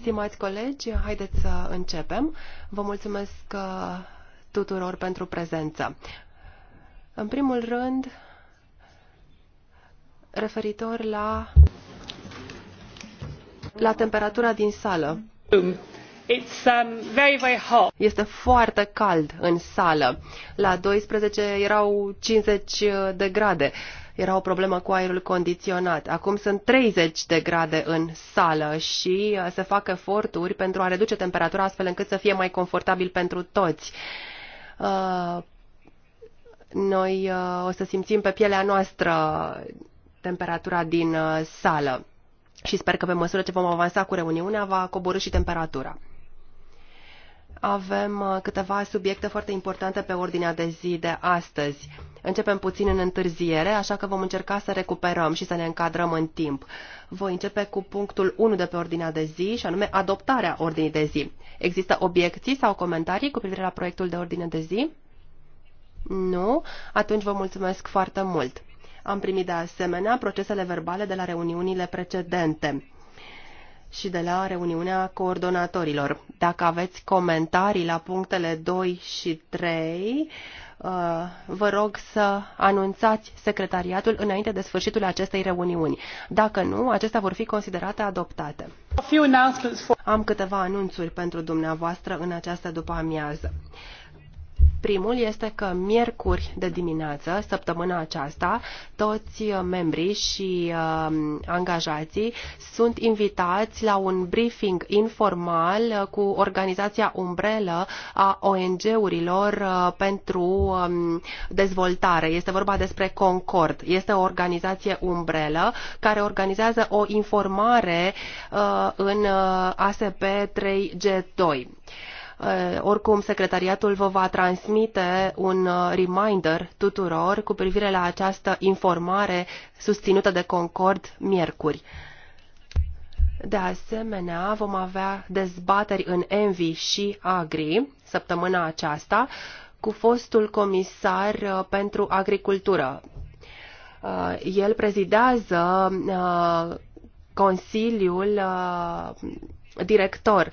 Stimați colegi, haideți să începem. Vă mulțumesc uh, tuturor pentru prezență. În primul rând, referitor la la temperatura din sală. It's, um, very, very hot. Este foarte cald în sală. La 12 erau 50 de grade. Era o problemă cu aerul condiționat. Acum sunt 30 de grade în sală și uh, se fac eforturi pentru a reduce temperatura astfel încât să fie mai confortabil pentru toți. Uh, noi uh, o să simțim pe pielea noastră temperatura din sală și sper că pe măsură ce vom avansa cu reuniunea va coborâ și temperatura. Avem uh, câteva subiecte foarte importante pe ordinea de zi de astăzi. Începem puțin în întârziere, așa că vom încerca să recuperăm și să ne încadrăm în timp. Voi începe cu punctul 1 de pe ordinea de zi, și anume adoptarea ordinii de zi. Există obiecții sau comentarii cu privire la proiectul de ordine de zi? Nu? Atunci vă mulțumesc foarte mult. Am primit de asemenea procesele verbale de la reuniunile precedente și de la reuniunea coordonatorilor. Dacă aveți comentarii la punctele 2 și 3, uh, vă rog să anunțați secretariatul înainte de sfârșitul acestei reuniuni. Dacă nu, acestea vor fi considerate adoptate. Am câteva anunțuri pentru dumneavoastră în această după amiază. Primul este că miercuri de dimineață, săptămâna aceasta, toți uh, membrii și uh, angajații sunt invitați la un briefing informal uh, cu organizația umbrelă a ONG-urilor uh, pentru um, dezvoltare. Este vorba despre Concord. Este o organizație umbrelă care organizează o informare uh, în uh, ASP 3G2 Eh, oricum, secretariatul vă va transmite un eh, reminder tuturor cu privire la această informare susținută de Concord miercuri. De asemenea, vom avea dezbateri în Envi și Agri săptămâna aceasta cu fostul comisar eh, pentru agricultură. El prezidează Consiliul Director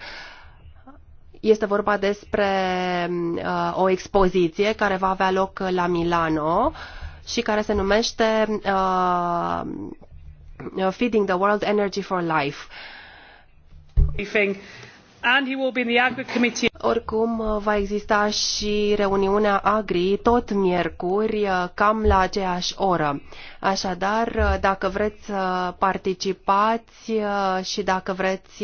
este vorba despre uh, o expoziție care va avea loc la Milano și care se numește uh, Feeding the World Energy for Life. Oricum, va exista și reuniunea Agri tot miercuri, uh, cam la aceeași oră. Așadar, uh, dacă vreți să participați uh, și dacă vreți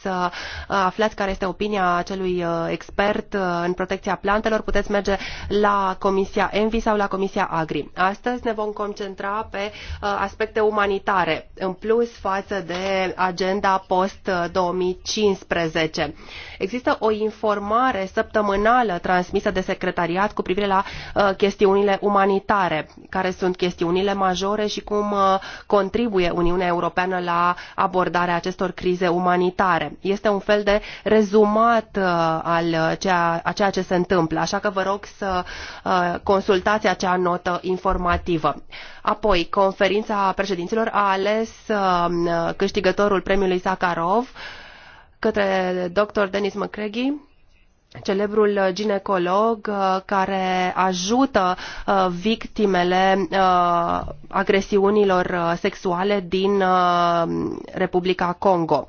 să aflați care este opinia acelui expert în protecția plantelor, puteți merge la Comisia Envi sau la Comisia Agri. Astăzi ne vom concentra pe aspecte umanitare, în plus față de agenda post-2015 2011. Există o informare săptămânală transmisă de secretariat cu privire la uh, chestiunile umanitare, care sunt chestiunile majore și cum uh, contribuie Uniunea Europeană la abordarea acestor crize umanitare. Este un fel de rezumat uh, al ceea, a ceea ce se întâmplă, așa că vă rog să consultați acea notă informativă. Apoi, conferința președinților a ales câștigătorul premiului Sakharov, către dr. Denis McCreggy, celebrul ginecolog uh, care ajută uh, victimele uh, agresiunilor sexuale din Republica Congo.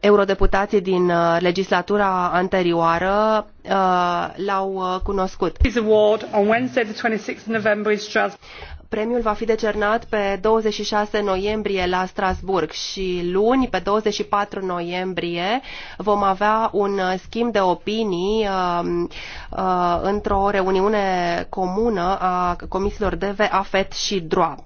Eurodeputații din legislatura anterioară l-au cunoscut. Premiul va fi decernat pe 26 noiembrie la Strasburg și luni, pe 24 noiembrie, vom avea un schimb de opinii uh, uh, într-o reuniune comună a comisiilor DV, AFET și DROA.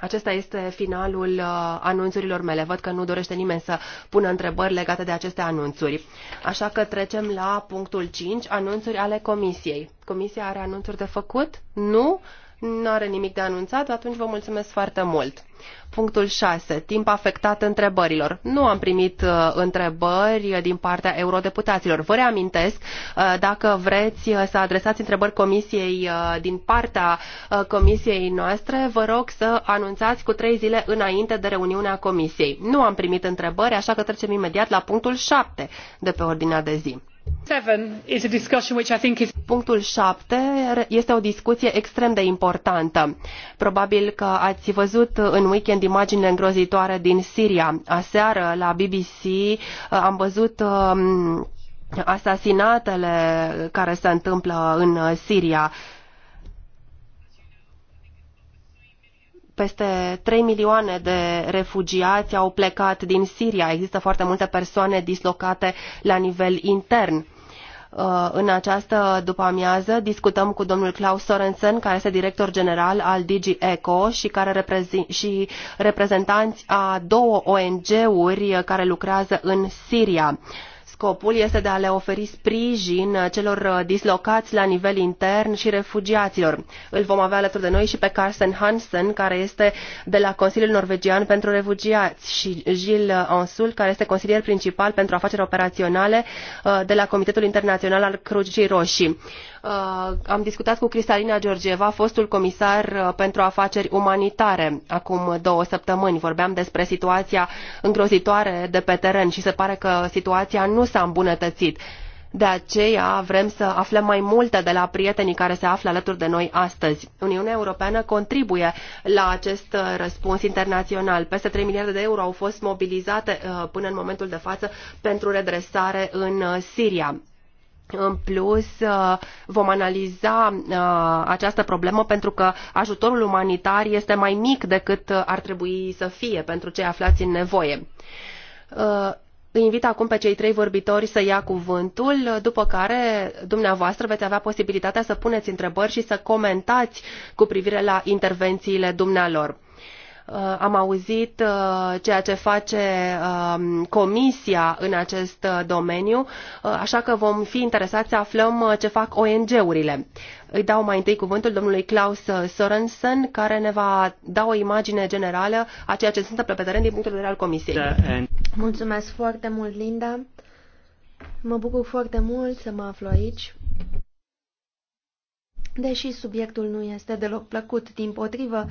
Acesta este finalul uh, anunțurilor mele. Văd că nu dorește nimeni să pună întrebări legate de aceste anunțuri. Așa că trecem la punctul 5, anunțuri ale comisiei. Comisia are anunțuri de făcut? Nu? nu are nimic de anunțat, atunci vă mulțumesc foarte mult. Punctul 6. Timp afectat întrebărilor. Nu am primit uh, întrebări din partea eurodeputaților. Vă reamintesc, uh, dacă vreți uh, să adresați întrebări comisiei uh, din partea uh, comisiei noastre, vă rog să anunțați cu trei zile înainte de reuniunea comisiei. Nu am primit întrebări, așa că trecem imediat la punctul 7 de pe ordinea de zi. Punctul 7 este o discuție extrem de importantă. Probabil că ați văzut în weekend imagine îngrozitoare din Siria. Aseară la BBC am văzut um, asasinatele care se întâmplă în Siria peste 3 milioane de refugiați au plecat din Siria. Există foarte multe persoane dislocate la nivel intern. Uh, în această după-amiază discutăm cu domnul Klaus Sorensen, care este director general al DG ECO și, care reprezint, și reprezentanți a două ONG-uri care lucrează în Siria. Scopul este de a le oferi sprijin celor dislocați la nivel intern și refugiaților. Îl vom avea alături de noi și pe Carsten Hansen, care este de la Consiliul Norvegian pentru Refugiați și Gilles Ansul, care este consilier principal pentru afaceri operaționale uh, de la Comitetul Internațional al Crucii Roșii. Uh, am discutat cu Cristalina Georgieva, fostul comisar uh, pentru afaceri umanitare, acum două săptămâni. Vorbeam despre situația îngrozitoare de pe teren și se pare că situația nu s-a îmbunătățit. De aceea vrem să aflăm mai multe de la prietenii care se află alături de noi astăzi. Uniunea Europeană contribuie la acest uh, răspuns internațional. Peste 3 miliarde de euro au fost mobilizate până în momentul de față pentru redresare în Siria. În plus, uh, vom analiza uh, această problemă pentru că ajutorul umanitar este mai mic decât ar trebui să fie pentru cei aflați în nevoie. Uh, îi invit acum pe cei trei vorbitori să ia cuvântul, după care dumneavoastră veți avea posibilitatea să puneți întrebări și să comentați cu privire la intervențiile dumnealor. Uh, am auzit uh, ceea ce face um, Comisia în acest uh, domeniu, așa că vom fi interesați să aflăm ce fac ONG-urile. Îi dau mai întâi cuvântul domnului Klaus Sorensen, care ne va da o imagine generală a ceea ce se întâmplă pe teren din punctul de vedere al Comisiei. Da, Mulțumesc foarte mult, Linda. Mă bucur foarte mult să mă aflu aici. Deși subiectul nu este deloc plăcut, din potrivă,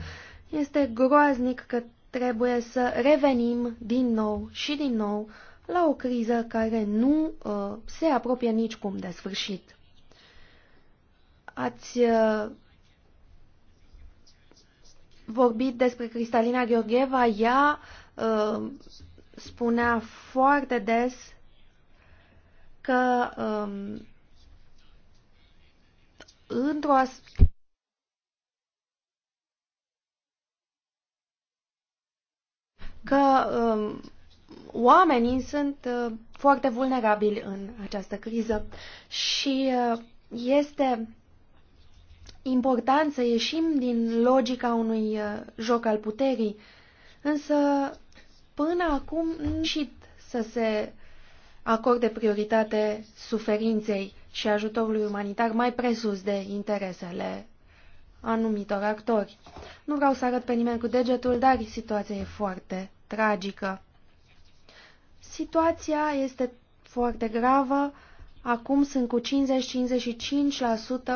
este groaznic că trebuie să revenim din nou și din nou la o criză care nu uh, se apropie nicicum de sfârșit. Ați uh, vorbit despre Cristalina Gheorgheva, ea uh, spunea foarte des că uh, într-o că um, oamenii sunt uh, foarte vulnerabili în această criză și uh, este important să ieșim din logica unui uh, joc al puterii, însă până acum nu și să se acorde prioritate suferinței și ajutorului umanitar mai presus de interesele anumitor actori. Nu vreau să arăt pe nimeni cu degetul, dar situația e foarte tragică. Situația este foarte gravă. Acum sunt cu 50-55%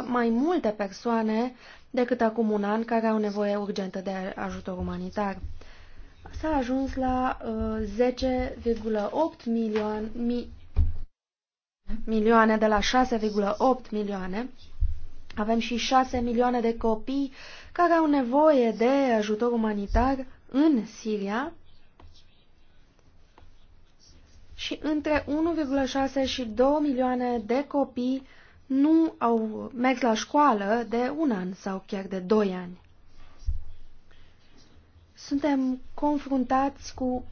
mai multe persoane decât acum un an care au nevoie urgentă de ajutor umanitar. S-a ajuns la uh, 10,8 milioane, mi, milioane de la 6,8 milioane avem și șase milioane de copii care au nevoie de ajutor umanitar în Siria și între 1,6 și 2 milioane de copii nu au mers la școală de un an sau chiar de doi ani. Suntem confruntați cu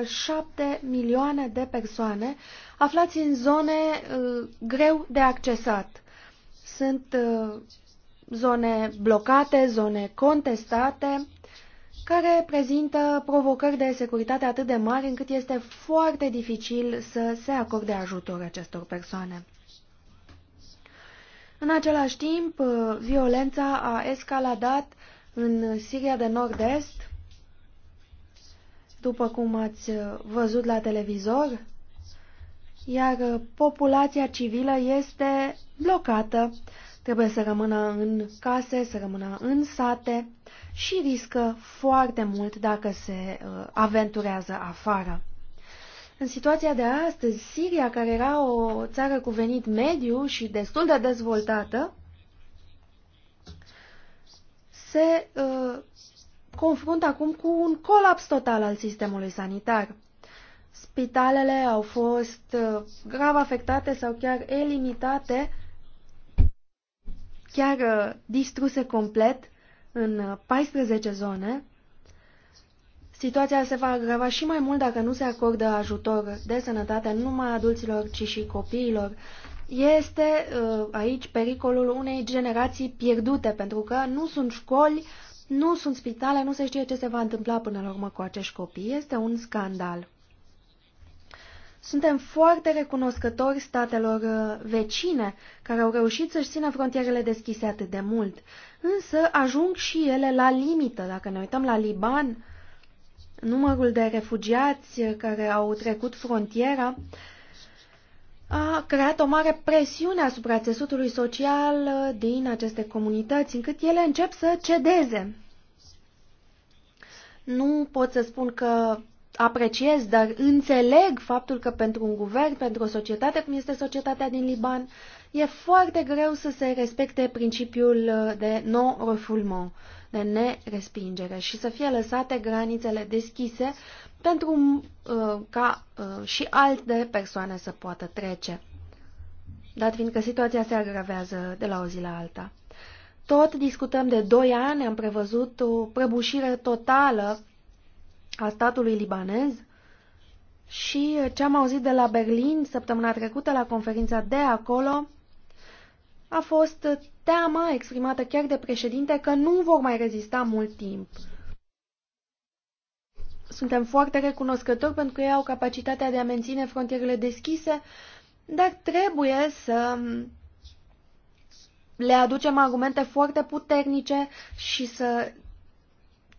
4,7 milioane de persoane aflați în zone uh, greu de accesat. Sunt uh, zone blocate, zone contestate, care prezintă provocări de securitate atât de mari încât este foarte dificil să se acorde ajutor acestor persoane. În același timp, uh, violența a escaladat în Siria de Nord-Est, după cum ați uh, văzut la televizor, iar uh, populația civilă este blocată, trebuie să rămână în case, să rămână în sate și riscă foarte mult dacă se uh, aventurează afară. În situația de astăzi, Siria, care era o țară cu venit mediu și destul de dezvoltată, se uh, confruntă acum cu un colaps total al sistemului sanitar. Spitalele au fost uh, grav afectate sau chiar elimitate, chiar uh, distruse complet în 14 uh, zone. Situația se va agrava și mai mult dacă nu se acordă ajutor de sănătate numai adulților, ci și copiilor. Este aici pericolul unei generații pierdute, pentru că nu sunt școli, nu sunt spitale, nu se știe ce se va întâmpla până la urmă cu acești copii. Este un scandal. Suntem foarte recunoscători statelor uh, vecine care au reușit să-și țină frontierele deschise atât de mult, însă ajung și ele la limită. Dacă ne uităm la Liban, numărul de refugiați care au trecut frontiera a creat o mare presiune asupra țesutului social uh, din aceste comunități, încât ele încep să cedeze. Nu pot să spun că apreciez, dar înțeleg faptul că pentru un guvern, pentru o societate cum este societatea din Liban, e foarte greu să se respecte principiul uh, de non-refoulement, de nerespingere și să fie lăsate granițele deschise pentru uh, ca uh, și alte persoane să poată trece, dat fiindcă situația se agravează de la o zi la alta. Tot discutăm de 2 ani, am prevăzut o prăbușire totală a statului libanez și ce am auzit de la Berlin săptămâna trecută la conferința de acolo a fost teama exprimată chiar de președinte că nu vor mai rezista mult timp. Suntem foarte recunoscători pentru că ei au capacitatea de a menține frontierele deschise, dar trebuie să le aducem argumente foarte puternice și să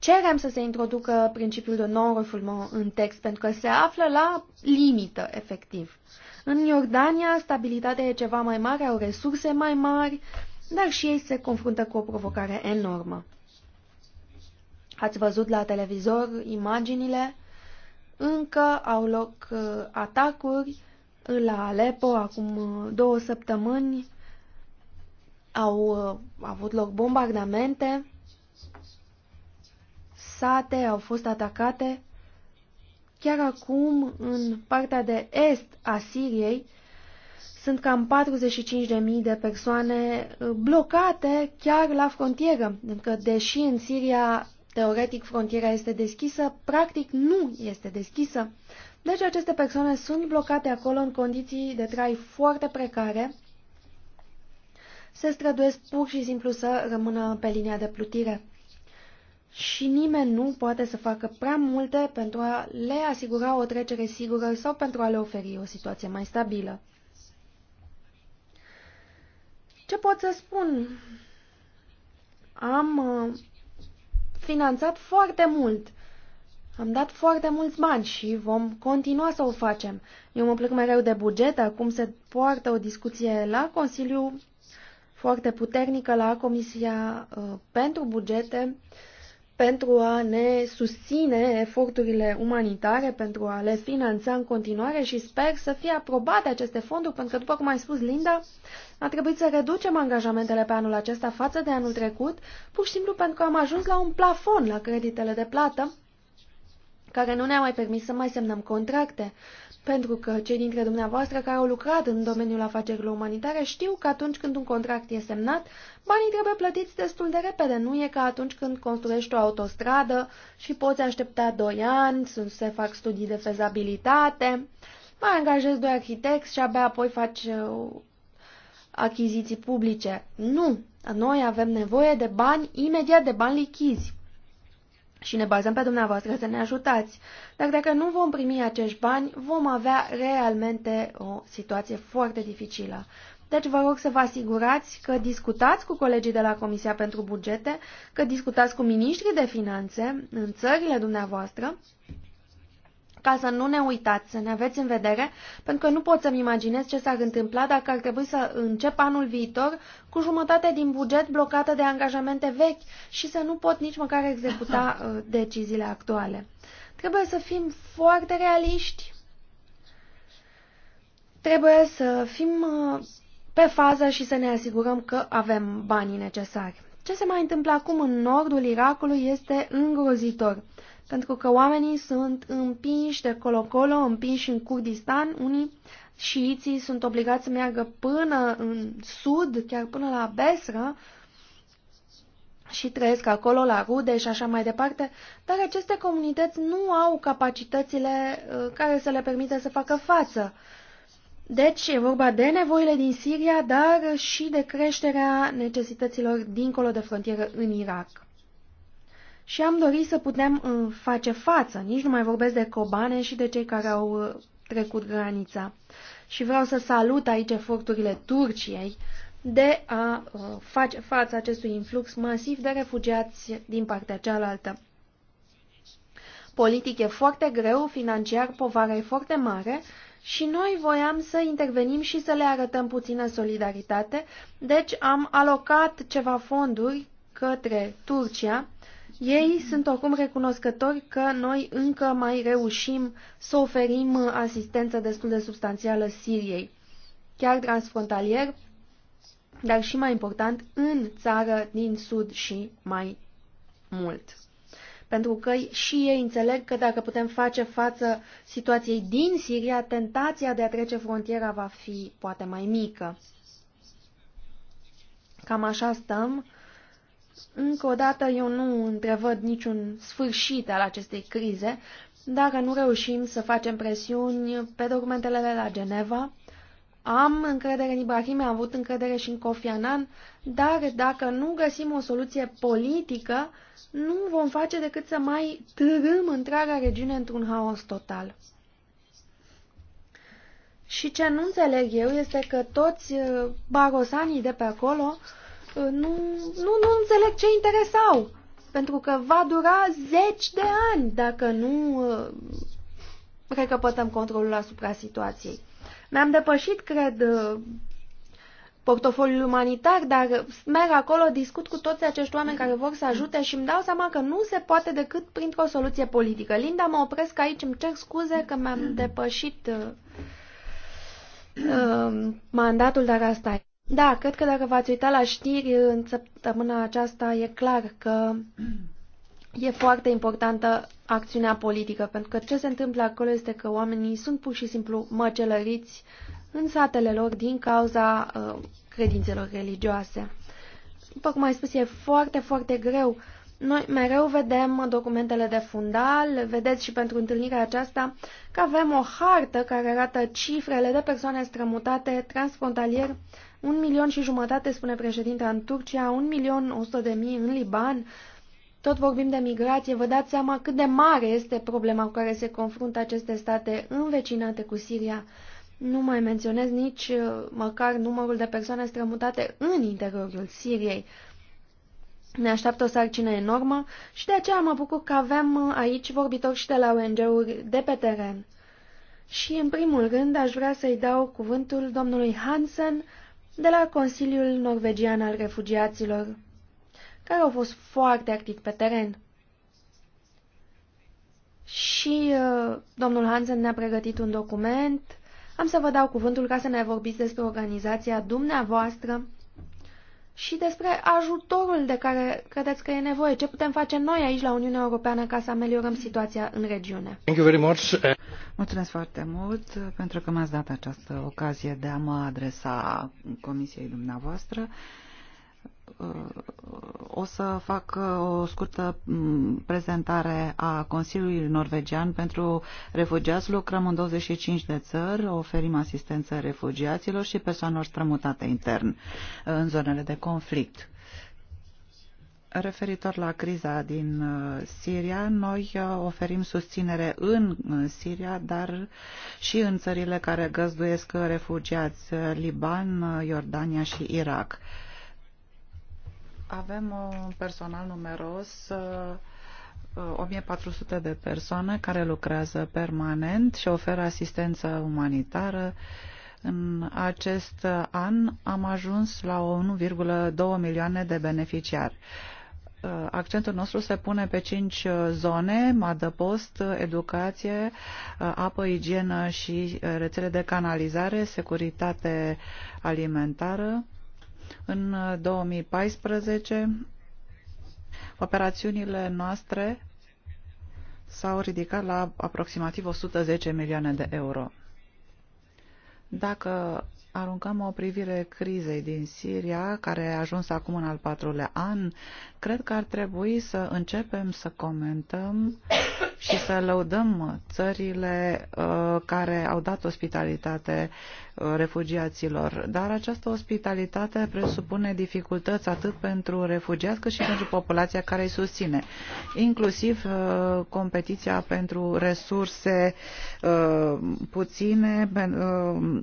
Cerem să se introducă principiul de non-refoulement în text, pentru că se află la limită, efectiv. În Iordania, stabilitatea e ceva mai mare, au resurse mai mari, dar și ei se confruntă cu o provocare enormă. Ați văzut la televizor imaginile? Încă au loc uh, atacuri la Aleppo, acum uh, două săptămâni au uh, avut loc bombardamente sate au fost atacate. Chiar acum, în partea de est a Siriei, sunt cam 45.000 de persoane uh, blocate chiar la frontieră, pentru că deși în Siria teoretic frontiera este deschisă, practic nu este deschisă. Deci aceste persoane sunt blocate acolo în condiții de trai foarte precare, se străduiesc pur și simplu să rămână pe linia de plutire și nimeni nu poate să facă prea multe pentru a le asigura o trecere sigură sau pentru a le oferi o situație mai stabilă. Ce pot să spun? Am uh, finanțat foarte mult. Am dat foarte mulți bani și vom continua să o facem. Eu mă plec mereu de buget, acum se poartă o discuție la Consiliu foarte puternică, la Comisia uh, pentru Bugete, uh, pentru a ne susține eforturile umanitare, pentru a le finanța în continuare și sper să fie aprobate aceste fonduri, pentru că, după cum ai spus, Linda, a trebuit să reducem angajamentele pe anul acesta față de anul trecut, pur și simplu pentru că am ajuns la un plafon la creditele de plată, care nu ne-a mai permis să mai semnăm contracte. Pentru că cei dintre dumneavoastră care au lucrat în domeniul afacerilor umanitare știu că atunci când un contract e semnat, banii trebuie plătiți destul de repede. Nu e ca atunci când construiești o autostradă și poți aștepta 2 ani, se fac studii de fezabilitate, mai angajezi doi arhitecți și abia apoi faci uh, achiziții publice. Nu! Noi avem nevoie de bani imediat, de bani lichizi și ne bazăm pe dumneavoastră să ne ajutați. Dar dacă nu vom primi acești bani, vom avea realmente o situație foarte dificilă. Deci vă rog să vă asigurați că discutați cu colegii de la Comisia pentru Bugete, că discutați cu ministrii de finanțe în țările dumneavoastră ca să nu ne uitați, să ne aveți în vedere, pentru că nu pot să-mi imaginez ce s-ar întâmpla dacă ar trebui să încep anul viitor cu jumătate din buget blocată de angajamente vechi și să nu pot nici măcar executa uh, deciziile actuale. Trebuie să fim foarte realiști, trebuie să fim uh, pe fază și să ne asigurăm că avem banii necesari. Ce se mai întâmplă acum în nordul Irakului este îngrozitor pentru că oamenii sunt împinși de colo-colo, împinși în Kurdistan, unii șiiții sunt obligați să meargă până în sud, chiar până la Besra, și trăiesc acolo la rude și așa mai departe, dar aceste comunități nu au capacitățile uh, care să le permită să facă față. Deci e vorba de nevoile din Siria, dar și de creșterea necesităților dincolo de frontieră în Irak și am dorit să putem uh, face față, nici nu mai vorbesc de cobane și de cei care au uh, trecut granița. Și vreau să salut aici eforturile Turciei de a uh, face față acestui influx masiv de refugiați din partea cealaltă. Politic e foarte greu, financiar povara e foarte mare și noi voiam să intervenim și să le arătăm puțină solidaritate, deci am alocat ceva fonduri către Turcia ei sunt oricum recunoscători că noi încă mai reușim să oferim asistență destul de substanțială Siriei, chiar transfrontalier, dar și mai important, în țară din sud și mai mult. Pentru că și ei înțeleg că dacă putem face față situației din Siria, tentația de a trece frontiera va fi poate mai mică. Cam așa stăm încă o dată, eu nu întrevăd niciun sfârșit al acestei crize dacă nu reușim să facem presiuni pe documentele de la Geneva. Am încredere în Ibrahim, am avut încredere și în Kofi Annan, dar dacă nu găsim o soluție politică, nu vom face decât să mai târâm întreaga regiune într-un haos total. Și ce nu înțeleg eu este că toți uh, barosanii de pe acolo uh, Uh, nu, nu, nu înțeleg ce interes au, pentru că va dura zeci de ani dacă nu uh, recăpătăm controlul asupra situației. Mi-am depășit, cred, uh, portofoliul umanitar, dar merg acolo, discut cu toți acești oameni care vor să ajute și îmi dau seama că nu se poate decât printr-o soluție politică. Linda, mă opresc aici, îmi cer scuze că mi-am depășit uh, mandatul, dar asta e. Da, cred că dacă v-ați uitat la știri în săptămâna aceasta, e clar că e foarte importantă acțiunea politică, pentru că ce se întâmplă acolo este că oamenii sunt pur și simplu măcelăriți în satele lor din cauza uh, credințelor religioase. După cum ai spus, e foarte, foarte greu. Noi mereu vedem documentele de fundal, vedeți și pentru întâlnirea aceasta, că avem o hartă care arată cifrele de persoane strămutate transfrontalier un milion și jumătate, spune președinta, în Turcia, un milion o sută de mii în Liban. Tot vorbim de migrație, vă dați seama cât de mare este problema cu care se confruntă aceste state învecinate cu Siria. Nu mai menționez nici uh, măcar numărul de persoane strămutate în interiorul Siriei. Ne așteaptă o sarcină enormă și de aceea mă bucur că avem uh, aici vorbitori și de la ONG-uri de pe teren. Și în primul rând aș vrea să-i dau cuvântul domnului Hansen, de la Consiliul Norvegian al Refugiaților, care au fost foarte activi pe teren. Și uh, domnul Hansen ne-a pregătit un document. Am să vă dau cuvântul ca să ne vorbiți despre organizația dumneavoastră și despre ajutorul de care credeți că e nevoie. Ce putem face noi aici la Uniunea Europeană ca să ameliorăm situația în regiune? Thank you very much. Mulțumesc foarte mult pentru că mi-ați dat această ocazie de a mă adresa Comisiei dumneavoastră. Uh, Uh, o să fac uh, o scurtă mm, prezentare a Consiliului Norvegian pentru refugiați. Lucrăm în 25 de țări, oferim asistență refugiaților și persoanelor strămutate intern uh, în zonele de conflict. Referitor la criza din Siria, noi oferim susținere în Siria, dar și în țările care găzduiesc refugiați, Liban, Iordania și Irak. Avem un personal numeros, 1400 uh, uh, de persoane care lucrează permanent și oferă asistență umanitară. În acest an am ajuns la 1,2 milioane de beneficiari uh, accentul nostru se pune pe cinci zone, adăpost, educație, apă, igienă și rețele de canalizare, securitate alimentară, în 2014, uh, operațiunile noastre s-au ridicat la aproximativ 110 milioane de euro. Dacă aruncăm o privire crizei din Siria, care a ajuns acum în al patrulea an, Cred că ar trebui să începem să comentăm și să lăudăm țările uh, care au dat ospitalitate uh, refugiaților. Dar această ospitalitate presupune dificultăți atât pentru refugiați cât și pentru populația care îi susține, inclusiv uh, competiția pentru resurse puține,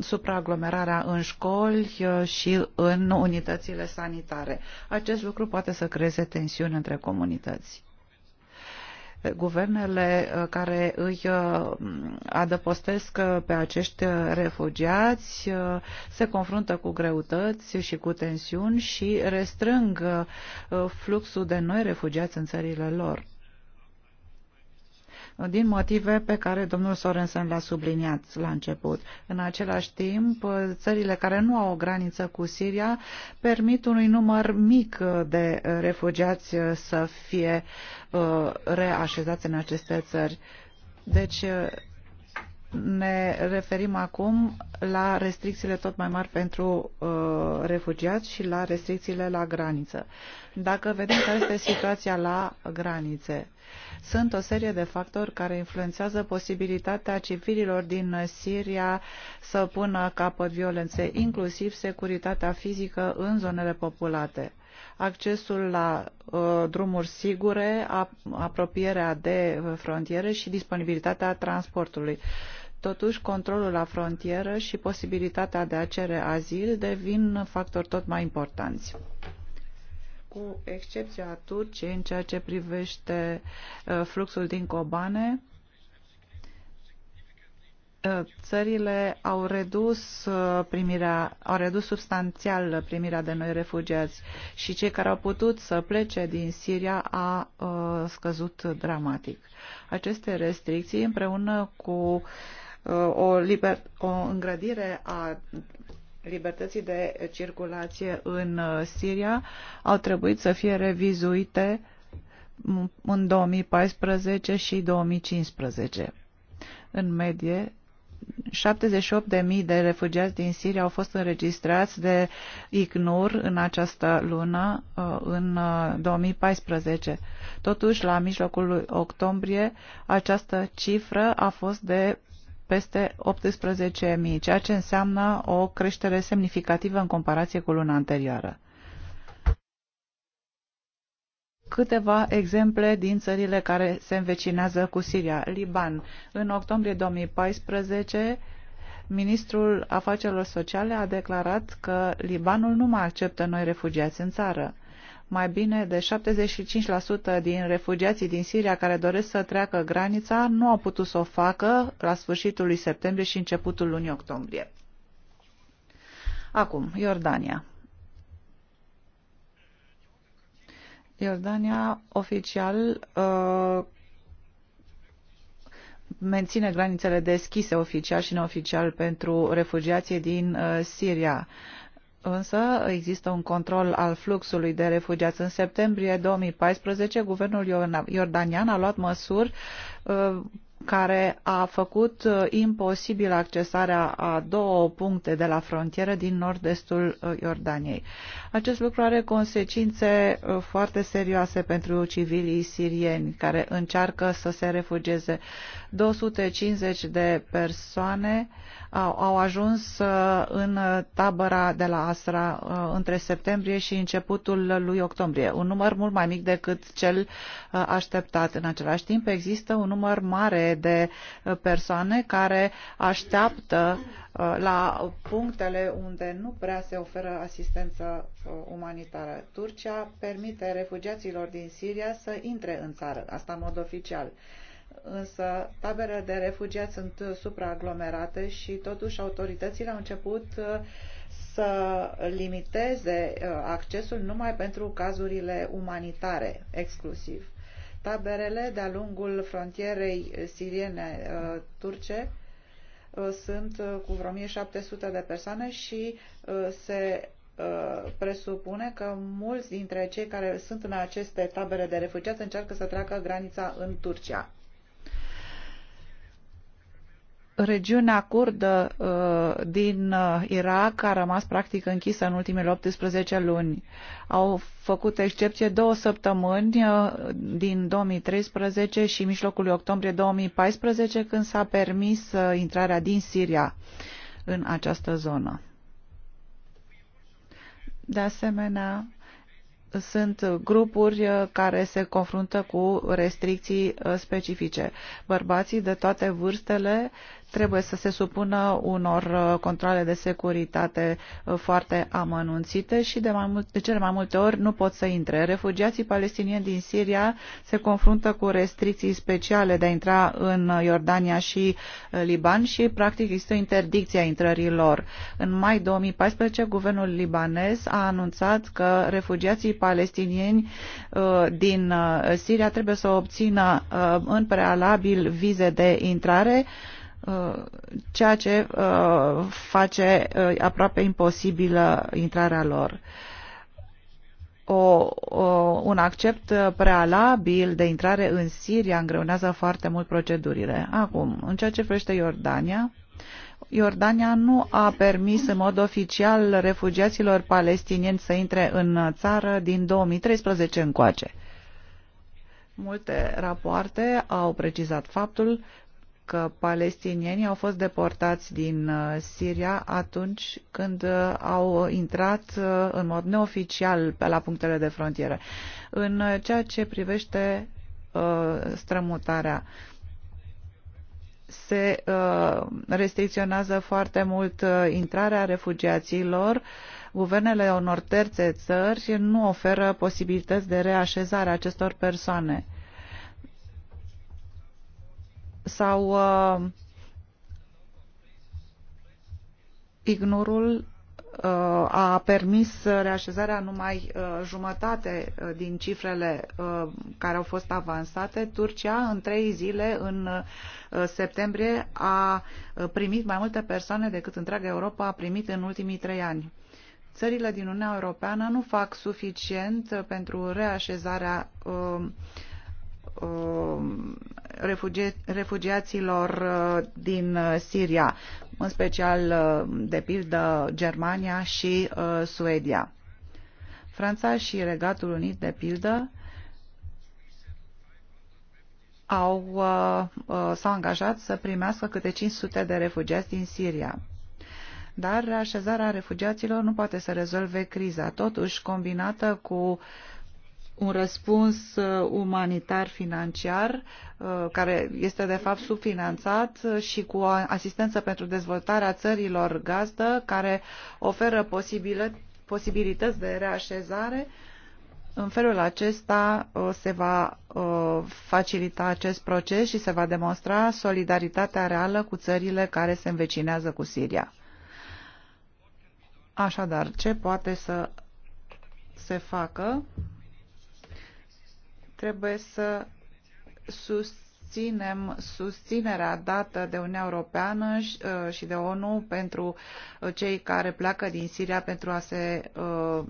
supraaglomerarea în școli și în unitățile sanitare. Acest lucru poate să creeze tensiuni între comunități. Guvernele uh, care îi uh, adăpostesc uh, pe acești refugiați se confruntă cu greutăți și cu tensiuni și restrâng fluxul de noi refugiați în țările lor din motive pe care domnul Sorensen le-a subliniat la început. În același timp, țările care nu au o graniță cu Siria permit unui număr mic de refugiați să fie uh, reașezați în aceste țări. Deci ne referim acum la restricțiile tot mai mari pentru uh, refugiați și la restricțiile la graniță. Dacă vedem care este situația la granițe, sunt o serie de factori care influențează posibilitatea civililor din Siria să pună capăt violențe, inclusiv securitatea fizică în zonele populate accesul la uh, drumuri sigure, apropierea de frontiere și disponibilitatea transportului. Uh, Totuși, controlul la frontieră și posibilitatea de a cere azil devin factori tot mai importanți cu excepția Turciei în ceea ce privește uh, fluxul din Kobane, uh, țările au redus uh, primirea, au redus substanțial primirea de noi refugiați și cei care au putut să plece din Siria a scăzut dramatic. Aceste restricții împreună cu o, liber, o îngrădire a libertății de circulație în uh, Siria au trebuit să fie revizuite în 2014 și 2015. În medie, 78.000 de refugiați din Siria au fost înregistrați de ICNUR în această lună, uh, în 2014. Uh, Totuși, la mijlocul octombrie, această cifră a fost de peste 18.000, ceea ce înseamnă o creștere semnificativă în comparație cu luna anterioară. Câteva exemple din țările care se învecinează cu Siria. Liban. În octombrie 2014, ministrul afacerilor sociale a declarat că Libanul nu mai acceptă noi refugiați în țară. Mai bine de 75% din refugiații din Siria care doresc să treacă granița nu au putut să o facă la sfârșitul lui septembrie și începutul lunii octombrie. Acum, Iordania. Iordania oficial uh, menține granițele deschise oficial și neoficial pentru refugiații din uh, Siria. Uh, Însă există un control al fluxului de refugiați. În septembrie 2014, guvernul iordanian a luat măsuri uh, care a făcut uh, imposibil accesarea a două puncte de la frontieră din nord-estul uh, Iordaniei. Acest lucru are consecințe uh, foarte serioase pentru civilii sirieni care încearcă să se refugieze. 250 de persoane au, au ajuns uh, în tabăra de la Asra uh, între septembrie și începutul lui octombrie, un număr mult mai mic decât cel așteptat. În același timp există un număr mare de persoane care așteaptă la punctele unde nu prea se oferă asistență umanitară. Turcia permite refugiaților din Siria să intre în țară, asta în mod oficial. Însă taberele de refugiați sunt supraaglomerate și totuși autoritățile au început uh, să limiteze uh, accesul numai pentru cazurile umanitare exclusiv. Taberele de-a lungul frontierei siriene uh, turce sunt cu vreo 1700 de persoane și se Uh, presupune că mulți dintre cei care sunt în aceste tabere de refugiați încearcă să treacă granița în Turcia. Regiunea curdă uh, din uh, Irak a rămas practic închisă în ultimele 18 luni. Au făcut excepție două săptămâni din 2013 și mijlocul lui octombrie 2014 când s-a permis intrarea din Siria în această zonă. De asemenea, sunt grupuri uh, care se confruntă cu restricții uh, specifice. Bărbații de toate vârstele trebuie să se supună unor uh, controle de securitate uh, foarte amănunțite și de, mai mult, de cele mai multe ori nu pot să intre. Refugiații palestinieni din Siria se confruntă cu restricții speciale de a intra în Iordania și uh, Liban și practic există interdicția intrării lor. În mai 2014, guvernul libanez a anunțat că refugiații palestinieni din Siria trebuie să obțină în prealabil vize de intrare Uh, ceea ce uh, face uh, aproape imposibilă intrarea lor. O, o, un accept prealabil de intrare în Siria îngreunează foarte mult procedurile. Acum, în ceea ce privește Iordania, Iordania nu a permis în mod oficial refugiaților palestinieni să intre în țară din 2013 încoace. Multe rapoarte au precizat faptul că palestinienii au fost deportați din uh, Siria atunci când uh, au intrat uh, în mod neoficial pe la punctele de frontieră. În ceea ce privește strămutarea, se restricționează foarte mult intrarea refugiaților. Guvernele unor terțe țări nu oferă posibilități de reașezare acestor persoane sau uh, ignorul uh, a permis reașezarea numai uh, jumătate uh, din cifrele uh, care au fost avansate. Turcia în trei zile în uh, septembrie a uh, primit mai multe persoane decât întreaga Europa a primit în ultimii trei ani. Țările din Uniunea Europeană nu fac suficient uh, pentru reașezarea uh, Um, refugiaților uh, din uh, Siria, în special, uh, de pildă, Germania și Suedia. Franța și Regatul Unit, de pildă, au, s-au angajat să primească câte 500 de refugiați din Siria. Dar așezarea refugiaților nu poate să rezolve criza. Totuși, combinată cu uh, un răspuns uh, umanitar financiar uh, care este de fapt subfinanțat uh, și cu o asistență pentru dezvoltarea țărilor gazdă care oferă posibilități de reașezare. În felul acesta se va facilita acest proces și se va demonstra solidaritatea reală cu țările care se învecinează cu Siria. Așadar, ce poate să se facă trebuie să susțină susținem susținerea dată de Uniunea Europeană și uh, de ONU pentru uh, cei care pleacă din Siria pentru a se uh,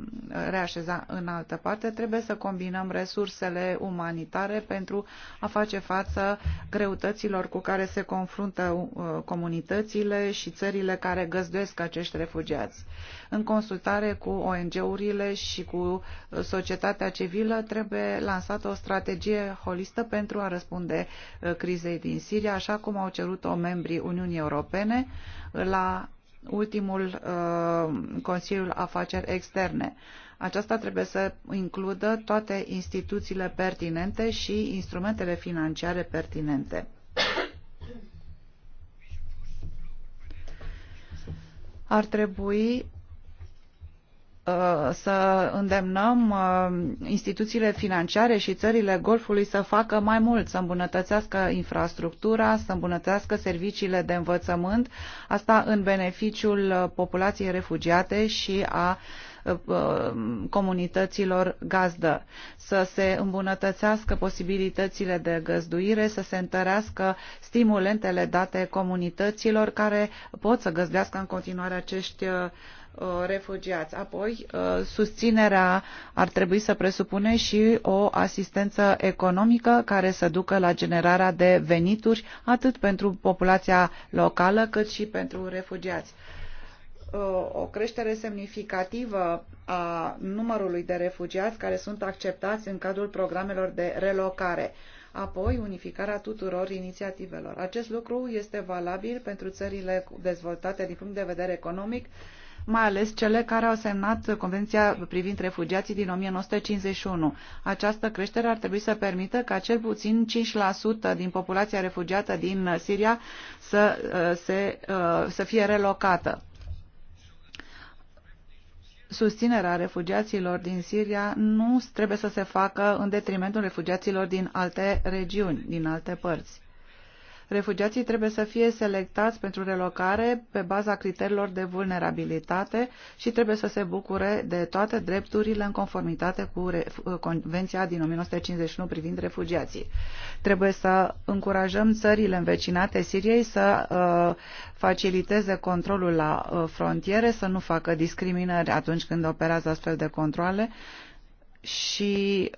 reașeza în altă parte. Trebuie să combinăm resursele umanitare pentru a face față greutăților cu care se confruntă comunitățile și țările care găzduiesc acești refugiați. În consultare cu ONG-urile și cu societatea civilă trebuie lansată o strategie holistă pentru a răspunde Uh, crizei din Siria, așa cum au cerut-o membrii Uniunii Europene la ultimul uh, Consiliul Afaceri Externe. Aceasta trebuie să includă toate instituțiile pertinente și instrumentele financiare pertinente. Ar trebui Uh, să îndemnăm uh, instituțiile financiare și țările Golfului să facă mai mult, să îmbunătățească infrastructura, să îmbunătățească serviciile de învățământ, asta în beneficiul uh, populației refugiate și a uh, Uh, comunităților gazdă, să se îmbunătățească posibilitățile de găzduire, să se întărească stimulentele date comunităților care pot să găzdească în continuare acești uh, refugiați. Apoi, uh, susținerea ar trebui să presupune și o asistență economică care să ducă la generarea de venituri atât pentru populația locală cât și pentru refugiați. Uh, o creștere semnificativă a numărului de refugiați care sunt acceptați în cadrul programelor de relocare, apoi unificarea tuturor inițiativelor. Acest lucru este valabil pentru țările dezvoltate din punct de vedere economic, mai ales cele care au semnat Convenția privind refugiații din 1951. Această creștere ar trebui să permită ca cel puțin 5% din populația refugiată din Siria să, uh, se, uh, să fie relocată susținerea refugiaților din Siria nu trebuie să se facă în detrimentul refugiaților din alte regiuni, din alte părți. Refugiații trebuie să fie selectați pentru relocare pe baza criteriilor de vulnerabilitate și trebuie să se bucure de toate drepturile în conformitate cu Convenția din 1951 privind refugiații. Trebuie să încurajăm țările învecinate Siriei să uh, faciliteze controlul la uh, frontiere, să nu facă discriminări atunci când operează astfel de controle și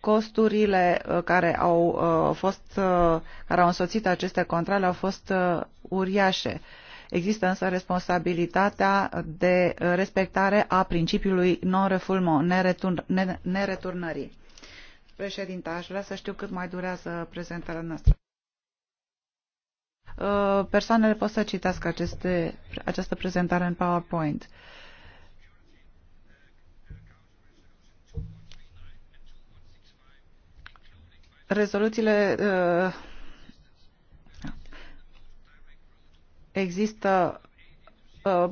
costurile uh, care au uh, fost, uh, care au însoțit aceste contrale au fost uriașe. Există însă responsabilitatea de respectare a principiului non refulmo nereturnării. Președinte, aș vrea să știu cât mai durează prezentarea noastră. Persoanele pot să citească aceste, această prezentare în PowerPoint. Uh, rezoluțiile uh, există uh,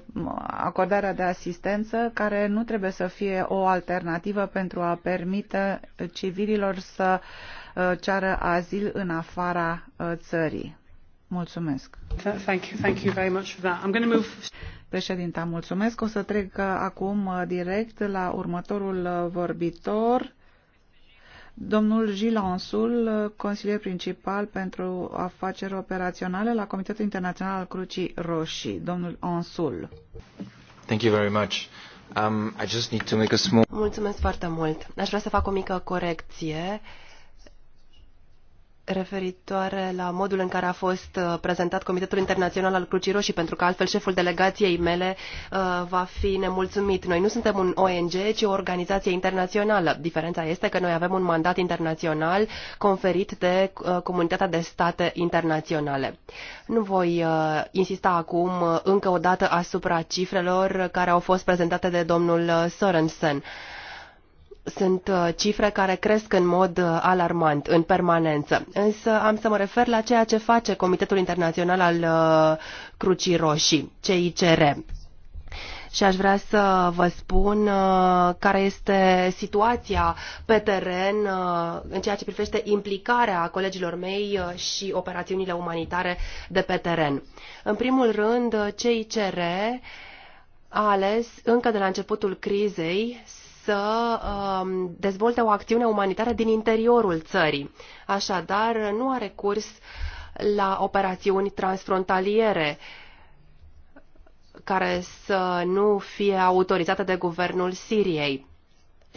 acordarea de asistență care nu trebuie să fie o alternativă pentru a permite civililor să uh, ceară azil în afara țării. Mulțumesc. Thank you, thank you very much for that. I'm going to move... Președinta, mulțumesc. O să trec acum direct la următorul vorbitor Domnul Gilles Ansul, consilier principal pentru afaceri operaționale la Comitetul Internațional al Crucii Roșii. Domnul Ansul. Thank you very much. Um, I just need to make a small... Mulțumesc foarte mult. Aș vrea să fac o mică corecție. Uh, referitoare la modul în care a fost uh, prezentat Comitetul Internațional al Crucii Roșii, pentru că altfel șeful delegației mele uh, va fi nemulțumit. Noi nu suntem un ONG, ci o organizație internațională. Diferența este că noi avem un mandat internațional conferit de uh, Comunitatea de State Internaționale. Nu voi insista acum încă o dată asupra cifrelor care au fost prezentate de domnul Sorensen sunt uh, cifre care cresc în mod uh, alarmant, în permanență. Însă am să mă refer la ceea ce face Comitetul Internațional al uh, Crucii Roșii, CICR. Și aș vrea să vă spun care este situația pe teren în ceea ce privește implicarea colegilor mei și operațiunile umanitare de pe teren. În primul rând, CICR a ales încă de la începutul crizei să um, dezvolte o acțiune umanitară din interiorul țării. Așadar, nu are curs la operațiuni transfrontaliere care să nu fie autorizate de guvernul Siriei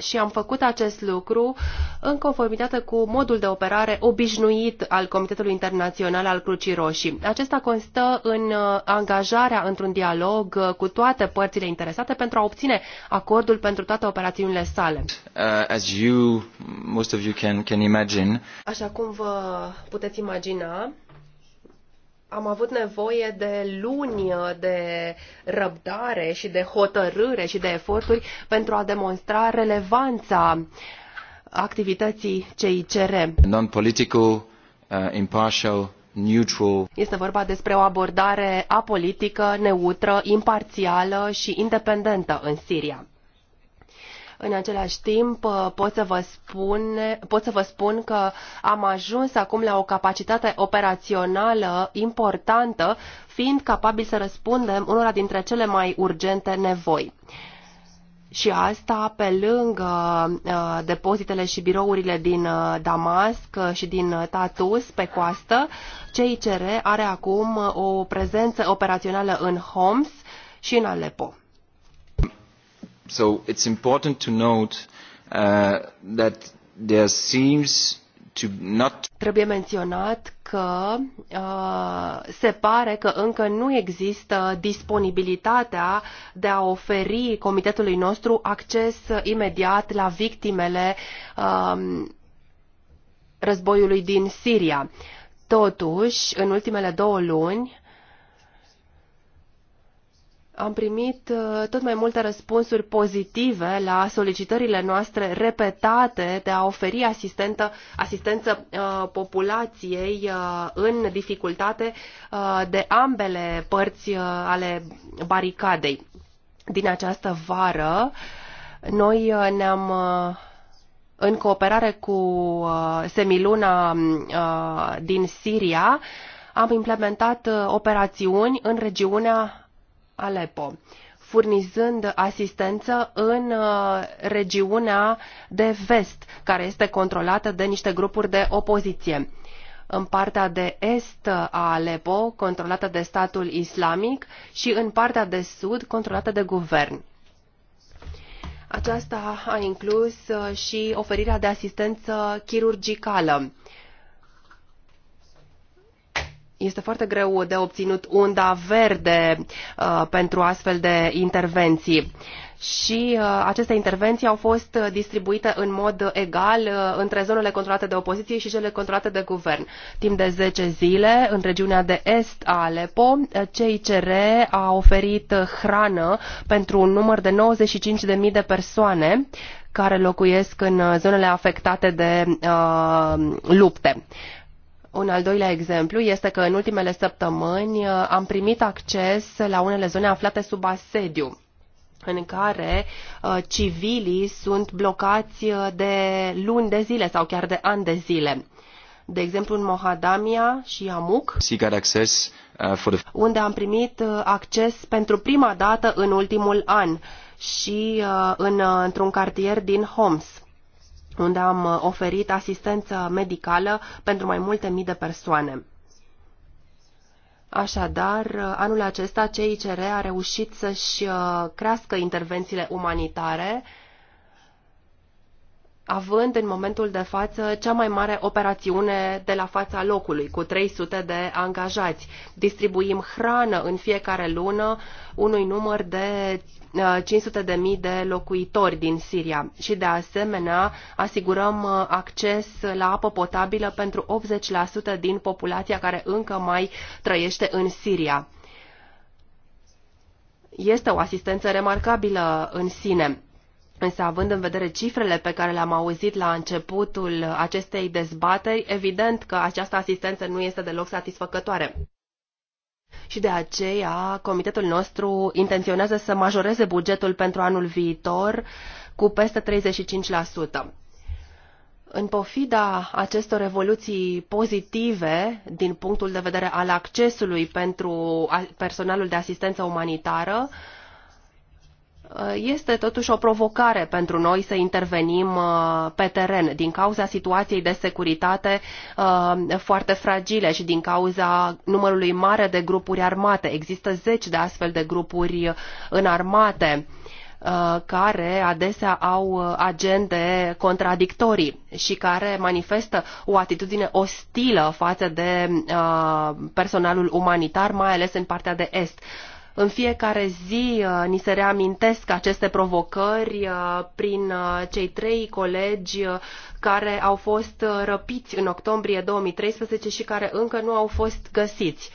și am făcut acest lucru în conformitate cu modul de operare obișnuit al Comitetului Internațional al Crucii Roșii. Acesta constă în uh, angajarea într-un dialog uh, cu toate părțile interesate pentru a obține acordul pentru toate operațiunile sale. Uh, Așa cum vă puteți imagina, am avut nevoie de luni de răbdare și de hotărâre și de eforturi pentru a demonstra relevanța activității CICR. Non-political, uh, impartial, neutral. Este vorba despre o abordare apolitică, neutră, imparțială și independentă în Siria. În același timp, uh, pot să, vă spune, pot să vă spun că am ajuns acum la o capacitate operațională importantă, fiind capabil să răspundem unora dintre cele mai urgente nevoi. Și asta pe lângă uh, depozitele și birourile din uh, Damasc uh, și din uh, Tatus pe coastă, CICR are acum uh, o prezență operațională în Homs și în Aleppo so it's important to note uh, that there seems to not Trebuie menționat că uh, se pare că încă nu există disponibilitatea de a oferi comitetului nostru acces imediat la victimele uh, războiului din Siria. Totuși, în ultimele două luni, am primit uh, tot mai multe răspunsuri pozitive la solicitările noastre repetate de a oferi asistentă, asistență uh, populației uh, în dificultate de ambele părți ale baricadei. Din această vară, noi ne-am în cooperare cu Semiluna din Siria, am implementat operațiuni în regiunea Alepo, furnizând asistență în uh, regiunea de vest, care este controlată de niște grupuri de opoziție în partea de est a Aleppo, controlată de statul islamic, și în partea de sud, controlată de guvern. Aceasta a inclus uh, și oferirea de asistență chirurgicală este foarte greu de obținut unda verde uh, pentru astfel de intervenții. Și uh, aceste intervenții au fost distribuite în mod egal uh, între zonele controlate de opoziție și cele controlate de guvern. Timp de 10 zile, în regiunea de est a Alepo, uh, CICR a oferit hrană pentru un număr de 95.000 de persoane care locuiesc în uh, zonele afectate de uh, lupte. Uh, un al doilea exemplu este că în ultimele săptămâni uh, am primit acces la unele zone aflate sub asediu în care uh, civilii sunt blocați uh, de luni de zile sau chiar de ani de zile. De exemplu, în Mohadamia și Amuk, uh, unde am primit acces pentru prima dată în ultimul an și uh, în, într-un cartier din Homs unde am uh, oferit asistență medicală pentru mai multe mii de persoane. Așadar, uh, anul acesta CICR a reușit să-și uh, crească intervențiile umanitare având în momentul de față cea mai mare operațiune de la fața locului, cu 300 de angajați. Distribuim hrană în fiecare lună unui număr de 500.000 uh, de de locuitori din Siria și de asemenea asigurăm uh, acces la apă potabilă pentru 80% din populația care încă mai trăiește în Siria. Este o asistență remarcabilă în sine Însă, având în vedere cifrele pe care le-am auzit la începutul acestei dezbateri, evident că această asistență nu este deloc satisfăcătoare. Și de aceea, comitetul nostru intenționează să majoreze bugetul pentru anul viitor cu peste 35%. În pofida acestor evoluții pozitive din punctul de vedere al accesului pentru personalul de asistență umanitară, Uh, este totuși o provocare pentru noi să intervenim uh, pe teren din cauza situației de securitate uh, foarte fragile și din cauza numărului mare de grupuri armate. Există zeci de astfel de grupuri înarmate care adesea au agende contradictorii și care manifestă o atitudine ostilă față de personalul umanitar, mai ales în partea de est. În fiecare zi uh, ni se reamintesc aceste provocări uh, prin uh, cei trei colegi care au fost răpiți în octombrie 2013 și care încă nu au fost găsiți.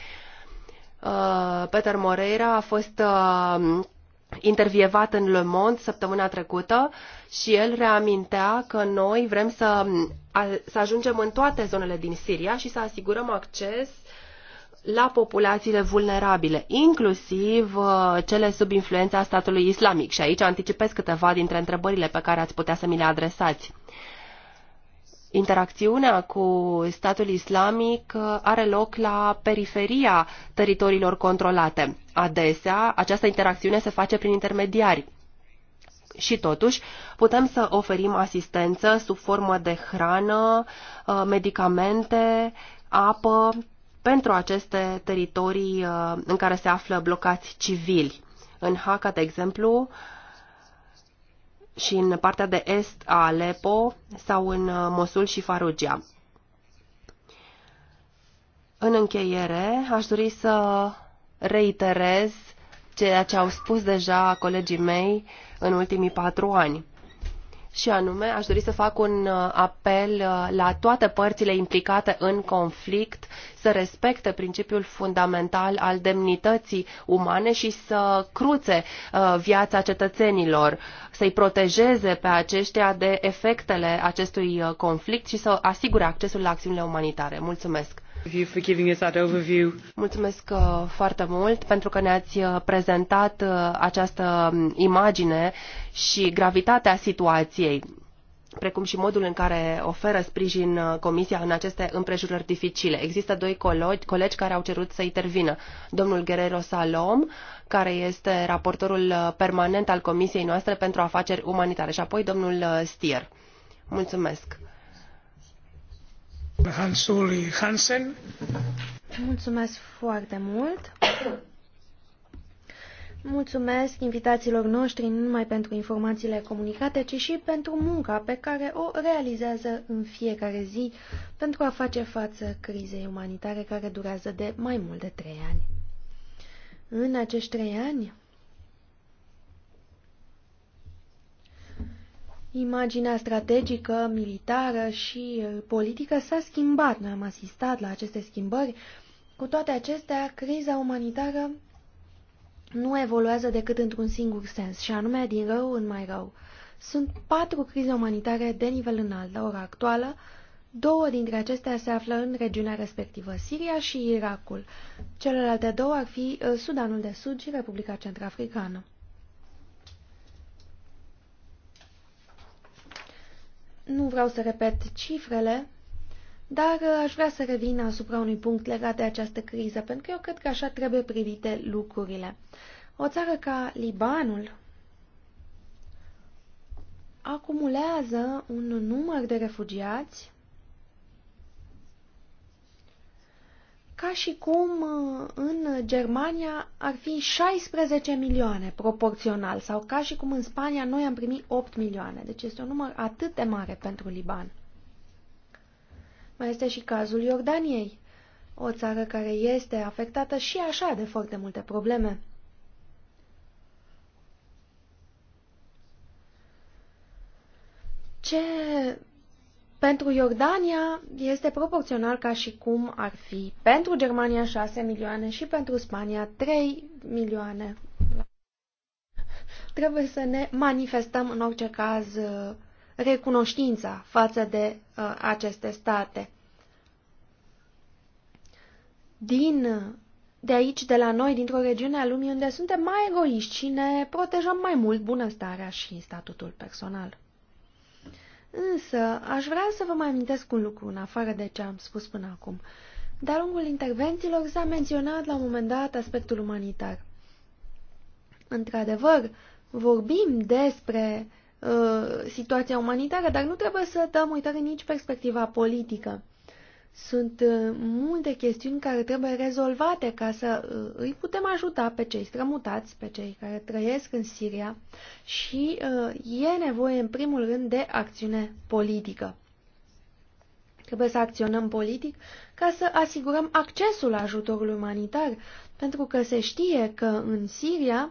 Peter Moreira a fost intervievat în Le Monde săptămâna trecută și el reamintea că noi vrem să, să ajungem în toate zonele din Siria și să asigurăm acces uh, la populațiile vulnerabile, inclusiv uh, cele sub influența statului islamic. Și aici anticipez câteva dintre întrebările pe care ați putea să mi le adresați. Interacțiunea cu statul islamic uh, are loc la periferia teritoriilor controlate. Adesea, această interacțiune se face prin intermediari. Și totuși, putem să oferim asistență sub formă de hrană, uh, medicamente, apă, pentru aceste teritorii uh, în care se află blocați civili. În Haka, de exemplu, și în partea de est a Alepo sau în uh, Mosul și Farugia. În încheiere, aș dori să reiterez ceea ce au spus deja colegii mei în ultimii patru ani și anume aș dori să fac un uh, apel uh, la toate părțile implicate în conflict să respecte principiul fundamental al demnității umane și să cruțe uh, viața cetățenilor, să-i protejeze pe aceștia de efectele acestui conflict și să asigure accesul la acțiunile umanitare. Mulțumesc! Mulțumesc uh, foarte mult pentru că ne-ați uh, prezentat uh, această um, imagine și gravitatea situației precum și modul în care oferă sprijin Comisia în aceste împrejurări dificile. Există doi colegi, colegi care au cerut să intervină. Domnul Guerrero Salom, care este raportorul permanent al Comisiei noastre pentru afaceri umanitare, și apoi domnul Stier. Mulțumesc. Hans Uli Hansen. Mulțumesc foarte mult. Mulțumesc invitațiilor noștri nu numai pentru informațiile comunicate, ci și pentru munca pe care o realizează în fiecare zi pentru a face față crizei umanitare care durează de mai mult de trei ani. În acești trei ani, Imaginea strategică, militară și uh, politică s-a schimbat. Noi am asistat la aceste schimbări. Cu toate acestea, criza umanitară nu evoluează decât într-un singur sens, și anume din rău în mai rău. Sunt patru crize umanitare de nivel înalt la ora actuală, două dintre acestea se află în regiunea respectivă, Siria și Irakul. Celelalte două ar fi uh, Sudanul de Sud și Republica Centrafricană. Nu vreau să repet cifrele, dar uh, aș vrea să revin asupra unui punct legat de această criză, pentru că eu cred că așa trebuie privite lucrurile. O țară ca Libanul acumulează un număr de refugiați ca și cum uh, în Germania ar fi 16 milioane proporțional sau ca și cum în Spania noi am primit 8 milioane. Deci este un număr atât de mare pentru Liban. Mai este și cazul Iordaniei, o țară care este afectată și așa de foarte multe probleme. Ce pentru Iordania este proporțional ca și cum ar fi pentru Germania 6 milioane și pentru Spania 3 milioane. Trebuie să ne manifestăm în orice caz uh, recunoștința față de uh, aceste state. Din de aici, de la noi, dintr-o regiune a lumii unde suntem mai egoiști și ne protejăm mai mult bunăstarea și statutul personal. Însă, aș vrea să vă mai amintesc un lucru în afară de ce am spus până acum. De-a lungul intervențiilor s-a menționat la un moment dat aspectul umanitar. Într-adevăr, vorbim despre uh, situația umanitară, dar nu trebuie să dăm uitare nici perspectiva politică. Sunt uh, multe chestiuni care trebuie rezolvate ca să uh, îi putem ajuta pe cei strămutați, pe cei care trăiesc în Siria și uh, e nevoie în primul rând de acțiune politică. Trebuie să acționăm politic ca să asigurăm accesul ajutorului umanitar, pentru că se știe că în Siria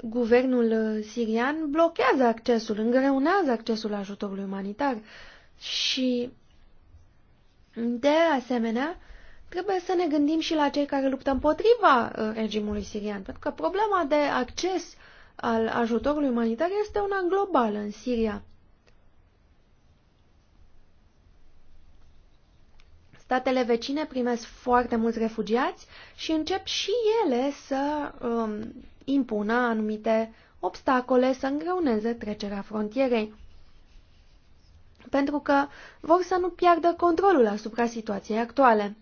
guvernul sirian blochează accesul, îngreunează accesul ajutorului umanitar și de asemenea, trebuie să ne gândim și la cei care luptă împotriva uh, regimului sirian, pentru că problema de acces al ajutorului umanitar este una globală în Siria. Statele vecine primesc foarte mulți refugiați și încep și ele să um, impună anumite obstacole, să îngreuneze trecerea frontierei pentru că vor să nu piardă controlul asupra situației actuale.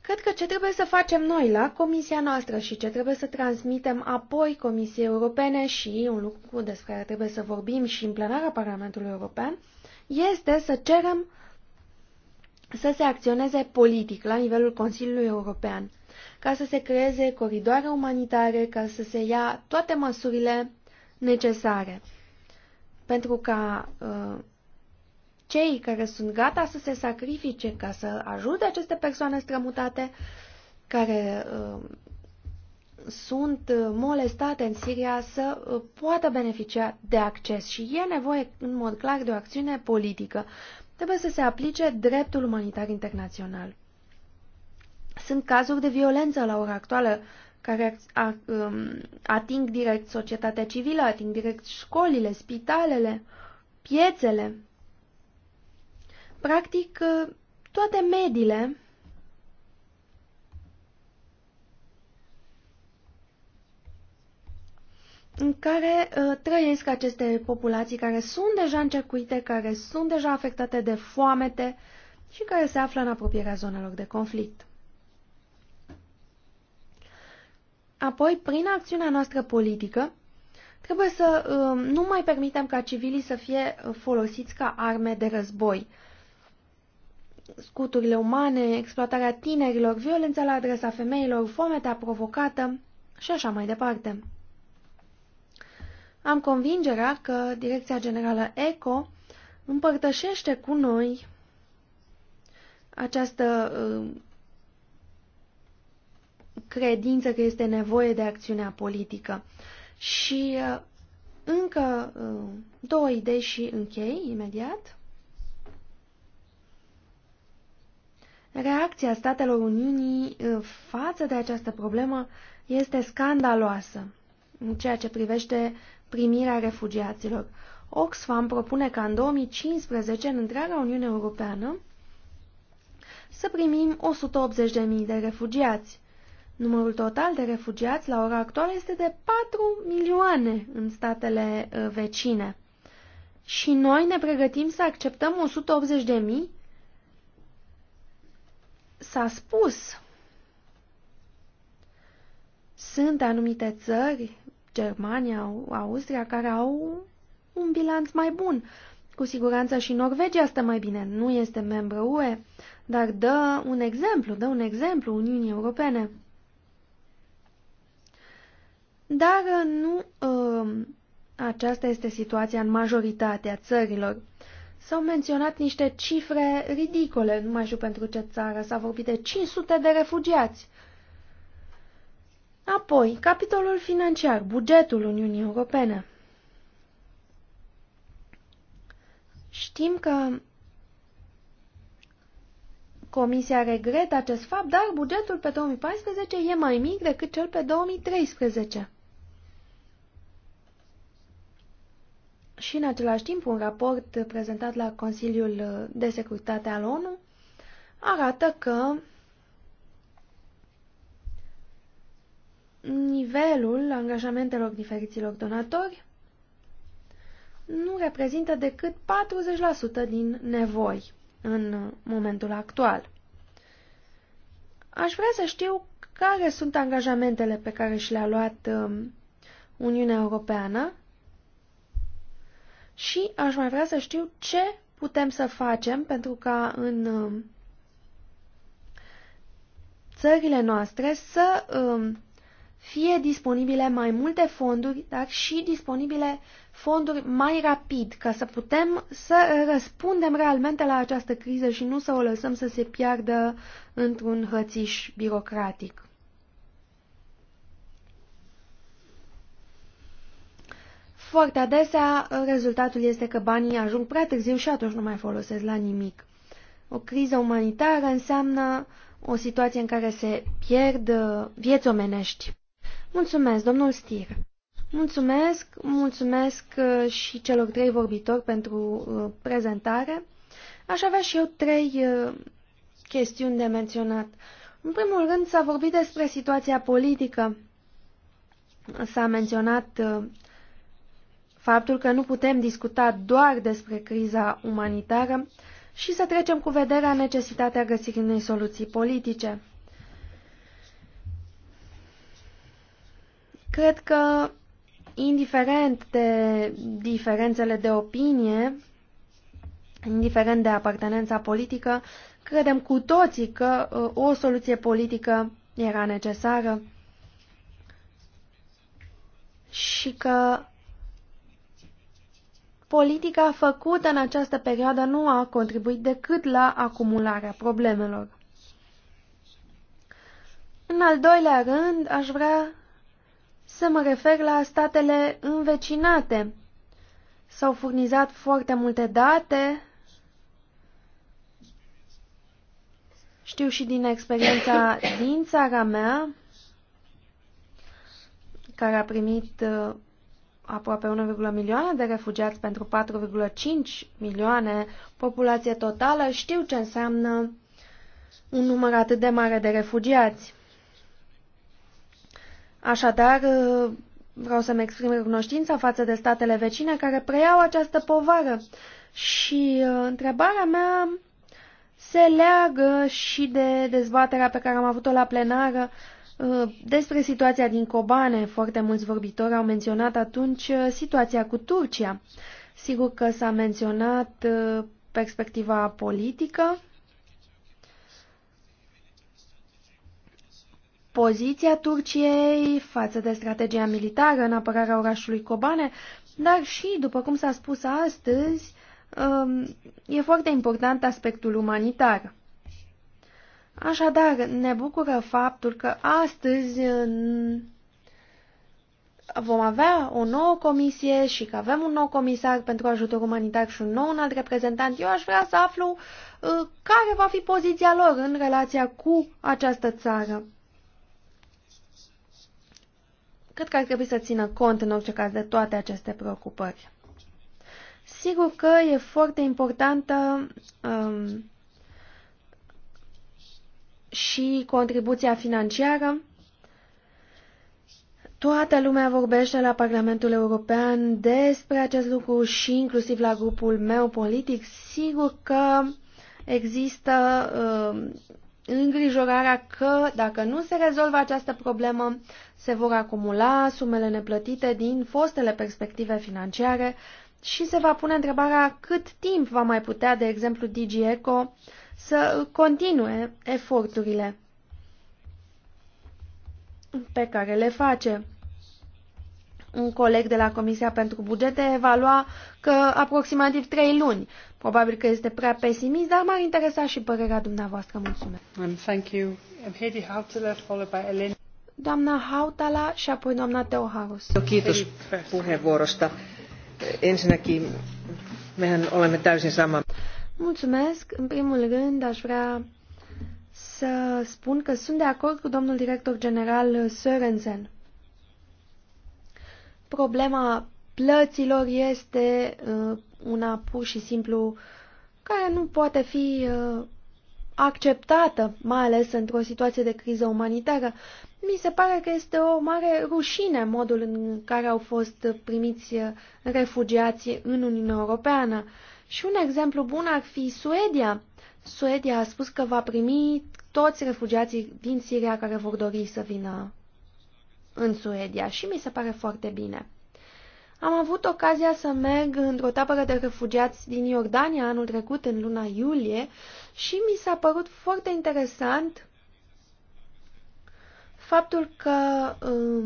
Cred că ce trebuie să facem noi la comisia noastră și ce trebuie să transmitem apoi Comisiei Europene și un lucru despre care trebuie să vorbim și în plenarea Parlamentului European, este să cerem să se acționeze politic la nivelul Consiliului European, ca să se creeze coridoare umanitare, ca să se ia toate măsurile necesare pentru ca uh, cei care sunt gata să se sacrifice ca să ajute aceste persoane strămutate care uh, sunt uh, molestate în Siria să uh, poată beneficia de acces și e nevoie în mod clar de o acțiune politică. Trebuie să se aplice dreptul umanitar internațional. Sunt cazuri de violență la ora actuală care um, ating direct societatea civilă, ating direct școlile, spitalele, piețele. Practic, uh, toate mediile în care uh, trăiesc aceste populații care sunt deja încercuite, care sunt deja afectate de foamete și care se află în apropierea zonelor de conflict. Apoi, prin acțiunea noastră politică, trebuie să um, nu mai permitem ca civilii să fie uh, folosiți ca arme de război. Scuturile umane, exploatarea tinerilor, violența la adresa femeilor, foamea provocată și așa mai departe. Am convingerea că Direcția Generală ECO împărtășește cu noi această um, credință că este nevoie de acțiunea politică. Și uh, încă uh, două idei și închei imediat. Reacția Statelor Uniunii uh, față de această problemă este scandaloasă în ceea ce privește primirea refugiaților. Oxfam propune ca în 2015 în întreaga Uniune Europeană să primim 180.000 de refugiați. Numărul total de refugiați la ora actuală este de 4 milioane în statele uh, vecine. Și noi ne pregătim să acceptăm 180 de mii? S-a spus. Sunt anumite țări, Germania, Austria, care au un bilanț mai bun. Cu siguranță și Norvegia stă mai bine, nu este membră UE, dar dă un exemplu, dă un exemplu Uniunii Europene. Dar nu um, aceasta este situația în majoritatea țărilor. S-au menționat niște cifre ridicole, nu mai știu pentru ce țară, s-a vorbit de 500 de refugiați. Apoi, capitolul financiar, bugetul Uniunii Europene. Știm că Comisia regretă acest fapt, dar bugetul pe 2014 e mai mic decât cel pe 2013. și în același timp un raport prezentat la Consiliul de Securitate al ONU arată că nivelul angajamentelor diferiților donatori nu reprezintă decât 40% din nevoi în momentul actual. Aș vrea să știu care sunt angajamentele pe care și le-a luat um, Uniunea Europeană și aș mai vrea să știu ce putem să facem pentru ca în um, țările noastre să um, fie disponibile mai multe fonduri, dar și disponibile fonduri mai rapid, ca să putem să răspundem realmente la această criză și nu să o lăsăm să se piardă într-un hățiș birocratic. Foarte adesea, rezultatul este că banii ajung prea târziu și atunci nu mai folosesc la nimic. O criză umanitară înseamnă o situație în care se pierd uh, vieți omenești. Mulțumesc, domnul Stir. Mulțumesc, mulțumesc uh, și celor trei vorbitori pentru uh, prezentare. Aș avea și eu trei chestiuni de menționat. În primul rând s-a vorbit despre situația politică. S-a menționat faptul că nu putem discuta doar despre criza umanitară și să trecem cu vederea necesitatea găsirii unei soluții politice. Cred că, indiferent de diferențele de opinie, indiferent de apartenența politică, credem cu toții că uh, o soluție politică era necesară și că politica făcută în această perioadă nu a contribuit decât la acumularea problemelor. În al doilea rând, aș vrea să mă refer la statele învecinate. S-au furnizat foarte multe date. Știu și din experiența din țara mea, care a primit uh, aproape 1, milioane de refugiați pentru 4,5 milioane populație totală, știu ce înseamnă un număr atât de mare de refugiați. Așadar, vreau să-mi exprim recunoștința față de statele vecine care preiau această povară. Și uh, întrebarea mea se leagă și de dezbaterea pe care am avut-o la plenară Uh, despre situația din Kobane, foarte mulți vorbitori au menționat atunci uh, situația cu Turcia. Sigur că s-a menționat uh, perspectiva politică, poziția Turciei față de strategia militară în apărarea orașului Kobane, dar și, după cum s-a spus astăzi, um, e foarte important aspectul umanitar. Așadar, ne bucură faptul că astăzi vom avea o nouă comisie și că avem un nou comisar pentru ajutor umanitar și un nou un alt reprezentant. Eu aș vrea să aflu uh, care va fi poziția lor în relația cu această țară. Cred că ar trebui să țină cont în orice caz de toate aceste preocupări. Sigur că e foarte importantă um, și contribuția financiară. Toată lumea vorbește la Parlamentul European despre acest lucru și inclusiv la grupul meu politic. Sigur că există uh, îngrijorarea că dacă nu se rezolvă această problemă, se vor acumula sumele neplătite din fostele perspective financiare și se va pune întrebarea cât timp va mai putea, de exemplu, DigiEco să continue eforturile pe care le face. Un coleg de la Comisia pentru Bugete evalua că aproximativ trei luni. Probabil că este prea pesimist, dar m-ar interesa și părerea dumneavoastră. Mulțumesc. thank you. I'm Heidi Hautala, followed by Elena. Doamna Hautala și apoi doamna Teoharus. Kiitos puheenvuorosta. Ensinnäkin mehän olemme täysin samaa. Mulțumesc. În primul rând aș vrea să spun că sunt de acord cu domnul director general Sørensen. Problema plăților este uh, una pur și simplu care nu poate fi uh, acceptată, mai ales într-o situație de criză umanitară. Mi se pare că este o mare rușine modul în care au fost primiți refugiații în Uniunea Europeană. Și un exemplu bun ar fi Suedia. Suedia a spus că va primi toți refugiații din Siria care vor dori să vină în Suedia și mi se pare foarte bine. Am avut ocazia să merg într-o tabără de refugiați din Iordania anul trecut, în luna iulie, și mi s-a părut foarte interesant faptul că uh,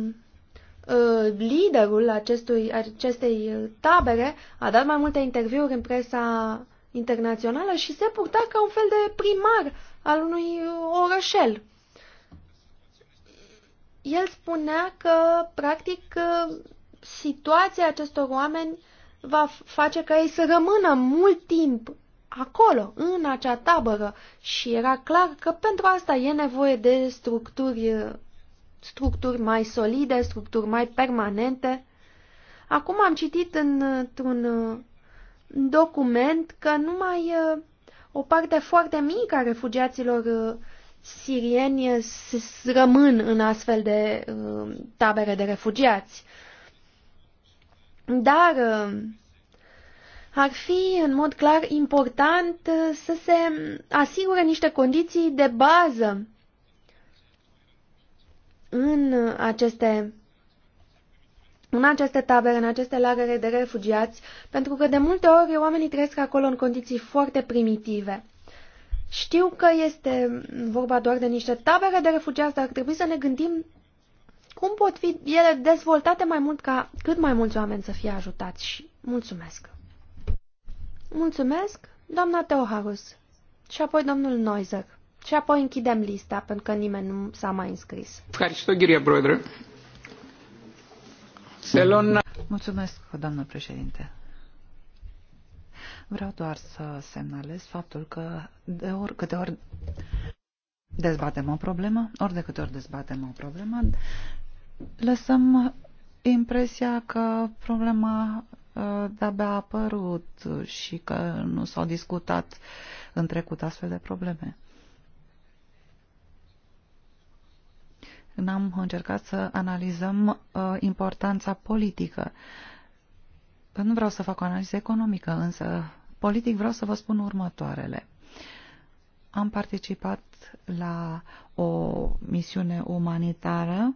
uh, liderul acestui, acestei tabere a dat mai multe interviuri în presa internațională și se purta ca un fel de primar al unui orășel. El spunea că, practic, situația acestor oameni va face ca ei să rămână mult timp acolo, în acea tabără și era clar că pentru asta e nevoie de structuri structuri mai solide, structuri mai permanente. Acum am citit într-un document că numai uh, o parte foarte mică a refugiaților uh, sirieni rămân în astfel de uh, tabere de refugiați. Dar ar fi în mod clar important să se asigure niște condiții de bază în aceste, în aceste tabere, în aceste lagăre de refugiați, pentru că de multe ori oamenii trăiesc acolo în condiții foarte primitive. Știu că este vorba doar de niște tabere de refugiați, dar trebuie să ne gândim cum pot fi ele dezvoltate mai mult ca cât mai mulți oameni să fie ajutați și mulțumesc. Mulțumesc, doamna Teoharus și apoi domnul Noizer și apoi închidem lista, pentru că nimeni nu s-a mai înscris. Mulțumesc, doamnă președinte. Vreau doar să semnalez faptul că de ori, câte ori dezbatem o problemă, ori de câte ori dezbatem o problemă, lăsăm impresia că problema ă, de-abia a apărut și că nu s-au discutat în trecut astfel de probleme. n-am încercat să analizăm uh, importanța politică. Nu vreau să fac o analiză economică, însă politic vreau să vă spun următoarele. Am participat la o misiune umanitară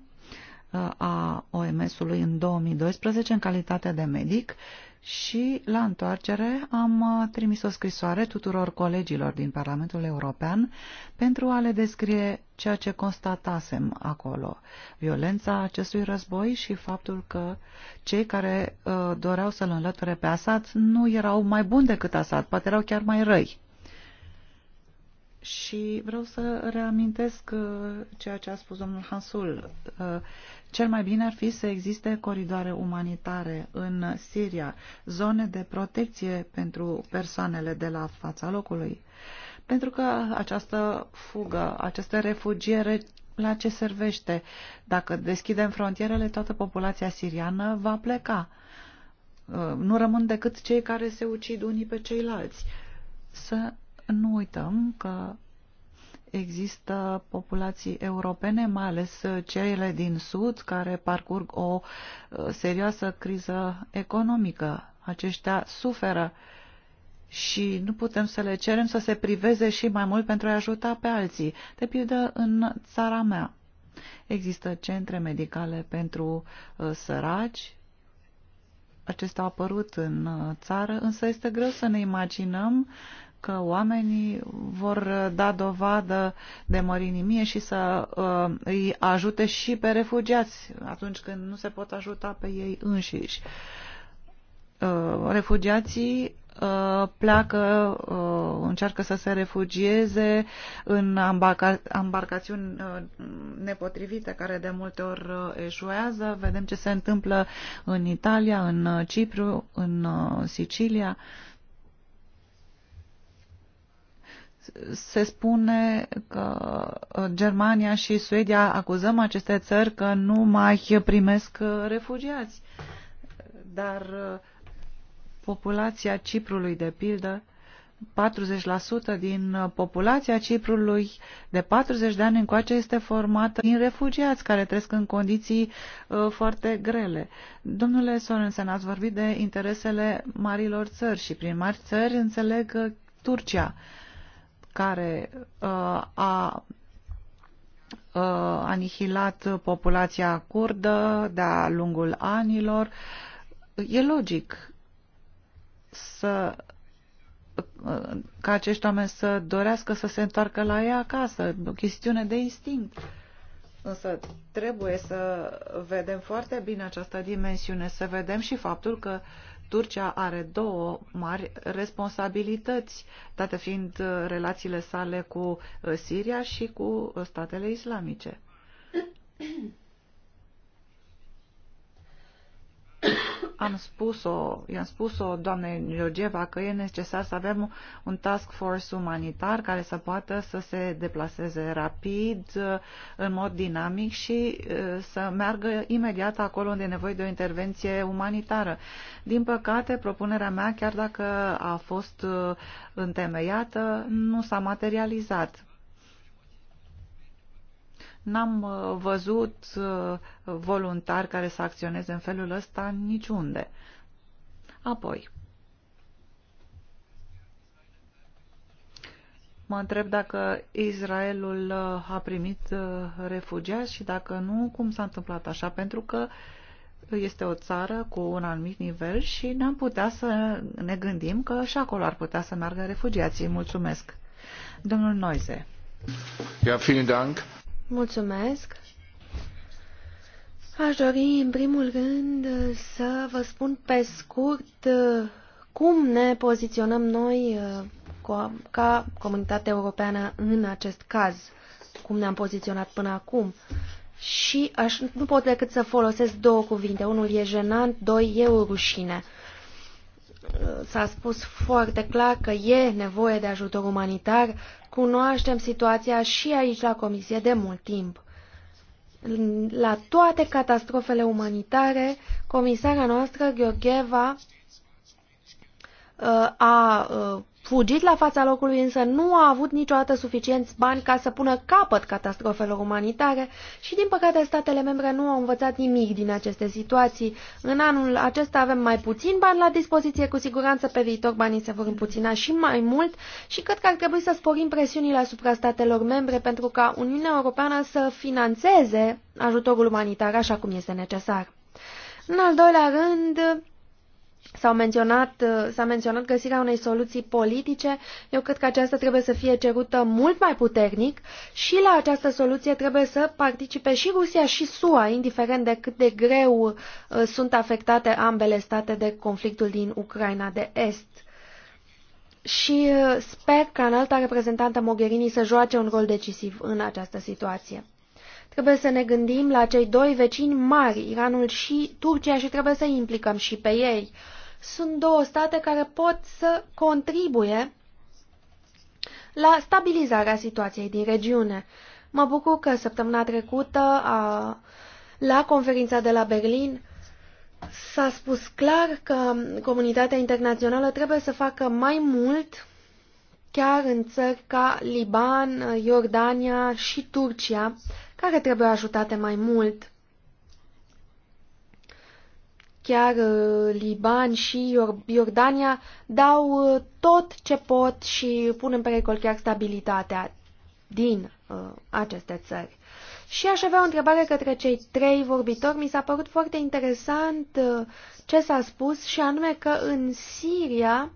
uh, a OMS-ului în 2012 în calitate de medic și la întoarcere am uh, trimis o scrisoare tuturor colegilor din Parlamentul European pentru a le descrie ceea ce constatasem acolo, violența acestui război și faptul că cei care uh, doreau să-l înlăture pe Assad nu erau mai buni decât Assad, poate erau chiar mai răi și vreau să reamintesc uh, ceea ce a spus domnul Hansul. Uh, cel mai bine ar fi să existe coridoare umanitare în Siria, zone de protecție pentru persoanele de la fața locului. Pentru că această fugă, aceste refugiere, la ce servește? Dacă deschidem frontierele, toată populația siriană va pleca. Uh, nu rămân decât cei care se ucid unii pe ceilalți. Să nu uităm că există populații europene, mai ales cele din Sud, care parcurg o uh, serioasă criză economică. Aceștia suferă și nu putem să le cerem să se priveze și mai mult pentru a ajuta pe alții. De pildă, în țara mea există centre medicale pentru uh, săraci, Acestea a apărut în uh, țară, însă este greu să ne imaginăm că oamenii vor da dovadă de mărinimie și să uh, îi ajute și pe refugiați atunci când nu se pot ajuta pe ei înșiși. Uh, refugiații uh, pleacă, uh, încearcă să se refugieze în ambarca ambarcațiuni uh, nepotrivite care de multe ori eșuează. Vedem ce se întâmplă în Italia, în Cipru, în Sicilia. se spune că uh, Germania și Suedia acuzăm aceste țări că nu mai primesc uh, refugiați. Dar uh, populația Ciprului, de pildă, 40% din populația Ciprului de 40 de ani încoace este formată din refugiați care trăiesc în condiții uh, foarte grele. Domnule Sorensen, ați vorbit de interesele marilor țări și prin mari țări înțeleg Turcia. Uh, care uh, a uh, anihilat populația curdă de-a lungul anilor. E logic să uh, ca acești oameni să dorească să se întoarcă la ea acasă, o chestiune de instinct. Însă trebuie să vedem foarte bine această dimensiune, să vedem și faptul că Turcia are două mari responsabilități, date fiind uh, relațiile sale cu uh, Siria și cu uh, statele islamice. am spus-o, i-am spus-o doamnei Georgieva că e necesar să avem un task force umanitar care să poată să se deplaseze rapid, în mod dinamic și să meargă imediat acolo unde e nevoie de o intervenție umanitară. Din păcate, propunerea mea, chiar dacă a fost întemeiată, nu s-a materializat N-am uh, văzut uh, voluntari care să acționeze în felul ăsta niciunde. Apoi, mă întreb dacă Israelul uh, a primit refugiați și dacă nu, cum s-a întâmplat așa, pentru că este o țară cu un anumit nivel și n am putea să ne gândim că și acolo ar putea să meargă refugiații. Mulțumesc. Domnul Noize. Ja, vielen Dank. Mulțumesc. Aș dori, în primul rând, să vă spun pe scurt cum ne poziționăm noi ca comunitate europeană în acest caz, cum ne-am poziționat până acum. Și aș, nu pot decât să folosesc două cuvinte. Unul e jenant, doi e o rușine. S-a spus foarte clar că e nevoie de ajutor umanitar Cunoaștem situația și aici la Comisie de mult timp. La toate catastrofele umanitare, comisarea noastră, Gheorgheva, uh, a uh, fugit la fața locului, însă nu a avut niciodată suficienți bani ca să pună capăt catastrofelor umanitare și, din păcate, statele membre nu au învățat nimic din aceste situații. În anul acesta avem mai puțin bani la dispoziție, cu siguranță pe viitor banii se vor împuțina și mai mult și cred că ar trebui să sporim presiunile asupra statelor membre pentru ca Uniunea Europeană să financeze ajutorul umanitar așa cum este necesar. În al doilea rând, S-a menționat, uh, s-a menționat găsirea unei soluții politice. Eu cred că aceasta trebuie să fie cerută mult mai puternic și la această soluție trebuie să participe și Rusia și SUA, indiferent de cât de greu uh, sunt afectate ambele state de conflictul din Ucraina de Est. Și uh, sper că înalta reprezentantă Mogherini să joace un rol decisiv în această situație. Trebuie să ne gândim la cei doi vecini mari, Iranul și Turcia, și trebuie să implicăm și pe ei sunt două state care pot să contribuie la stabilizarea situației din regiune. Mă bucur că săptămâna trecută, a, la conferința de la Berlin, s-a spus clar că comunitatea internațională trebuie să facă mai mult chiar în țări ca Liban, Iordania și Turcia, care trebuie ajutate mai mult chiar uh, Liban și Iordania dau uh, tot ce pot și pun în pericol chiar stabilitatea din uh, aceste țări. Și aș avea o întrebare către cei trei vorbitori. Mi s-a părut foarte interesant ce s-a spus și anume că în Siria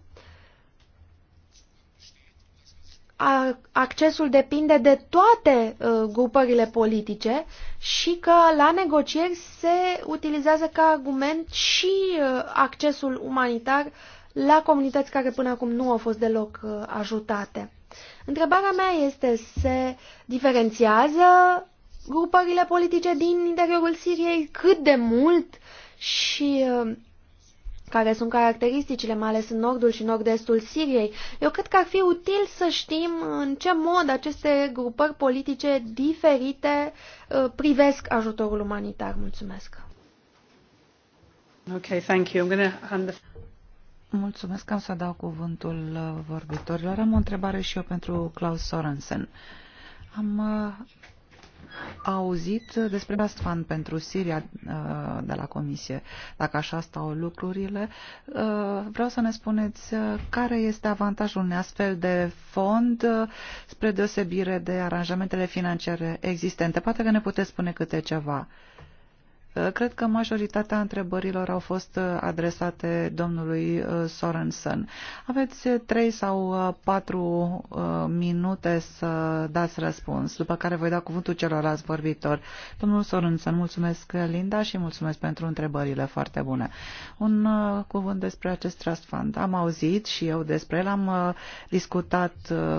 accesul depinde de toate uh, grupările politice și că la negocieri se utilizează ca argument și uh, accesul umanitar la comunități care până acum nu au fost deloc uh, ajutate. Întrebarea mea este, se diferențiază grupările politice din interiorul Siriei? Cât de mult? Și care sunt caracteristicile, mai ales în nordul și nord-estul Siriei. Eu cred că ar fi util să știm în ce mod aceste grupări politice diferite uh, privesc ajutorul umanitar. Mulțumesc! Okay, thank you. I'm gonna hand the... Mulțumesc, am să dau cuvântul uh, vorbitorilor. Am o întrebare și eu pentru Klaus Sorensen. Am uh, auzit despre Best Fund pentru Siria uh, de la Comisie. Dacă așa stau lucrurile, uh, vreau să ne spuneți uh, care este avantajul unui astfel de fond spre deosebire de aranjamentele financiare existente. Poate că ne puteți spune câte ceva. Uh, Uh, cred că majoritatea întrebărilor au fost uh, adresate domnului uh, Sorensen. Aveți trei sau patru minute să dați răspuns, după care voi da cuvântul celorlalți vorbitori. Domnul Sorensen, mulțumesc Linda și mulțumesc pentru întrebările foarte bune. Un cuvânt despre acest trust fund. Am auzit și eu despre el, am discutat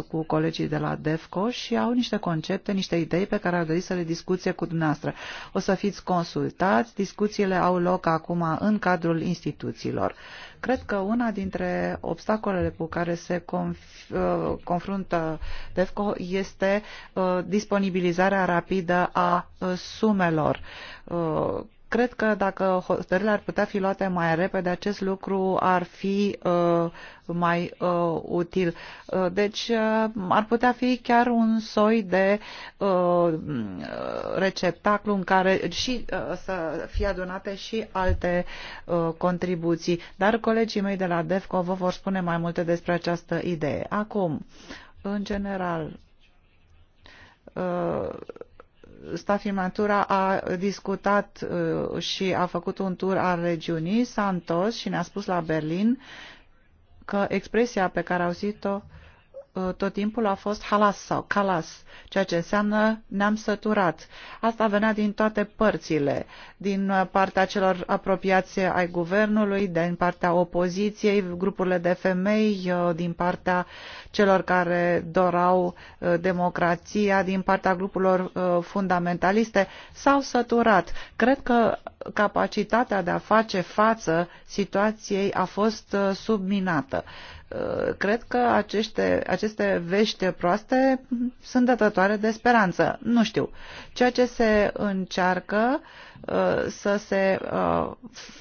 cu colegii de la DEFCO și au niște concepte, niște idei pe care au dorit să le discuție cu dumneavoastră. O să fiți consult invitați. Discuțiile au loc acum în cadrul instituțiilor. Cred că una dintre obstacolele cu care se conf- uh, confruntă DEFCO este uh, disponibilizarea rapidă a uh, sumelor Cred că dacă hotărârile ar putea fi luate mai repede, acest lucru ar fi uh, mai uh, util. Uh, deci uh, ar putea fi chiar un soi de uh, receptaclu în care și uh, să fie adunate și alte uh, contribuții. Dar colegii mei de la DEFCO vă vor spune mai multe despre această idee. Acum, în general, uh, stafimatura a discutat uh, și a făcut un tur al regiunii, s-a întors și ne-a spus la Berlin că expresia pe care a auzit-o Uh, tot timpul a fost halas sau calas, ceea ce înseamnă ne-am săturat. Asta venea din toate părțile, din uh, partea celor apropiați ai guvernului, din partea opoziției, grupurile de femei, uh, din partea celor care dorau democrația, din partea grupurilor fundamentaliste. S-au săturat. Cred că capacitatea de a face față situației a fost subminată. Uh, cred că aceste, aceste vești proaste sunt datătoare de speranță. Nu știu. Ceea ce se încearcă uh, să se uh,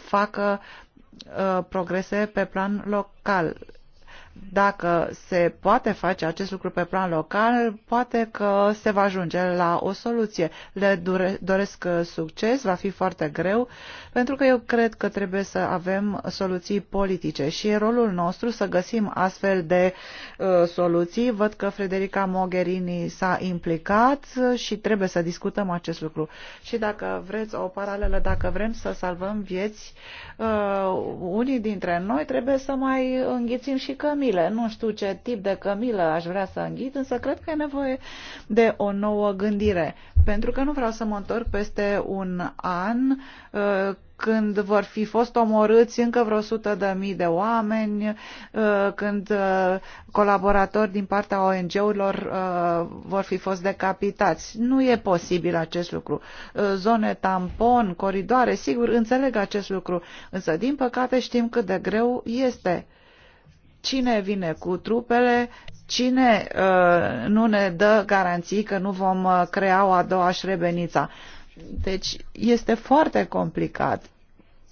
facă progrese pe plan local dacă se poate face acest lucru pe plan local, poate că se va ajunge la o soluție. Le dure, doresc uh, succes, va fi foarte greu, pentru că eu cred că trebuie să avem soluții politice și e rolul nostru să găsim astfel de uh, soluții. Văd că Frederica Mogherini s-a implicat uh, și trebuie să discutăm acest lucru. Și dacă vreți o paralelă, dacă vrem să salvăm vieți, uh, unii dintre noi trebuie să mai înghițim și cămii cămile, nu știu ce tip de cămilă aș vrea să înghit, însă cred că e nevoie de o nouă gândire. Pentru că nu vreau să mă întorc peste un an uh, când vor fi fost omorâți încă vreo sută de mii de oameni, uh, când uh, colaboratori din partea ONG-urilor vor fi fost decapitați. Nu e posibil acest lucru. Zone tampon, coridoare, sigur, înțeleg acest lucru, însă din păcate știm cât de greu este cine vine cu trupele, cine uh, nu ne dă garanții că nu vom uh, crea o a doua șrebenița. Deci este foarte complicat.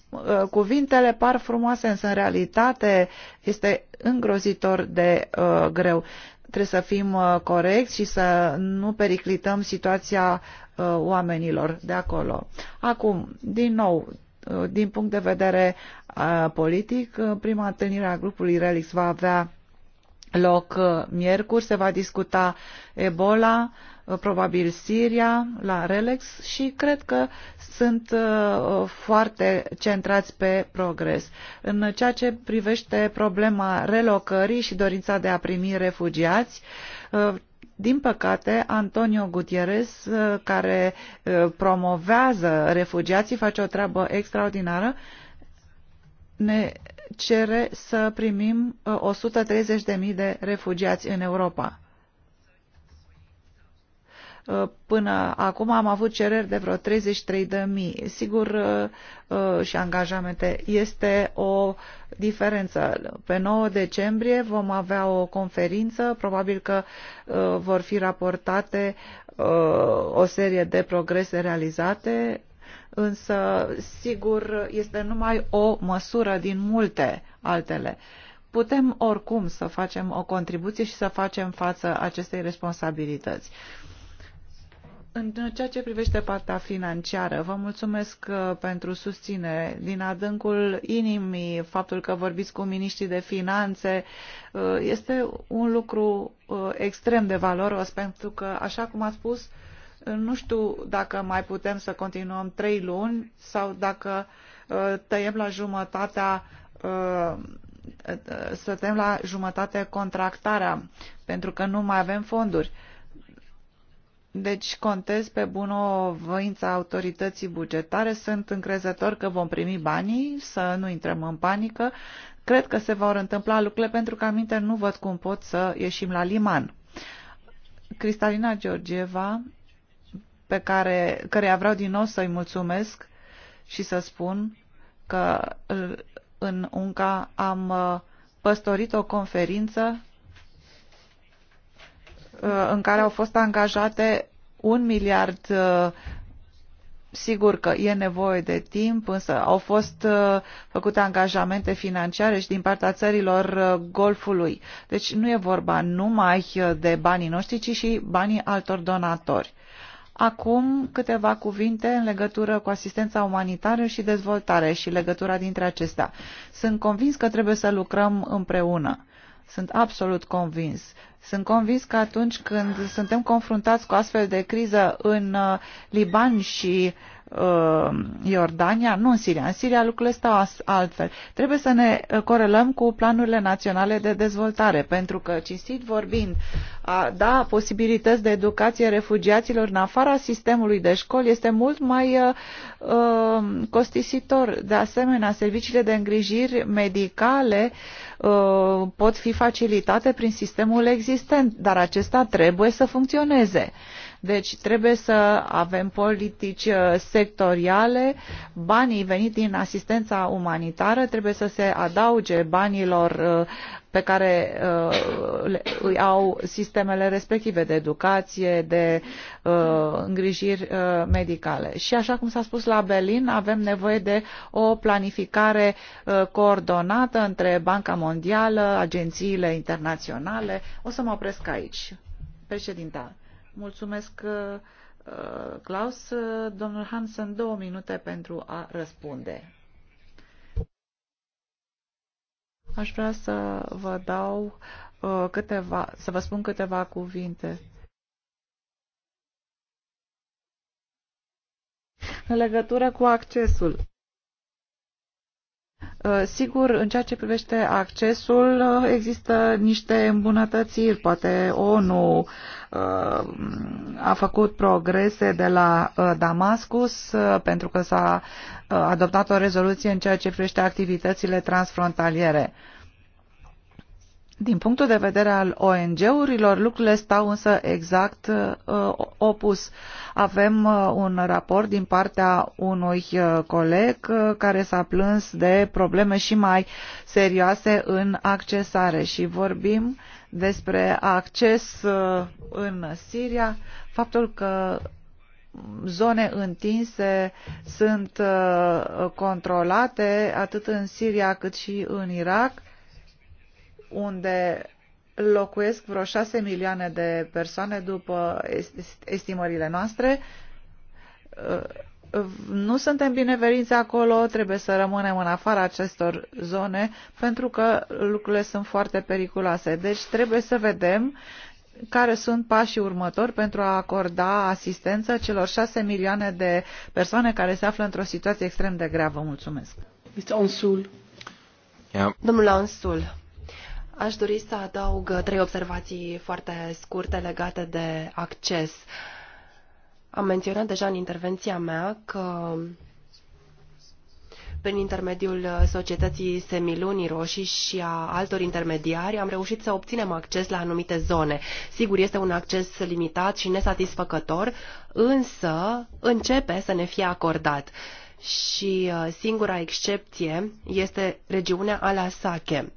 Uh, cuvintele par frumoase, însă în realitate este îngrozitor de uh, greu. Trebuie să fim uh, corecți și să nu periclităm situația uh, oamenilor de acolo. Acum, din nou, Uh, din punct de vedere uh, politic, uh, prima întâlnire a grupului RELIX va avea loc miercuri, se va discuta Ebola, probabil Siria, la Relex și cred că sunt foarte centrați pe progres. În ceea ce privește problema relocării și dorința de a primi refugiați, din păcate, Antonio Gutierrez, uh, care uh, promovează refugiații, face o treabă extraordinară, ne cere să primim 130.000 uh, de refugiați în Europa. Uh, până acum am avut cereri de vreo 33 de mii. Sigur, uh, uh, și angajamente. Este o diferență. Pe 9 decembrie vom avea o conferință, probabil că vor fi raportate o serie de progrese realizate, însă, sigur, este numai o măsură din multe altele putem oricum să facem o contribuție și să facem față acestei responsabilități. În ceea ce privește partea financiară, vă mulțumesc uh, pentru susținere din adâncul inimii. Faptul că vorbiți cu miniștrii de finanțe uh, este un lucru uh, extrem de valoros pentru că, așa cum ați spus, nu știu dacă mai putem să continuăm trei luni sau dacă tăiem la jumătatea să tăiem la jumătate contractarea pentru că nu mai avem fonduri deci contez pe bunăvoința autorității bugetare, sunt încrezător că vom primi banii, să nu intrăm în panică. Cred că se vor întâmpla lucrurile pentru că aminte nu văd cum pot să ieșim la liman. Cristalina Georgieva, pe care, căreia vreau din nou să-i mulțumesc și să spun că în UNCA am uh, păstorit o conferință Uh, în care au fost angajate un miliard uh, Sigur că e nevoie de timp, însă au fost uh, făcute angajamente financiare și din partea țărilor Golfului. Deci nu e vorba numai de banii noștri, ci și banii altor donatori. Acum câteva cuvinte în legătură cu asistența umanitară și dezvoltare și legătura dintre acestea. Sunt convins că trebuie să lucrăm împreună. Sunt absolut convins. Sunt convins că atunci când suntem confruntați cu astfel de criză în uh, Liban și uh, Uh, Iordania, nu în Siria. În Siria lucrurile stau altfel. Trebuie să ne uh, corelăm cu planurile naționale de dezvoltare, pentru că, cinstit vorbind, a da posibilități de educație refugiaților în afara sistemului de școli este mult mai uh, uh costisitor. De asemenea, serviciile de îngrijiri medicale pot fi facilitate prin sistemul existent, dar acesta trebuie să funcționeze. Uh, deci trebuie să avem politici uh, sectoriale, banii veniți din asistența umanitară trebuie să se adauge banilor uh, pe care uh, îi au sistemele respective de educație, de îngrijiri medicale. Și așa cum s-a spus la Berlin, avem nevoie de o planificare coordonată între Banca Mondială, agențiile internaționale. O să mă opresc aici. Președinta, Mulțumesc, uh, uh, Klaus. Uh, domnul Hansen, două minute pentru a răspunde. Aș vrea să vă dau câteva, să vă spun câteva cuvinte. În legătură cu accesul. Uh, sigur, în ceea ce privește accesul, uh, există niște îmbunătățiri. Poate ONU uh, a făcut progrese de la Damascus pentru că s-a adoptat o rezoluție în ceea ce privește activitățile transfrontaliere. Din punctul de vedere al ONG-urilor, lucrurile stau însă exact uh, opus. Avem uh, un raport din partea unui uh, coleg uh, care s-a plâns de probleme și mai serioase în accesare și vorbim despre acces uh, în Siria, faptul că zone întinse sunt uh, controlate atât în Siria cât și în Irak unde locuiesc vreo șase milioane de persoane după estimările noastre. Uh, nu suntem bineveniți acolo, trebuie să rămânem în afara acestor zone pentru că lucrurile sunt foarte periculoase. Deci trebuie să vedem care sunt pașii următori pentru a acorda asistență celor șase milioane de persoane care se află într-o situație extrem de gravă. Mulțumesc. Domnul Ansul. Aș dori să adaug trei observații foarte scurte legate de acces. Am menționat deja în intervenția mea că prin intermediul societății Semilunii Roșii și a altor intermediari am reușit să obținem acces la anumite zone. Sigur, este un acces limitat și nesatisfăcător, însă începe să ne fie acordat. Și uh, singura excepție este regiunea Alasake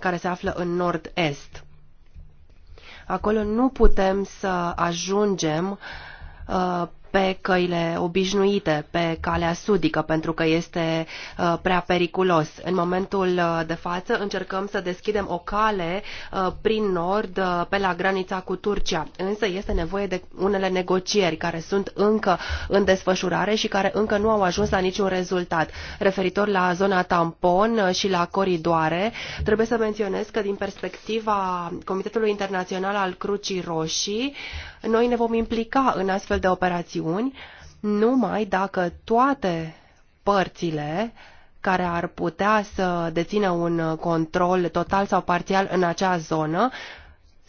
care se află în nord-est. Acolo nu putem să ajungem uh, pe căile obișnuite, pe calea sudică, pentru că este uh, prea periculos. În momentul uh, de față încercăm să deschidem o cale uh, prin nord pe la granița cu Turcia, însă este nevoie de unele negocieri care sunt încă în desfășurare și care încă nu au ajuns la niciun rezultat. Referitor la zona tampon și la coridoare, trebuie să menționez că din perspectiva Comitetului Internațional al Crucii Roșii, noi ne vom implica în astfel de operațiuni numai dacă toate părțile care ar putea să dețină un control total sau parțial în acea zonă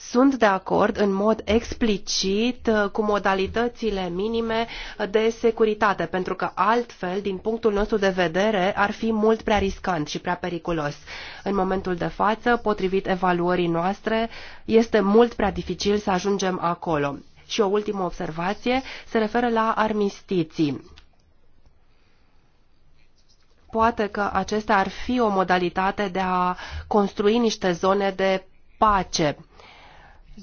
sunt de acord în mod explicit uh, cu modalitățile minime de securitate, pentru că altfel, din punctul nostru de vedere, ar fi mult prea riscant și prea periculos. În momentul de față, potrivit evaluării noastre, este mult prea dificil să ajungem acolo. Și o ultimă observație se referă la armistiții. Poate că acesta ar fi o modalitate de a construi niște zone de pace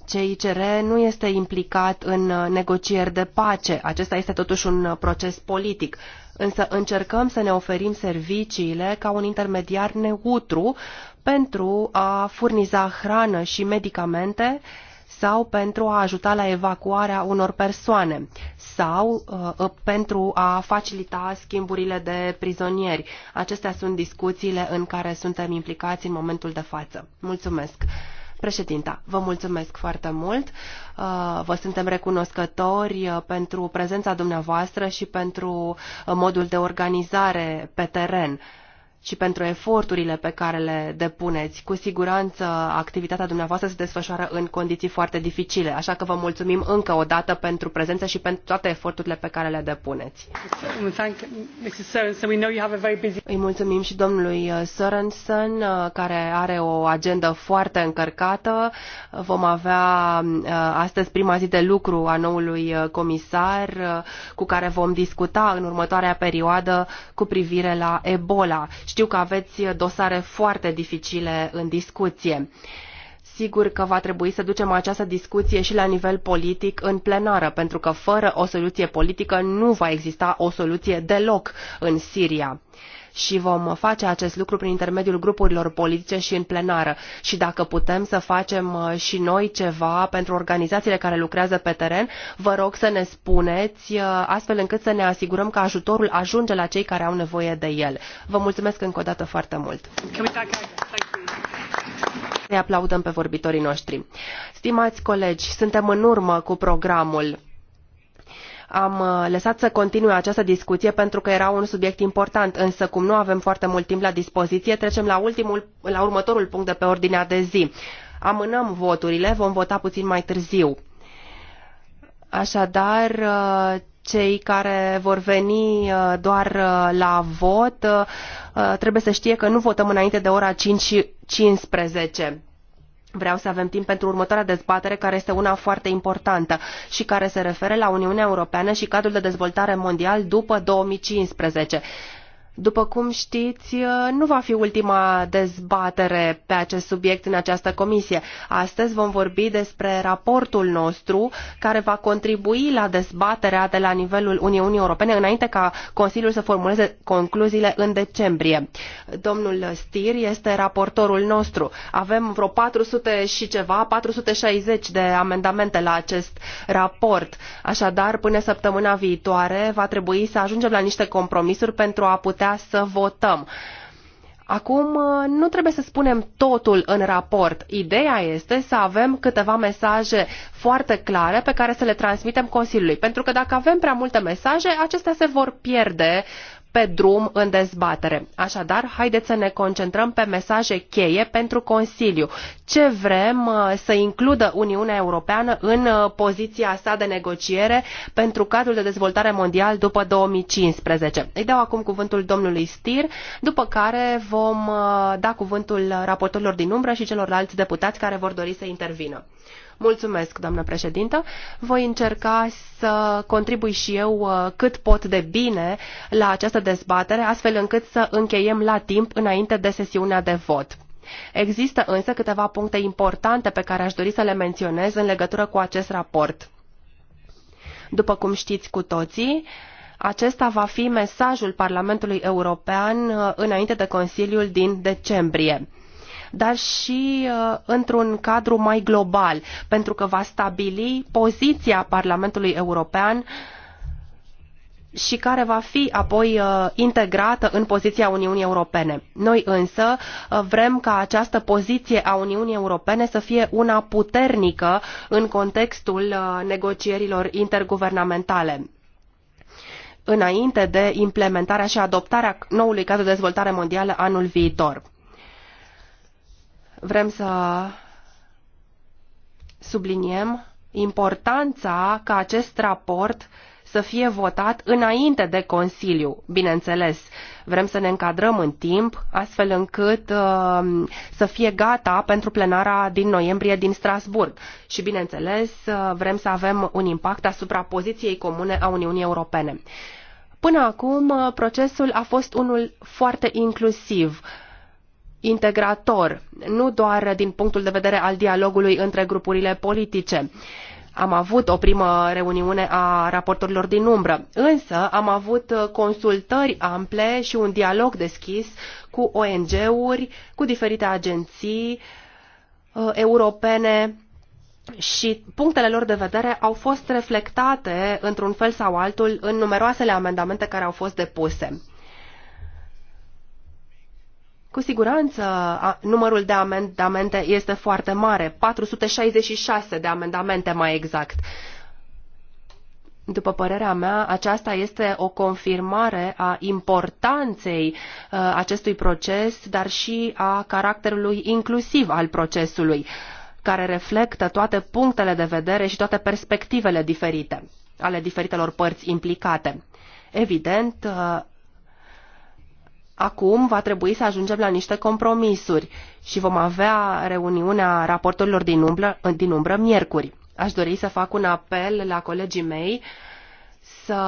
CICR nu este implicat în uh, negocieri de pace. Acesta este totuși un uh, proces politic. Însă încercăm să ne oferim serviciile ca un intermediar neutru pentru a furniza hrană și medicamente sau pentru a ajuta la evacuarea unor persoane sau uh, ă, pentru a facilita schimburile de prizonieri. Acestea sunt discuțiile în care suntem implicați în momentul de față. Mulțumesc! Președinta, vă mulțumesc foarte mult. Uh, vă suntem recunoscători uh, pentru prezența dumneavoastră și pentru uh, modul de organizare pe teren și pentru eforturile pe care le depuneți. Cu siguranță, activitatea dumneavoastră se desfășoară în condiții foarte dificile, așa că vă mulțumim încă o dată pentru prezență și pentru toate eforturile pe care le depuneți. Îi mulțumim și domnului uh, Sorensen, uh, care are o agendă foarte încărcată. Vom avea uh, astăzi prima zi de lucru a noului comisar, cu care vom discuta în următoarea perioadă cu privire la Ebola știu că aveți dosare foarte dificile în discuție. Sigur că va trebui să ducem această discuție și la nivel politic în plenară, pentru că fără o soluție politică nu va exista o soluție deloc în Siria și vom face acest lucru prin intermediul grupurilor politice și în plenară. Și dacă putem să facem uh, și noi ceva pentru organizațiile care lucrează pe teren, vă rog să ne spuneți uh, astfel încât să ne asigurăm că ajutorul ajunge la cei care au nevoie de el. Vă mulțumesc încă o dată foarte mult. Ne aplaudăm pe vorbitorii noștri. Stimați colegi, suntem în urmă cu programul. Am uh, lăsat să continue această discuție pentru că era un subiect important, însă cum nu avem foarte mult timp la dispoziție, trecem la, ultimul, la următorul punct de pe ordinea de zi. Amânăm voturile, vom vota puțin mai târziu. Așadar, uh, cei care vor veni uh, doar la vot trebuie să știe că nu votăm înainte de ora 5 15. Vreau să avem timp pentru următoarea dezbatere, care este una foarte importantă și care se referă la Uniunea Europeană și cadrul de dezvoltare mondial după 2015. După cum știți, nu va fi ultima dezbatere pe acest subiect în această comisie. Astăzi vom vorbi despre raportul nostru care va contribui la dezbaterea de la nivelul Uniunii Europene înainte ca Consiliul să formuleze concluziile în decembrie. Domnul Stir este raportorul nostru. Avem vreo 400 și ceva, 460 de amendamente la acest raport. Așadar, până săptămâna viitoare va trebui să ajungem la niște compromisuri pentru a putea putea să votăm. Acum, nu trebuie să spunem totul în raport. Ideea este să avem câteva mesaje foarte clare pe care să le transmitem Consiliului. Pentru că dacă avem prea multe mesaje, acestea se vor pierde uh, pe drum în dezbatere. Așadar, haideți să ne concentrăm pe mesaje cheie pentru Consiliu. Ce vrem uh, să includă Uniunea Europeană în uh, poziția sa de negociere pentru cadrul de dezvoltare mondial după 2015? Îi dau acum cuvântul domnului Stir, după care vom uh, da cuvântul raportorilor din umbră și celorlalți deputați care vor dori să intervină. Mulțumesc, doamnă președintă. Voi încerca să contribui și eu uh, cât pot de bine la această dezbatere, astfel încât să încheiem la timp înainte de sesiunea de vot. Există însă câteva puncte importante pe care aș dori să le menționez în legătură cu acest raport. După cum știți cu toții, acesta va fi mesajul Parlamentului European uh, înainte de Consiliul din decembrie dar și uh, într-un cadru mai global, pentru că va stabili poziția Parlamentului European și care va fi apoi uh, integrată în poziția Uniunii Europene. Noi însă uh, vrem ca această poziție a Uniunii Europene să fie una puternică în contextul negocierilor interguvernamentale înainte de implementarea și adoptarea noului cadru de dezvoltare mondială anul viitor. Vrem să subliniem importanța ca acest raport să fie votat înainte de Consiliu, bineînțeles. Vrem să ne încadrăm în timp, astfel încât uh, să fie gata pentru plenara din noiembrie din Strasburg. Și, bineînțeles, uh, vrem să avem un impact asupra poziției comune a Uniunii Europene. Până acum, uh, procesul a fost unul foarte inclusiv. Uh, integrator, nu doar din punctul de vedere al dialogului între grupurile politice. Am avut o primă reuniune a raportorilor din umbră, însă am avut consultări ample și un dialog deschis cu ONG-uri, cu diferite agenții uh, europene și punctele lor de vedere au fost reflectate într-un fel sau altul în numeroasele amendamente care au fost depuse. Cu siguranță numărul de amendamente este foarte mare, 466 de amendamente mai exact. După părerea mea, aceasta este o confirmare a importanței uh, acestui proces, dar și a caracterului inclusiv al procesului, care reflectă toate punctele de vedere și toate perspectivele diferite ale diferitelor părți implicate. Evident, uh, Acum va trebui să ajungem la niște compromisuri și vom avea reuniunea raportorilor din umbră, din umbră miercuri. Aș dori să fac un apel la colegii mei să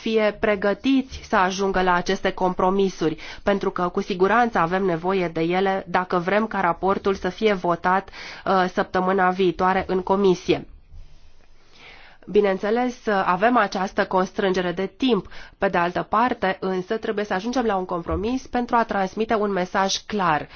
fie pregătiți să ajungă la aceste compromisuri, pentru că cu siguranță avem nevoie de ele dacă vrem ca raportul să fie votat uh, săptămâna viitoare în comisie. Bineînțeles, avem această constrângere de timp. Pe de altă parte, însă, trebuie să ajungem la un compromis pentru a transmite un mesaj clar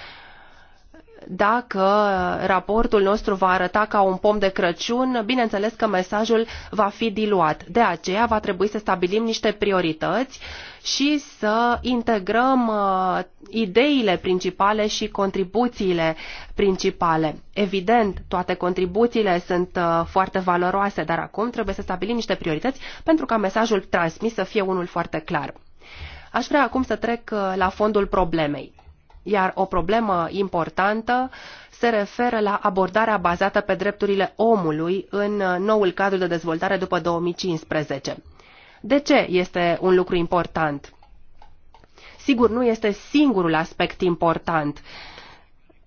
dacă raportul nostru va arăta ca un pom de Crăciun, bineînțeles că mesajul va fi diluat. De aceea va trebui să stabilim niște priorități și să integrăm uh, ideile principale și contribuțiile principale. Evident, toate contribuțiile sunt uh, foarte valoroase, dar acum trebuie să stabilim niște priorități pentru ca mesajul transmis să fie unul foarte clar. Aș vrea acum să trec uh, la fondul problemei. Iar o problemă importantă se referă la abordarea bazată pe drepturile omului în noul cadru de dezvoltare după 2015. De ce este un lucru important? Sigur, nu este singurul aspect important.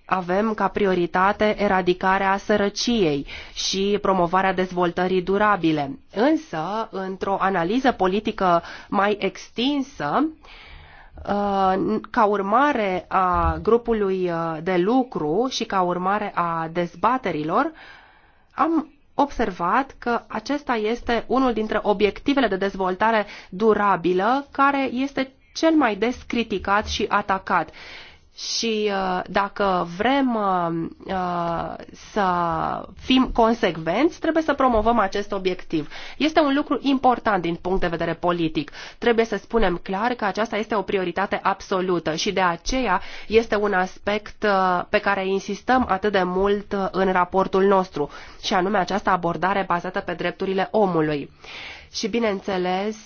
Avem ca prioritate eradicarea sărăciei și promovarea dezvoltării durabile. Însă, într-o analiză politică mai extinsă, uh, Uh, ca urmare a grupului uh, de lucru și ca urmare a dezbaterilor, am observat că acesta este unul dintre obiectivele de dezvoltare durabilă care este cel mai des criticat și atacat și uh, dacă vrem uh, uh, să fim consecvenți, trebuie să promovăm acest obiectiv. Este un lucru important din punct de vedere politic. Trebuie să spunem clar că aceasta este o prioritate absolută și de aceea este un aspect pe care insistăm atât de mult în raportul nostru, și anume această abordare bazată pe drepturile omului. Și bineînțeles,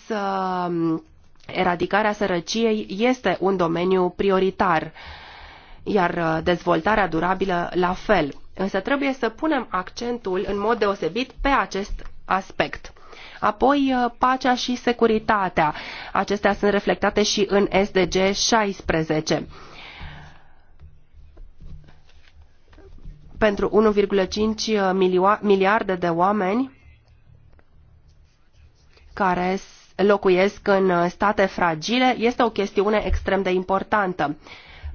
eradicarea sărăciei este un domeniu prioritar iar uh, dezvoltarea durabilă la fel. Însă trebuie să punem accentul în mod deosebit pe acest aspect. Apoi, uh, pacea și securitatea. Acestea sunt reflectate și în SDG 16. Pentru 1,5 uh, miliarde de oameni care locuiesc în state fragile, este o chestiune extrem de importantă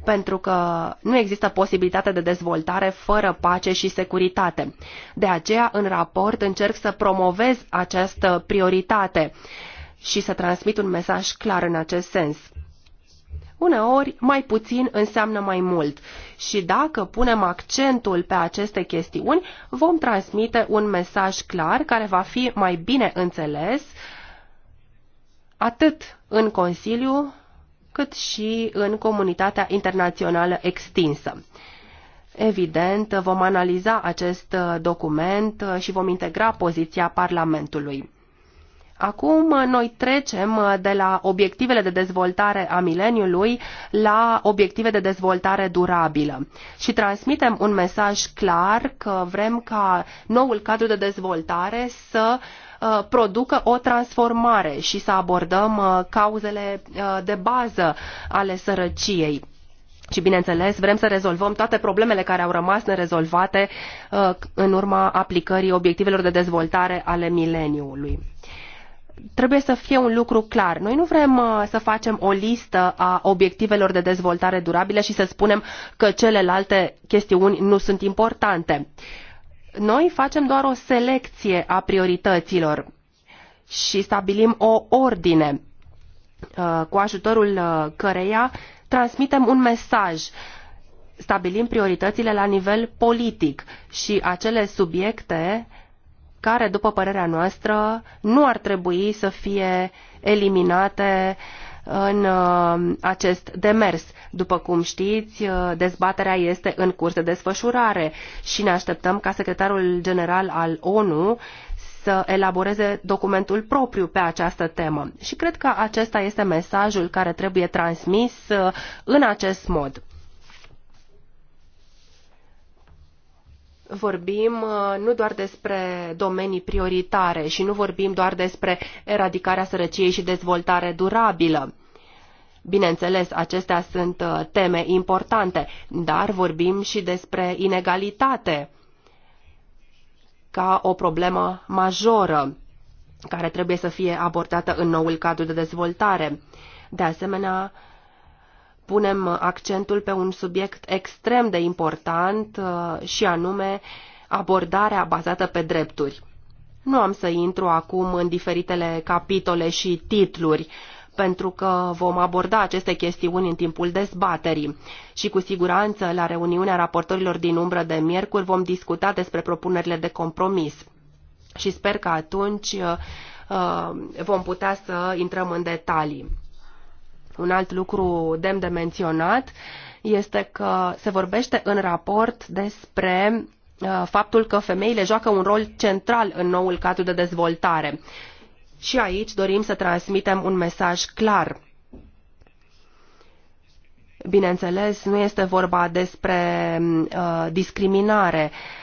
pentru că nu există posibilitate de dezvoltare fără pace și securitate. De aceea, în raport, încerc să promovez această prioritate și să transmit un mesaj clar în acest sens. Uneori, mai puțin înseamnă mai mult și dacă punem accentul pe aceste chestiuni, vom transmite un mesaj clar care va fi mai bine înțeles atât în Consiliu cât și în comunitatea internațională extinsă. Evident, vom analiza acest document și vom integra poziția Parlamentului. Acum noi trecem de la obiectivele de dezvoltare a mileniului la obiective de dezvoltare durabilă și transmitem un mesaj clar că vrem ca noul cadru de dezvoltare să uh, Uh, producă o transformare și să abordăm uh, cauzele uh, de bază ale sărăciei. Și, bineînțeles, vrem să rezolvăm toate problemele care au rămas nerezolvate în urma aplicării obiectivelor de dezvoltare ale mileniului trebuie să fie un lucru clar. Noi nu vrem să facem o listă a obiectivelor de dezvoltare durabilă și să spunem că celelalte chestiuni nu sunt importante. Noi facem doar o selecție a priorităților și stabilim o ordine uh, cu ajutorul uh, căreia transmitem un mesaj stabilim prioritățile la nivel politic și acele subiecte care, după părerea noastră, nu ar trebui să fie eliminate uh, în uh, acest demers. După cum știți, uh, dezbaterea este în curs de desfășurare și ne așteptăm ca secretarul general al ONU să elaboreze documentul propriu pe această temă. Și cred că acesta este mesajul care trebuie transmis uh, în acest mod. vorbim uh, nu doar despre domenii prioritare și nu vorbim doar despre eradicarea sărăciei și dezvoltare durabilă. Bineînțeles, acestea sunt uh, teme importante, dar vorbim și despre inegalitate ca o problemă majoră care trebuie să fie abordată în noul cadru de dezvoltare. De asemenea, punem accentul pe un subiect extrem de important uh, și anume abordarea bazată pe drepturi. Nu am să intru acum în diferitele capitole și titluri, pentru că vom aborda aceste chestiuni în timpul dezbaterii. Și cu siguranță, la reuniunea raportorilor din umbră de miercuri, vom discuta despre propunerile de compromis. Și sper că atunci uh, uh, vom putea să intrăm în detalii. Un alt lucru demn de menționat este că se vorbește în raport despre uh, faptul că femeile joacă un rol central în noul cadru de dezvoltare. Și aici dorim să transmitem un mesaj clar. Bineînțeles, nu este vorba despre uh, discriminare. Uh,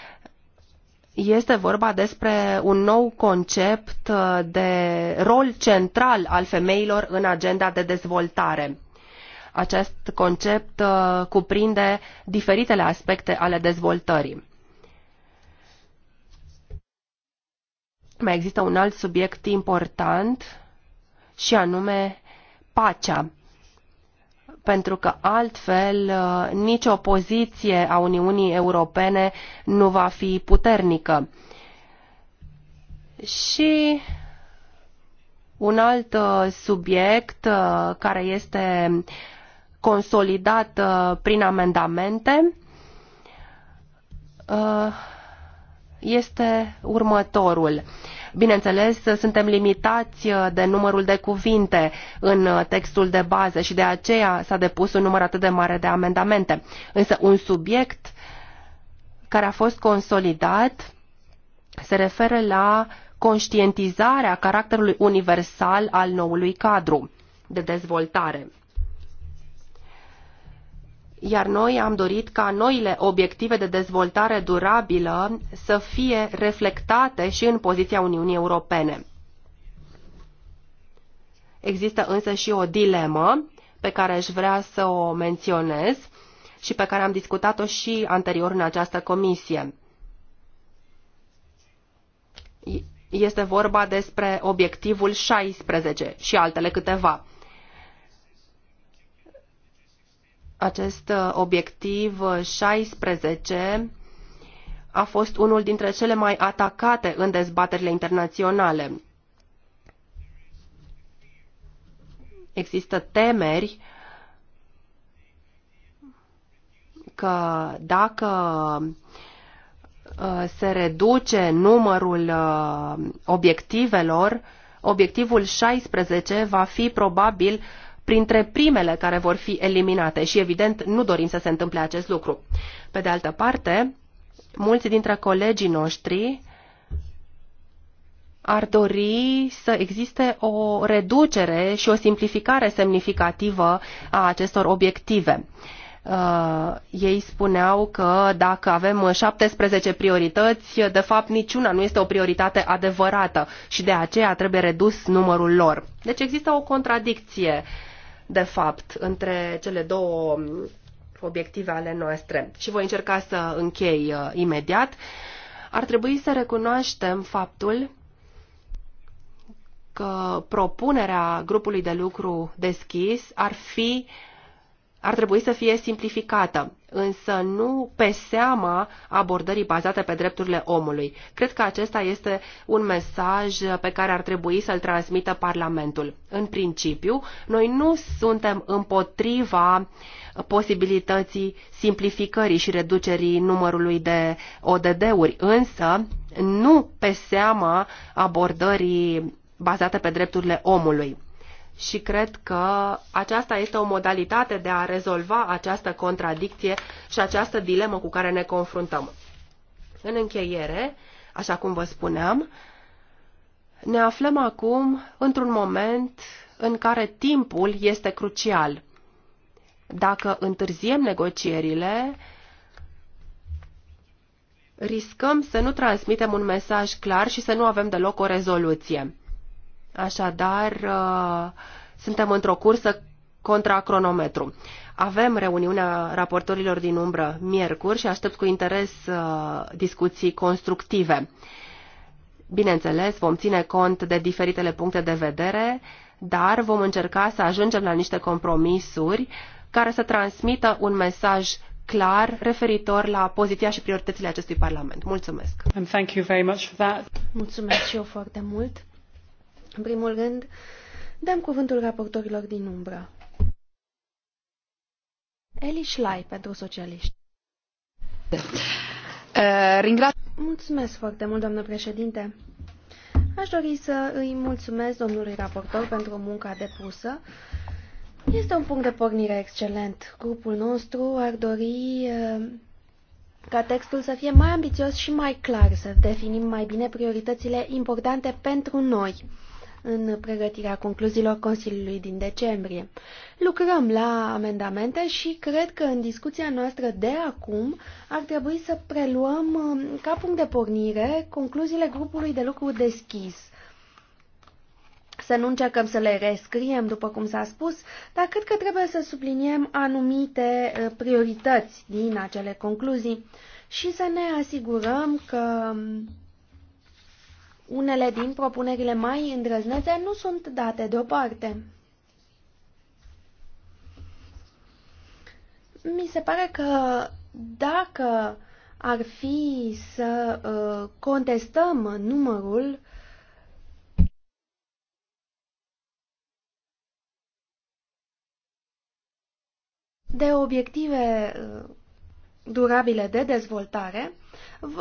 este vorba despre un nou concept uh, de rol central al femeilor în agenda de dezvoltare. Acest concept uh, cuprinde diferitele aspecte ale dezvoltării. Mai există un alt subiect important și anume pacea pentru că altfel uh, nicio poziție a Uniunii Europene nu va fi puternică. Și un alt uh, subiect uh, care este consolidat prin amendamente este următorul. Bineînțeles, suntem limitați uh, de numărul de cuvinte în uh, textul de bază și de aceea s-a depus un număr atât de mare de amendamente. Însă un subiect care a fost consolidat se referă la conștientizarea caracterului universal al noului cadru de dezvoltare iar noi am dorit ca noile obiective de dezvoltare durabilă să fie reflectate și în poziția Uniunii Europene. Există însă și o dilemă pe care aș vrea să o menționez și pe care am discutat-o și anterior în această comisie. Este vorba despre obiectivul 16 și altele câteva. acest uh, obiectiv 16 uh, a fost unul dintre cele mai atacate în dezbaterile internaționale. Există temeri că dacă uh, se reduce numărul obiectivelor, obiectivul 16 va fi probabil printre primele care vor fi eliminate și, evident, nu dorim să se întâmple acest lucru. Pe de altă parte, mulți dintre colegii noștri ar dori să existe o reducere și o simplificare semnificativă a acestor obiective. Uh, ei spuneau că dacă avem 17 priorități, de fapt niciuna nu este o prioritate adevărată și de aceea trebuie redus numărul lor. Deci există o contradicție uh, de fapt, între cele două obiective ale noastre. Și voi încerca să închei uh, imediat. Ar trebui să recunoaștem faptul că propunerea grupului de lucru deschis ar fi uh, ar trebui să fie simplificată, însă nu pe seama abordării bazate pe drepturile omului. Cred că acesta este un mesaj pe care ar trebui să-l transmită Parlamentul. În principiu, noi nu suntem împotriva posibilității simplificării și reducerii numărului de ODD-uri, însă nu pe seama abordării bazate pe drepturile omului și cred că aceasta este o modalitate de a rezolva această contradicție și această dilemă cu care ne confruntăm. În încheiere, așa cum vă spuneam, ne aflăm acum într-un moment în care timpul este crucial. Dacă întârziem negocierile, riscăm să nu transmitem un mesaj clar și să nu avem deloc o rezoluție. Așadar, uh, suntem într-o cursă contra cronometru. Avem reuniunea raportorilor din umbră miercuri și aștept cu interes uh, discuții constructive. Bineînțeles, vom ține cont de diferitele puncte de vedere, dar vom încerca să ajungem la niște compromisuri care să transmită un mesaj clar referitor la poziția și prioritățile acestui Parlament. Mulțumesc! And thank you very much for that. Mulțumesc și eu foarte mult! În primul rând, dăm cuvântul raportorilor din umbră. Eli Schlei pentru socialiști. Eh, mulțumesc foarte mult, doamnă președinte. Aș dori să îi mulțumesc domnului raportor pentru munca depusă. Este un punct de pornire excelent. Grupul nostru ar dori eh, ca textul să fie mai ambițios și mai clar, să definim mai bine prioritățile importante pentru noi în pregătirea concluziilor Consiliului din decembrie. Lucrăm la amendamente și cred că în discuția noastră de acum ar trebui să preluăm um, ca punct de pornire concluziile grupului de lucru deschis. Să nu încercăm să le rescriem, după cum s-a spus, dar cred că trebuie să subliniem anumite uh, priorități din acele concluzii și să ne asigurăm că um, unele din propunerile mai îndrăznețe nu sunt date deoparte. Mi se pare că dacă ar fi să uh, contestăm numărul de obiective uh, durabile de dezvoltare,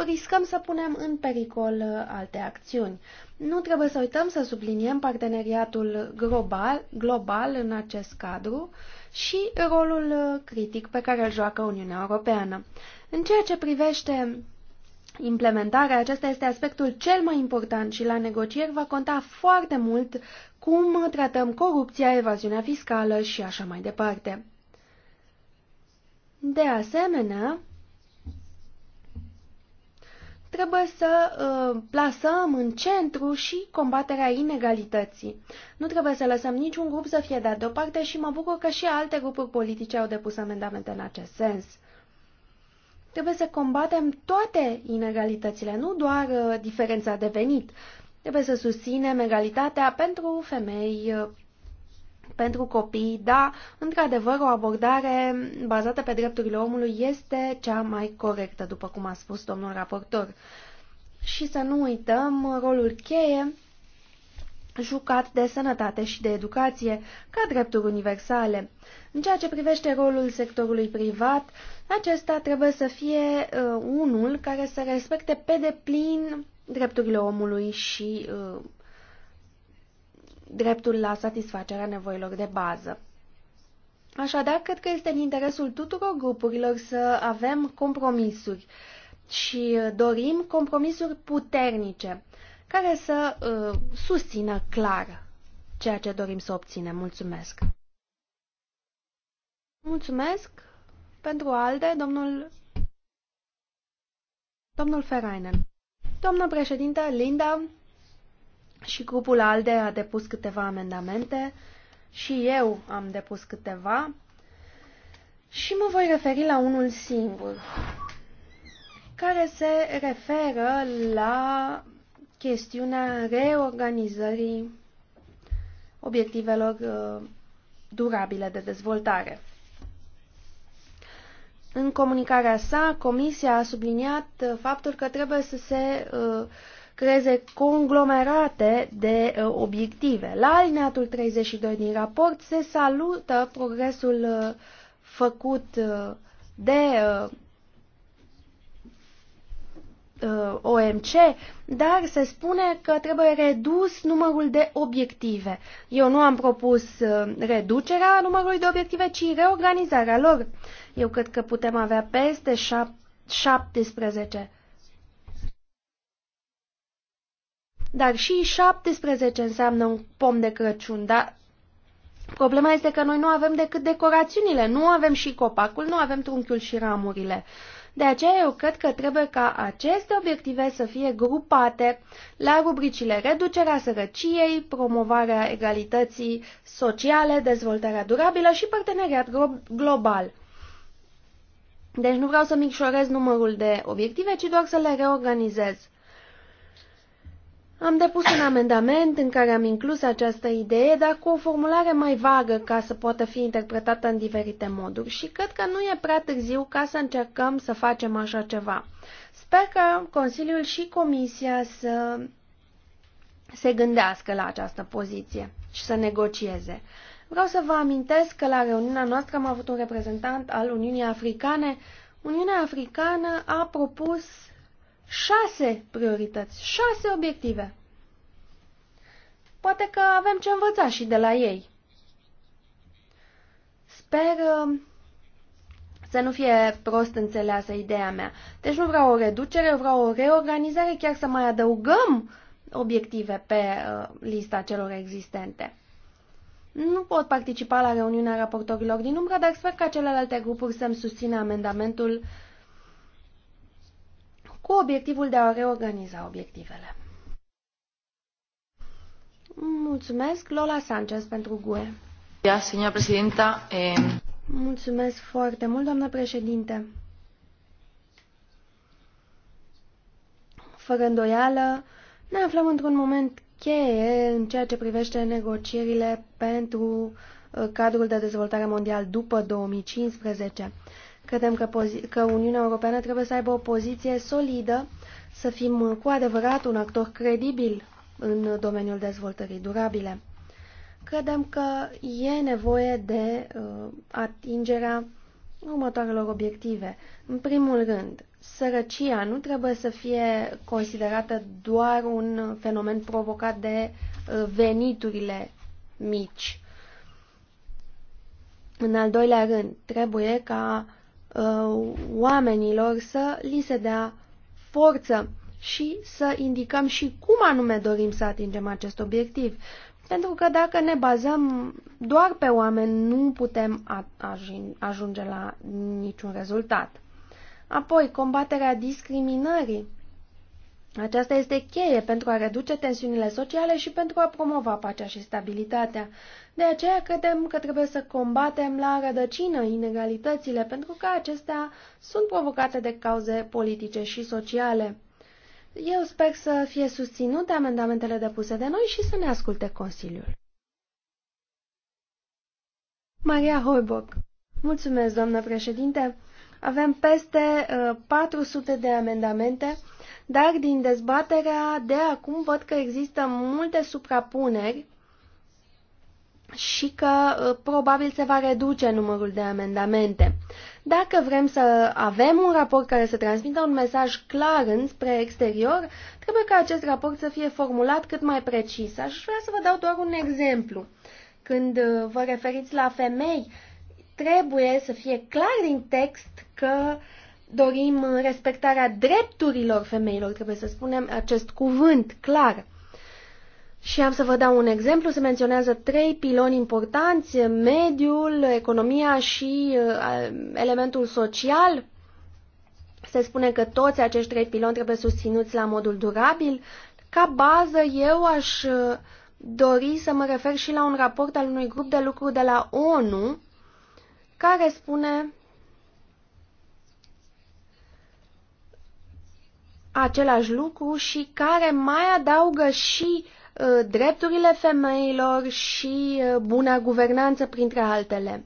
riscăm să punem în pericol uh, alte acțiuni. Nu trebuie să uităm să subliniem parteneriatul global, global în acest cadru și rolul uh, critic pe care îl joacă Uniunea Europeană. În ceea ce privește implementarea, acesta este aspectul cel mai important și la negocieri va conta foarte mult cum tratăm corupția, evaziunea fiscală și așa mai departe. De asemenea, trebuie să uh, plasăm în centru și combaterea inegalității. Nu trebuie să lăsăm niciun grup să fie dat deoparte și mă bucur că și alte grupuri politice au depus amendamente în acest sens. Trebuie să combatem toate inegalitățile, nu doar uh, diferența de venit. Trebuie să susținem egalitatea pentru femei, uh, pentru copii, da, într-adevăr, o abordare bazată pe drepturile omului este cea mai corectă, după cum a spus domnul raportor. Și să nu uităm rolul cheie jucat de sănătate și de educație ca drepturi universale. În ceea ce privește rolul sectorului privat, acesta trebuie să fie uh, unul care să respecte pe deplin drepturile omului și uh, dreptul la satisfacerea nevoilor de bază. Așadar, cred că este în interesul tuturor grupurilor să avem compromisuri și dorim compromisuri puternice care să uh, susțină clar ceea ce dorim să obținem. Mulțumesc! Mulțumesc pentru ALDE, domnul, domnul Ferainen. domnul președinte Linda, și grupul ALDE a depus câteva amendamente și eu am depus câteva și mă voi referi la unul singur care se referă la chestiunea reorganizării obiectivelor uh, durabile de dezvoltare. În comunicarea sa, Comisia a subliniat uh, faptul că trebuie să se uh, creeze conglomerate de uh, obiective. La alineatul 32 din raport se salută progresul uh, făcut uh, de uh, uh, OMC, dar se spune că trebuie redus numărul de obiective. Eu nu am propus uh, reducerea numărului de obiective, ci reorganizarea lor. Eu cred că putem avea peste șap- 17 Dar și 17 înseamnă un pom de Crăciun, dar problema este că noi nu avem decât decorațiunile, nu avem și copacul, nu avem trunchiul și ramurile. De aceea eu cred că trebuie ca aceste obiective să fie grupate la rubricile reducerea sărăciei, promovarea egalității sociale, dezvoltarea durabilă și parteneriat global. Deci nu vreau să micșorez numărul de obiective, ci doar să le reorganizez. Am depus un amendament în care am inclus această idee, dar cu o formulare mai vagă ca să poată fi interpretată în diferite moduri și cred că nu e prea târziu ca să încercăm să facem așa ceva. Sper că Consiliul și Comisia să se gândească la această poziție și să negocieze. Vreau să vă amintesc că la reuniunea noastră am avut un reprezentant al Uniunii Africane. Uniunea Africană a propus șase priorități, șase obiective. Poate că avem ce învăța și de la ei. Sper uh, să nu fie prost înțeleasă ideea mea. Deci nu vreau o reducere, vreau o reorganizare, chiar să mai adăugăm obiective pe uh, lista celor existente. Nu pot participa la reuniunea raportorilor din umbră, dar sper ca celelalte grupuri să-mi susțină amendamentul uh, cu obiectivul de a reorganiza obiectivele. Mulțumesc, Lola Sanchez, pentru GUE. senyora presidenta, eh... Mulțumesc foarte mult, doamnă președinte. Fără îndoială, ne aflăm într-un moment cheie în ceea ce privește negocierile pentru uh, cadrul de dezvoltare mondial după 2015. Credem că, că Uniunea Europeană trebuie să aibă o poziție solidă, să fim cu adevărat un actor credibil în domeniul dezvoltării durabile. Credem că e nevoie de uh, atingerea următoarelor obiective. În primul rând, sărăcia nu trebuie să fie considerată doar un fenomen provocat de uh, veniturile mici. În al doilea rând, trebuie ca uh, oamenilor să li se dea forță și să indicăm și cum anume dorim să atingem acest obiectiv. Pentru că dacă ne bazăm doar pe oameni, nu putem ajunge la niciun rezultat. Apoi, combaterea discriminării aceasta este cheie pentru a reduce tensiunile sociale și pentru a promova pacea și stabilitatea. De aceea credem că trebuie să combatem la rădăcină inegalitățile, pentru că acestea sunt provocate de cauze politice și sociale. Eu sper să fie susținute amendamentele depuse de noi și să ne asculte Consiliul. Maria Hoiboc Mulțumesc, doamnă președinte. Avem peste uh, 400 de amendamente dar din dezbaterea de acum văd că există multe suprapuneri și că ă, probabil se va reduce numărul de amendamente. Dacă vrem să avem un raport care să transmită un mesaj clar înspre exterior, trebuie ca acest raport să fie formulat cât mai precis. Aș vrea să vă dau doar un exemplu. Când ă, vă referiți la femei, trebuie să fie clar din text că uh, dorim uh, respectarea drepturilor femeilor, trebuie să spunem acest cuvânt clar. Și am să vă dau un exemplu, se menționează trei piloni importanți, mediul, economia și uh, elementul social. Se spune că toți acești trei piloni trebuie susținuți la modul durabil. Ca bază, eu aș uh, dori să mă refer și la un raport al unui grup de lucru de la ONU care spune același lucru și care mai adaugă și uh, drepturile femeilor și uh, buna guvernanță, printre altele.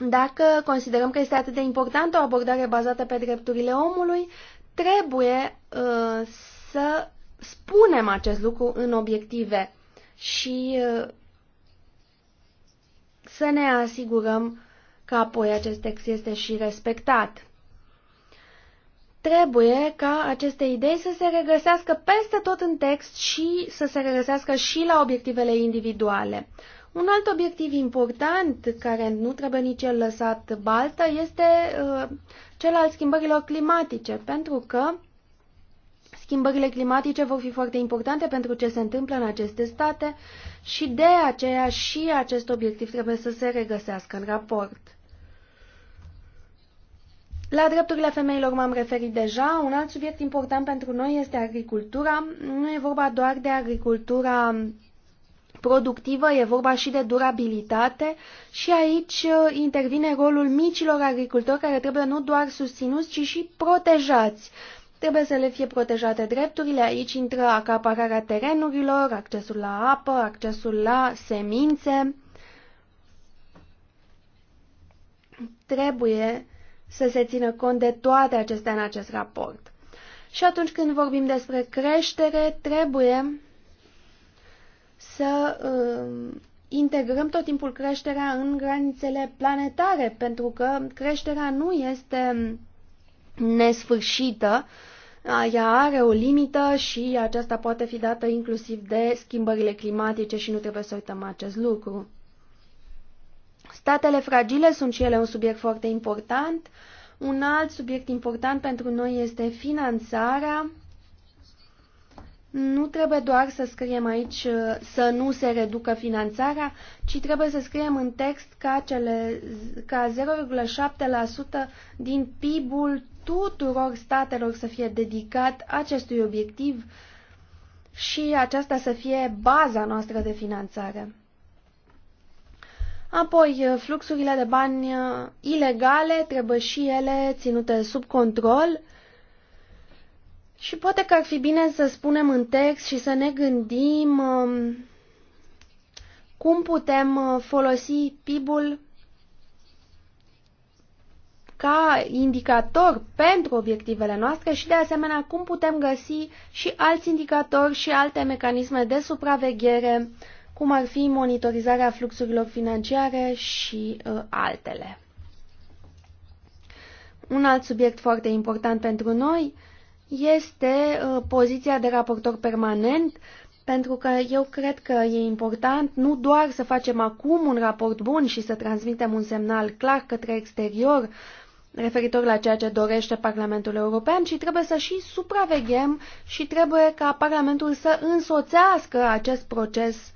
Dacă considerăm că este atât de importantă o abordare bazată pe drepturile omului, trebuie uh, să spunem acest lucru în obiective și uh, să ne asigurăm că apoi acest text este și respectat. Trebuie ca aceste idei să se regăsească peste tot în text și să se regăsească și la obiectivele individuale. Un alt obiectiv important, care nu trebuie nici el lăsat baltă, este uh, cel al schimbărilor climatice, pentru că schimbările climatice vor fi foarte importante pentru ce se întâmplă în aceste state și de aceea și acest obiectiv trebuie să se regăsească în raport. La drepturile femeilor m-am referit deja. Un alt subiect important pentru noi este agricultura. Nu e vorba doar de agricultura productivă, e vorba și de durabilitate și aici uh, intervine rolul micilor agricultori care trebuie nu doar susținuți, ci și protejați. Trebuie să le fie protejate drepturile, aici intră acapararea terenurilor, accesul la apă, accesul la semințe. Trebuie să se țină cont de toate acestea în acest raport. Și atunci când vorbim despre creștere, trebuie să uh, integrăm tot timpul creșterea în granițele planetare, pentru că creșterea nu este nesfârșită, ea are o limită și aceasta poate fi dată inclusiv de schimbările climatice și nu trebuie să uităm acest lucru. Statele fragile sunt și ele un subiect foarte important. Un alt subiect important pentru noi este finanțarea. Nu trebuie doar să scriem aici să nu se reducă finanțarea, ci trebuie să scriem în text ca, cele, ca 0,7% din PIB-ul tuturor statelor să fie dedicat acestui obiectiv și aceasta să fie baza noastră de finanțare. Apoi, uh, fluxurile de bani uh, ilegale trebuie și ele ținute sub control și poate că ar fi bine să spunem în text și să ne gândim um, cum putem uh, folosi PIB-ul ca indicator pentru obiectivele noastre și de asemenea cum putem găsi și alți indicatori și alte mecanisme de supraveghere uh, cum ar fi monitorizarea fluxurilor financiare și uh, altele. Un alt subiect foarte important pentru noi este uh, poziția de raportor permanent, pentru că eu cred că e important nu doar să facem acum un raport bun și să transmitem un semnal clar către exterior referitor la ceea ce dorește Parlamentul European, ci trebuie să și supraveghem și trebuie ca Parlamentul să însoțească acest proces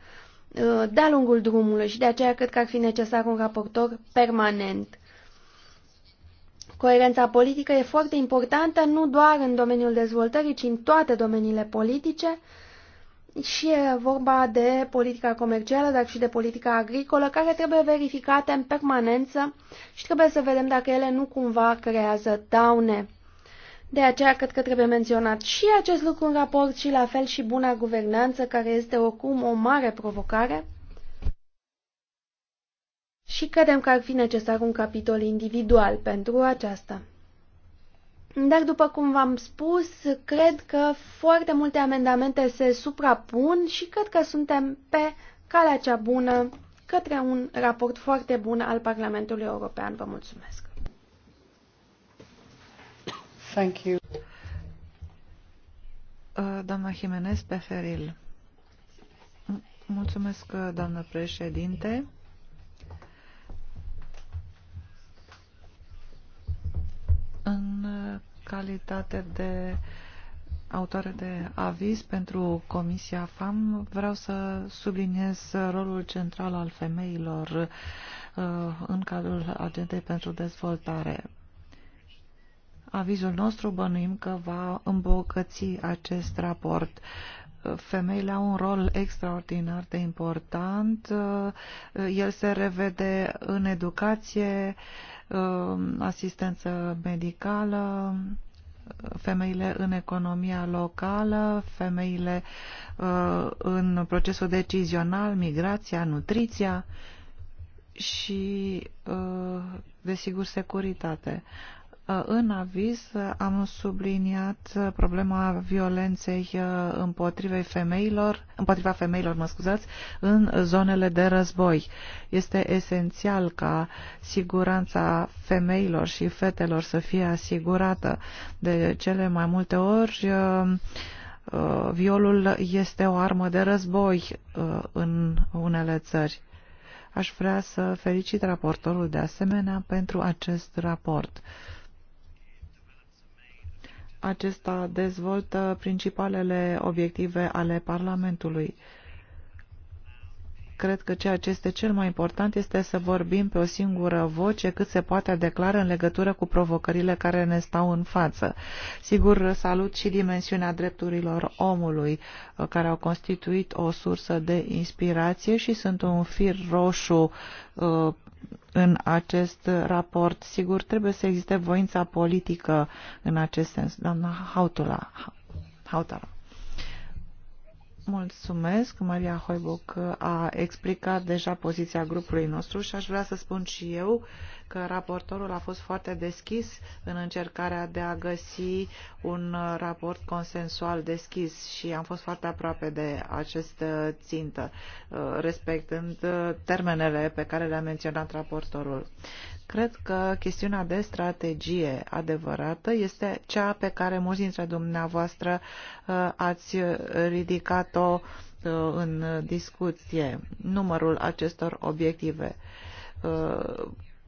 Uh, de-a lungul drumului și de aceea cred că ar fi necesar un raportor permanent. Coerența politică e foarte importantă nu doar în domeniul dezvoltării, ci în toate domeniile politice și e vorba de politica comercială, dar și de politica agricolă, care trebuie verificate în permanență și trebuie să vedem dacă ele nu cumva creează daune. De aceea cred că trebuie menționat și acest lucru în raport și la fel și buna guvernanță, care este oricum o mare provocare. Și credem că ar fi necesar un capitol individual pentru aceasta. Dar după cum v-am spus, cred că foarte multe amendamente se suprapun și cred că suntem pe calea cea bună către un raport foarte bun al Parlamentului European. Vă mulțumesc! Thank you. Uh, doamna Jimenez Peferil. Mulțumesc, uh, doamnă președinte. În uh, calitate de autoare de aviz pentru Comisia FAM, vreau să subliniez rolul central al femeilor în cadrul Agendei pentru Dezvoltare. Avizul nostru bănuim că va îmbogăți acest raport femeile au un rol extraordinar de important. El se revede în educație, um, asistență medicală, femeile în economia locală, femeile uh, în procesul decizional, migrația, nutriția și, uh, desigur, securitate. În aviz am subliniat problema violenței uh, împotriva femeilor, împotriva femeilor, mă scuzați, în zonele de război. Este esențial ca siguranța femeilor și fetelor să fie asigurată. De cele mai multe ori uh, uh, violul este o armă de război în unele țări. Aș vrea să felicit raportorul de asemenea pentru acest raport. Acesta dezvoltă principalele obiective ale Parlamentului. Cred că ceea ce este cel mai important este să vorbim pe o singură voce cât se poate declară în legătură cu provocările care ne stau în față. Sigur, salut și dimensiunea drepturilor omului, uh, care au constituit o sursă de inspirație și sunt un fir roșu uh, în acest raport. Sigur, trebuie să existe voința politică în acest sens. Doamna Hautula. Hautala. Mulțumesc. Maria Hoibuc a explicat deja poziția grupului nostru și aș vrea să spun și eu uh, că raportorul a fost foarte deschis în încercarea de a găsi un raport consensual deschis și am fost foarte aproape de acest uh, țintă, uh, respectând uh, termenele pe care le-a menționat raportorul. Cred că chestiunea de strategie adevărată este cea pe care mulți dintre dumneavoastră ați ridicat-o în discuție, numărul acestor obiective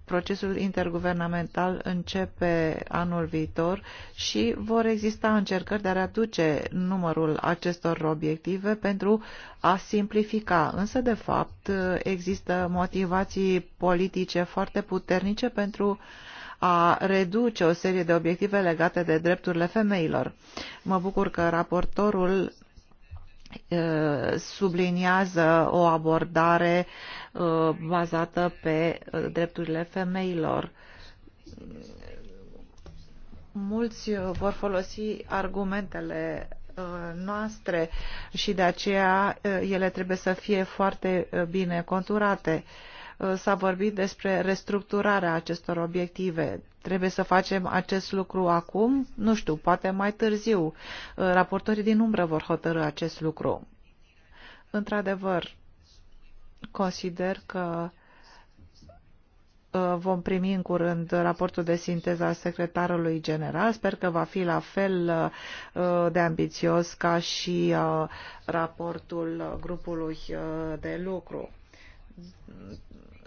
Procesul interguvernamental începe anul viitor și vor exista încercări de a reduce numărul acestor obiective pentru a simplifica. Însă, de fapt, există motivații politice foarte puternice pentru a reduce o serie de obiective legate de drepturile femeilor. Mă bucur că raportorul subliniază o abordare bazată pe drepturile femeilor. Mulți vor folosi argumentele noastre și de aceea ele trebuie să fie foarte bine conturate. S-a vorbit despre restructurarea acestor obiective. Trebuie să facem acest lucru acum? Nu știu, poate mai târziu. Uh, raportorii din umbră vor hotărâ acest lucru. Într-adevăr, consider că uh, vom primi în curând raportul de sinteză al secretarului general. Sper că va fi la fel uh, de ambițios ca și raportul grupului de lucru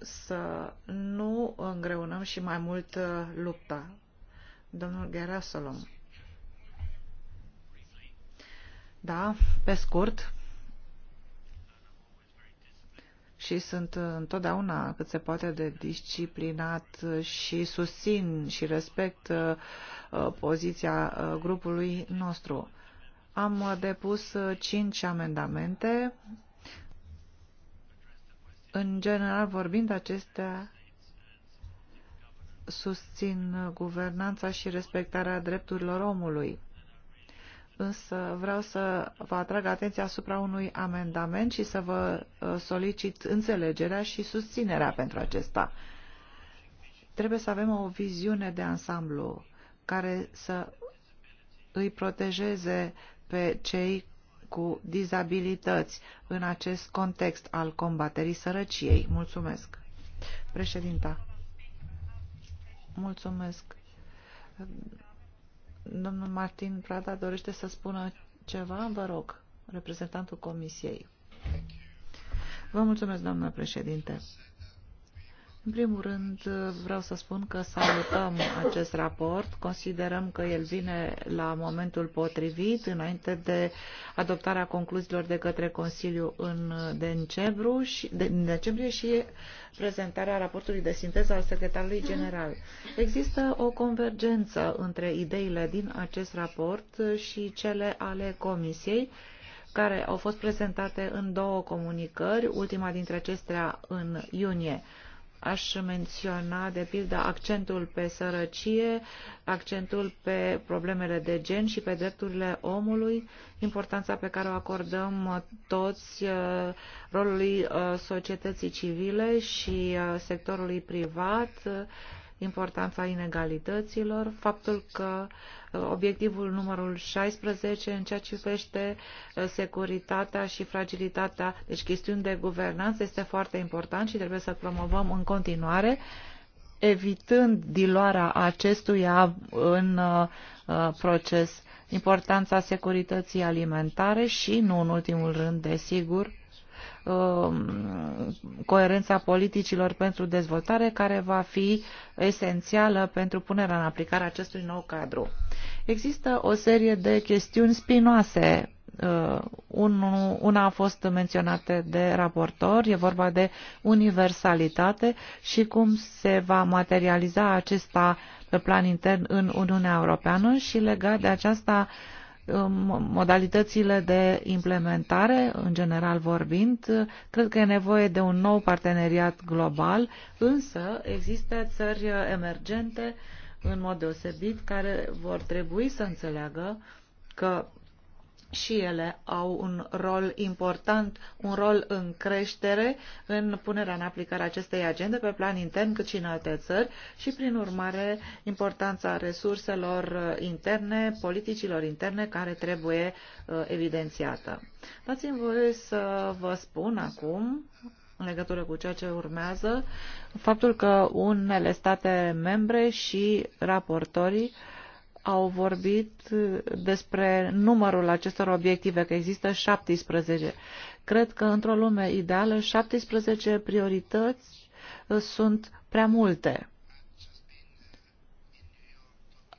să nu îngreunăm și mai mult uh, lupta. Domnul Gerasolom. Da, pe scurt. Și sunt uh, întotdeauna cât se poate de disciplinat și susțin și respect uh, poziția grupului nostru. Am depus cinci amendamente în general vorbind, acestea susțin guvernanța și respectarea drepturilor omului. Însă vreau să vă atrag atenția asupra unui amendament și să vă uh, solicit înțelegerea și susținerea pentru acesta. Trebuie să avem o viziune de ansamblu care să îi protejeze pe cei cu dizabilități în acest context al combaterii sărăciei. Mulțumesc. Președinta. Mulțumesc. Domnul Martin Prada dorește să spună ceva, vă rog, reprezentantul Comisiei. Vă mulțumesc, doamnă președinte. În primul rând, vreau să spun că salutăm acest raport. Considerăm că el vine la momentul potrivit, înainte de adoptarea concluziilor de către Consiliu în decembrie și, de, în decembrie și prezentarea raportului de sinteză al secretarului general. Există o convergență între ideile din acest raport și cele ale Comisiei, care au fost prezentate în două comunicări, ultima dintre acestea în iunie. Aș menționa, de pildă, accentul pe sărăcie, accentul pe problemele de gen și pe drepturile omului, importanța pe care o acordăm toți uh, rolului uh, societății civile și uh, sectorului privat, importanța inegalităților, faptul că uh, obiectivul numărul 16 în ceea ce privește uh, securitatea și fragilitatea, deci chestiuni de guvernanță, este foarte important și trebuie să promovăm în continuare evitând diluarea acestuia în uh, proces importanța securității alimentare și, nu în ultimul rând, desigur, Um, coerența politicilor pentru dezvoltare care va fi esențială pentru punerea în aplicare acestui nou cadru. Există o serie de chestiuni spinoase uh, una a fost menționată de raportor, e vorba de universalitate și cum se va materializa acesta pe plan intern în Uniunea Europeană și legat de aceasta uh, Um, modalitățile de implementare, în general vorbind, cred că e nevoie de un nou parteneriat global, însă există țări emergente în mod deosebit care vor trebui să înțeleagă că și ele au un rol important, un rol în creștere în punerea în aplicare acestei agende pe plan intern cât și în alte țări și prin urmare importanța resurselor interne, politicilor interne care trebuie uh, evidențiată. Dați-mi voie să vă spun acum în legătură cu ceea ce urmează, faptul că unele state membre și raportorii uh, au vorbit despre numărul acestor obiective, că există 17. Cred că într-o lume ideală 17 priorități uh, sunt prea multe.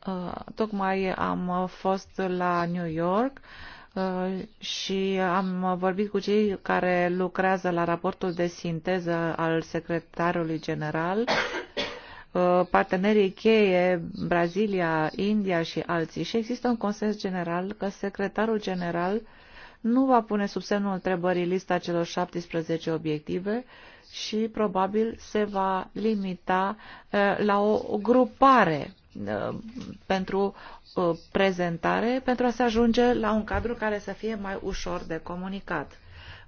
Uh, tocmai am fost la New York uh, și am vorbit cu cei care lucrează la raportul de sinteză al secretarului general Uh, partenerii cheie, Brazilia, India și alții. Și există un consens general că secretarul general nu va pune sub semnul întrebării lista celor 17 obiective și probabil se va limita uh, la o grupare uh, pentru prezentare pentru a se ajunge la un cadru care să fie mai ușor de comunicat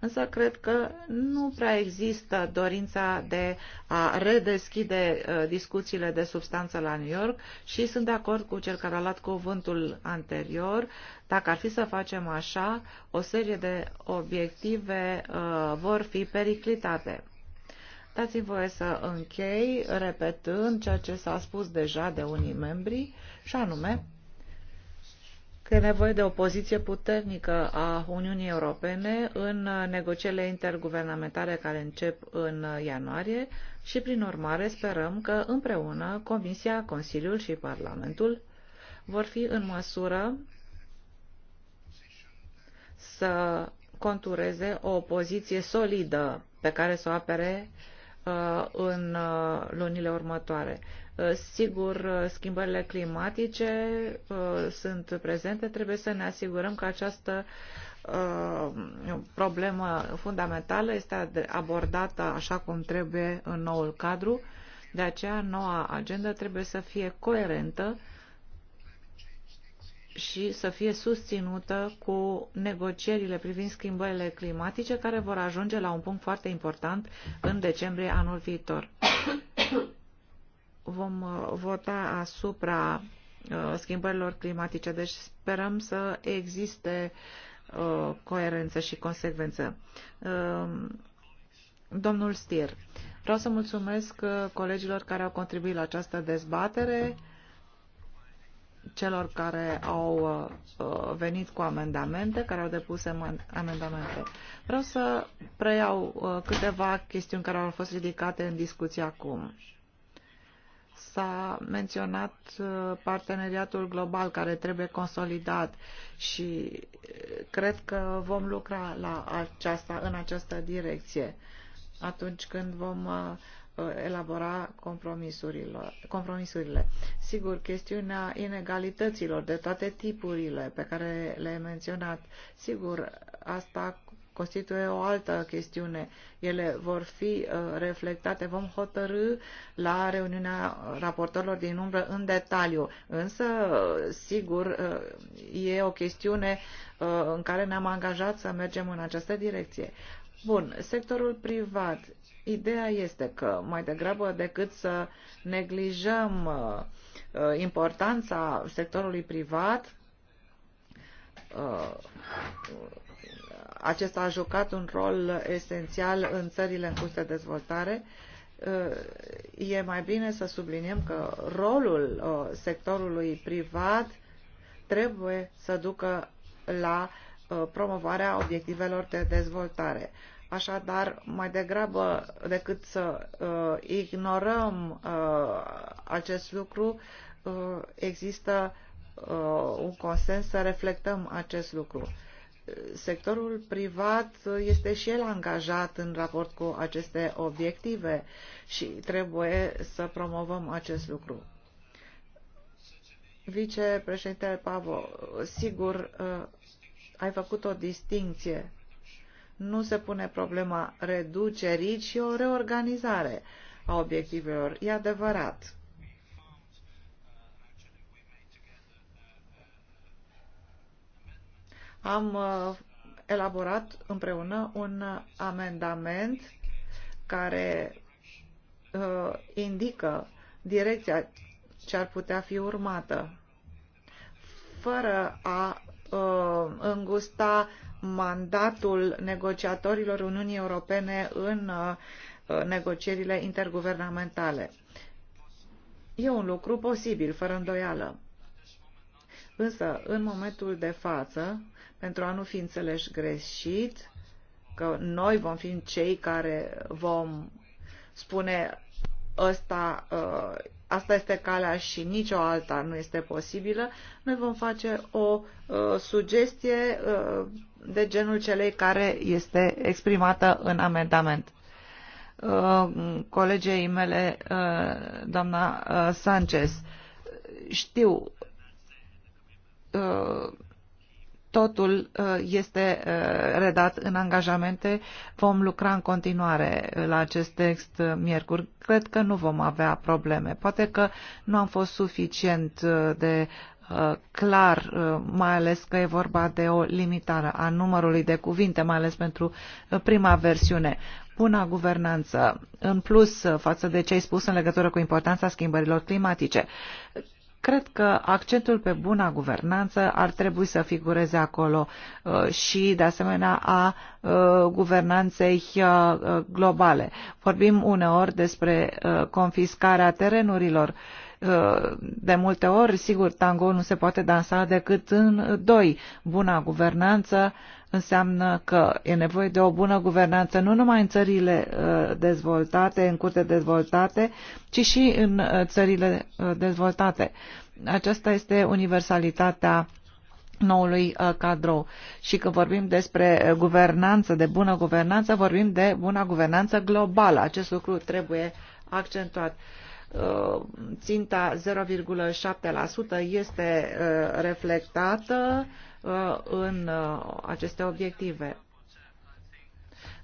însă cred că nu prea există dorința de a redeschide uh, discuțiile de substanță la New York și sunt de acord cu cel care a luat cuvântul anterior. Dacă ar fi să facem așa, o serie de obiective uh, vor fi periclitate. Dați-mi voie să închei repetând ceea ce s-a spus deja de unii membri, și anume că e nevoie de o poziție puternică a Uniunii Europene în negocierile interguvernamentale care încep în ianuarie și, prin urmare, sperăm că împreună Comisia, Consiliul și Parlamentul vor fi în măsură să contureze o poziție solidă pe care să o apere uh, în uh, lunile următoare. Uh, sigur, uh, schimbările climatice uh, sunt prezente, trebuie să ne asigurăm că această problemă fundamentală este abordată așa cum trebuie în noul cadru. De aceea, noua agendă trebuie să fie coerentă și să fie susținută cu negocierile privind schimbările climatice, care vor ajunge la un punct foarte important în decembrie anul viitor vom uh, vota asupra uh, schimbărilor climatice, deci sperăm să existe uh, coerență și consecvență. Domnul Stier, vreau să mulțumesc colegilor care au contribuit la această dezbatere, celor care au venit cu amendamente, care au depus amendamente. Vreau să preiau câteva chestiuni care au fost ridicate în discuție acum S-a menționat uh, parteneriatul global care trebuie consolidat și uh, cred că vom lucra la aceasta, în această direcție atunci când vom uh, elabora compromisurile. Sigur, chestiunea inegalităților de toate tipurile pe care le-ai menționat, sigur, asta constituie o altă chestiune. Ele vor fi uh, reflectate, vom hotărâ la reuniunea raportorilor din umbră în detaliu. Însă, sigur, uh, e o chestiune uh, în care ne-am angajat să mergem în această direcție. Bun, sectorul privat. Ideea este că mai degrabă decât să neglijăm importanța sectorului privat, acesta a jucat un rol esențial în țările în curs de dezvoltare. Uh, e mai bine să subliniem că rolul uh, sectorului privat trebuie să ducă la uh, promovarea obiectivelor de dezvoltare. Așadar, mai degrabă decât să uh, ignorăm uh, acest lucru, uh, există uh, un consens să reflectăm acest lucru sectorul privat este și el angajat în raport cu aceste obiective și trebuie să promovăm acest lucru. Vicepreședinte Pavo, sigur, uh, ai făcut o distinție. Nu se pune problema reducerii, ci o reorganizare a obiectivelor. E adevărat. Am uh, elaborat împreună un amendament care uh, indică direcția ce ar putea fi urmată, fără a uh, îngusta mandatul negociatorilor Uniunii Europene în negocierile interguvernamentale. E un lucru posibil, fără îndoială. Însă, în momentul de față, pentru a nu fi înțeleși greșit că noi vom fi cei care vom spune ăsta, ă, asta este calea și nicio alta nu este posibilă, noi vom face o ă, sugestie ă, de genul celei care este exprimată în amendament. Colegei mele, doamna Sanchez, știu totul uh, este uh, redat în angajamente. Vom lucra în continuare uh, la acest text miercuri. Cred că nu vom avea probleme. Poate că nu am fost suficient de clar, mai ales că e vorba de o limitare a numărului de cuvinte, mai ales pentru prima versiune. Buna guvernanță, în plus față de ce ai spus în legătură cu importanța schimbărilor climatice. Cred că accentul pe buna guvernanță ar trebui să figureze acolo uh, și, de asemenea, a uh, guvernanței uh, globale. Vorbim uneori despre confiscarea terenurilor de multe ori, sigur, tango nu se poate dansa decât în doi. Buna guvernanță înseamnă că e nevoie de o bună guvernanță nu numai în țările uh, dezvoltate, în curte dezvoltate, ci și în uh, țările uh, dezvoltate. Aceasta este universalitatea noului cadrou. Și când vorbim despre guvernanță, de bună guvernanță, vorbim de bună guvernanță globală. Acest lucru trebuie accentuat ținta 0,7% este reflectată Uh, în uh, aceste obiective.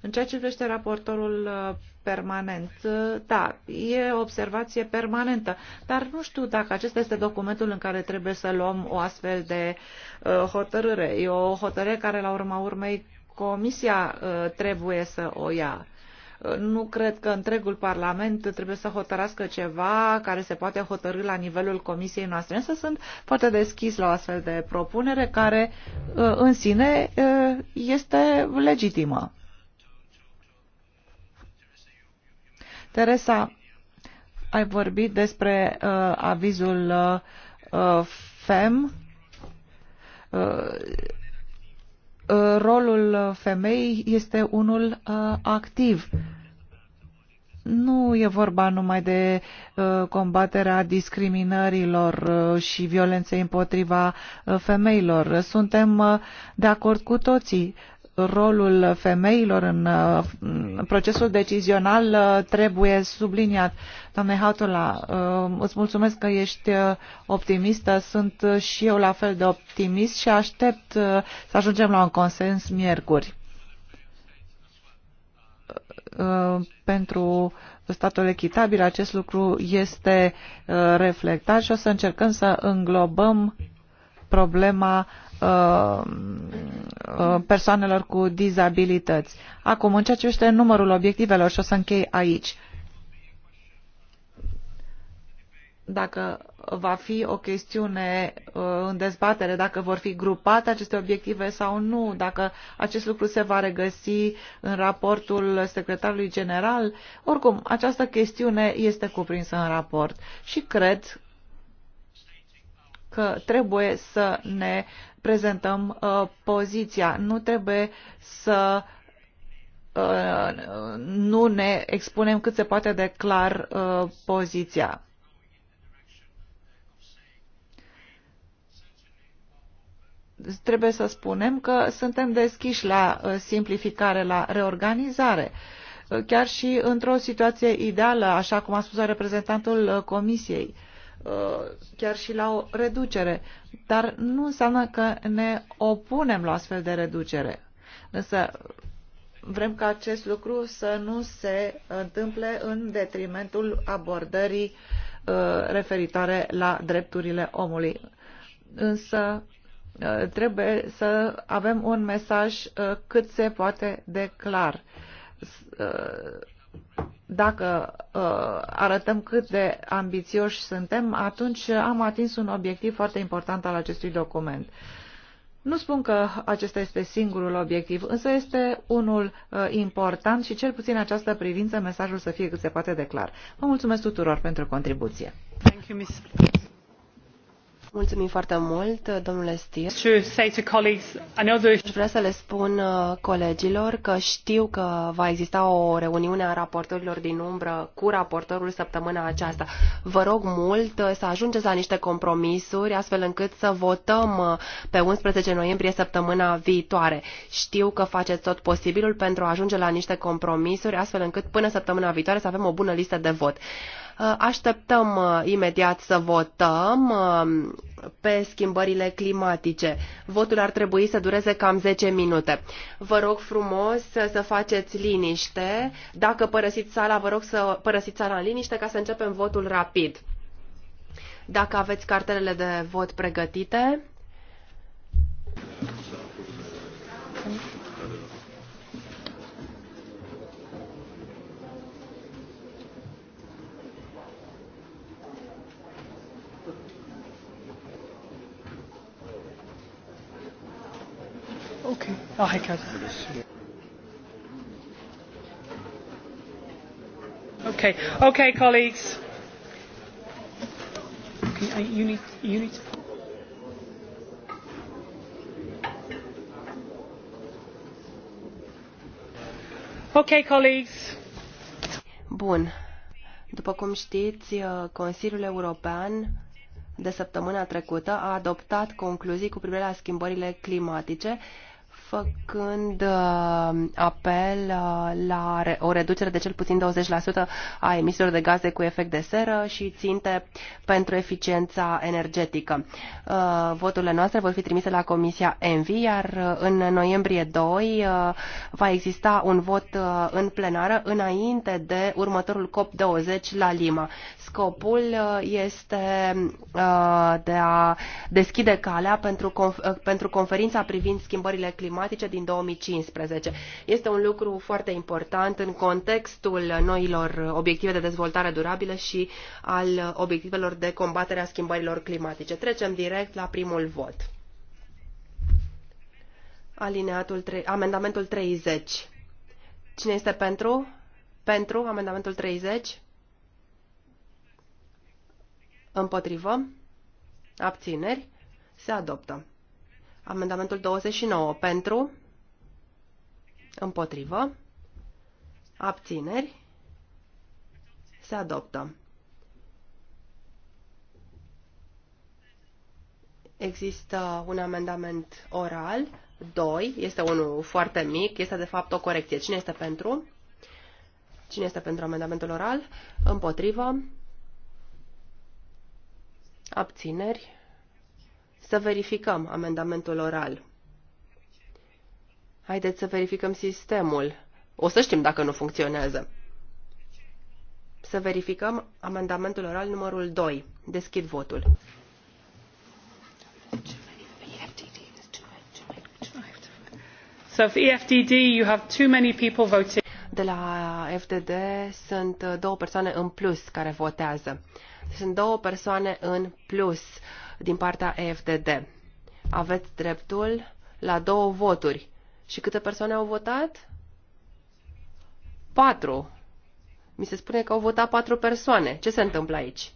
În ceea ce privește raportorul uh, permanent, da, e observație permanentă, dar nu știu dacă acesta este documentul în care trebuie să luăm o astfel de hotărâre. E o hotărâre care, la urma urmei, Comisia trebuie să o ia. Nu cred că întregul Parlament trebuie să hotărască ceva care se poate hotărâ la nivelul Comisiei noastre, însă sunt foarte deschis la o astfel de propunere care uh, în sine uh, este legitimă. Teresa, ai vorbit despre uh, avizul uh, FEM. Uh, Uh, rolul femeii este unul uh, activ. Nu e vorba numai de uh, combaterea discriminărilor și violenței împotriva femeilor. Suntem de acord cu toții rolul femeilor în procesul decizional uh, trebuie subliniat. Doamne Hautula, uh, îți mulțumesc că ești uh, optimistă, sunt și eu la fel de optimist și aștept să ajungem la un consens miercuri pentru statul echitabil acest lucru este reflectat și o să încercăm să înglobăm problema uh, uh, persoanelor cu dizabilități. Acum, în ceea ce este numărul obiectivelor și o să închei aici. Dacă va fi o chestiune uh, în dezbatere, dacă vor fi grupate aceste obiective sau nu, dacă acest lucru se va regăsi în raportul secretarului general. Oricum, această chestiune este cuprinsă în raport și cred că trebuie să ne prezentăm uh, poziția. Nu trebuie să uh, nu ne expunem cât se poate de clar uh, poziția. Trebuie să spunem că suntem deschiși la uh, simplificare, la reorganizare. Uh, chiar și într-o situație ideală, așa cum a spus reprezentantul uh, Comisiei. Uh, Uh, chiar și la o reducere. Dar nu înseamnă că ne opunem la astfel de reducere. Însă vrem ca acest lucru să nu se întâmple în detrimentul abordării uh, referitoare la drepturile omului. Însă uh, trebuie să avem un mesaj cât se poate de clar dacă uh, arătăm cât de ambițioși suntem, atunci am atins un obiectiv foarte important al acestui document. Nu spun că acesta este singurul obiectiv, însă este unul uh, important și cel puțin în această privință mesajul să fie cât se poate de clar. Vă mulțumesc tuturor pentru contribuție. Thank you, Ms. Mulțumim foarte mult, domnule Stier. Aș vrea să le spun uh, colegilor că știu că va exista o reuniune a raportorilor din umbră cu raportorul săptămâna aceasta. Vă rog mult uh, să ajungeți la niște compromisuri astfel încât să votăm uh, pe 11 noiembrie săptămâna viitoare. Știu că faceți tot posibilul pentru a ajunge la niște compromisuri astfel încât până săptămâna viitoare să avem o bună listă de vot. Uh, așteptăm uh, imediat să votăm uh, pe schimbările climatice. Votul ar trebui să dureze cam 10 minute. Vă rog frumos să faceți liniște. Dacă părăsiți sala, vă rog să părăsiți sala în liniște ca să începem votul rapid. Dacă aveți cartelele de vot pregătite. Oh, okay, okay, colleagues. Okay, I, you need, you need to. Okay, colleagues. Bun. După cum știți, uh, Consiliul European de săptămâna trecută a adoptat concluzii cu privire la schimbările climatice făcând uh, apel uh, la o reducere de cel puțin 20% a emisiilor de gaze cu efect de seră și ținte pentru eficiența energetică. Uh, voturile noastre vor fi trimise la Comisia ENVI, iar în noiembrie 2 va exista un vot în plenară înainte de următorul COP20 la Lima. Scopul este de a deschide calea pentru, pentru conferința privind schimbările climatice climatice din 2015. Este un lucru foarte important în contextul noilor obiective de dezvoltare durabilă și al obiectivelor de combatere a schimbărilor climatice. Trecem direct la primul vot. Alineatul 3, amendamentul 30. Cine este pentru? Pentru amendamentul 30? Împotrivă? Abțineri? Se adoptă. Amendamentul 29 pentru, împotrivă, abțineri, se adoptă. Există un amendament oral, 2, este unul foarte mic, este de fapt o corecție. Cine este pentru? Cine este pentru amendamentul oral? Împotrivă. Abțineri. Să verificăm amendamentul oral. Haideți să verificăm sistemul. O să știm dacă nu funcționează. Să verificăm amendamentul oral numărul 2. Deschid votul. So if EFDD, you have too many people voting de la FDD sunt două persoane în plus care votează. Sunt două persoane în plus din partea FDD. Aveți dreptul la două voturi. Și câte persoane au votat? Patru. Mi se spune că au votat patru persoane. Ce se întâmplă aici?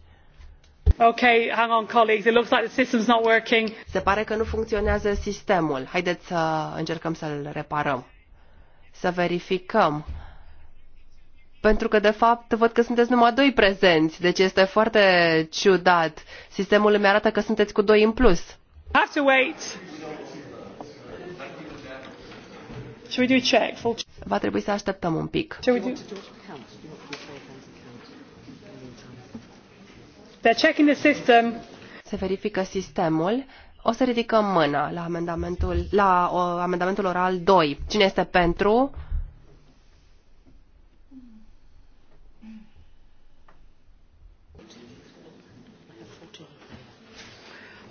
Okay, hang on, colleagues. It looks like the system's not working. Se pare că nu funcționează sistemul. Haideți să încercăm să-l reparăm. Să verificăm pentru că, de fapt, văd că sunteți numai doi prezenți, deci este foarte ciudat. Sistemul îmi arată că sunteți cu doi în plus. Have to wait. Shall we do check? Full... Va trebui să așteptăm un pic. Shall we do... They're checking the system. Se verifică sistemul. O să ridicăm mâna la amendamentul, la o, amendamentul oral 2. Cine este pentru?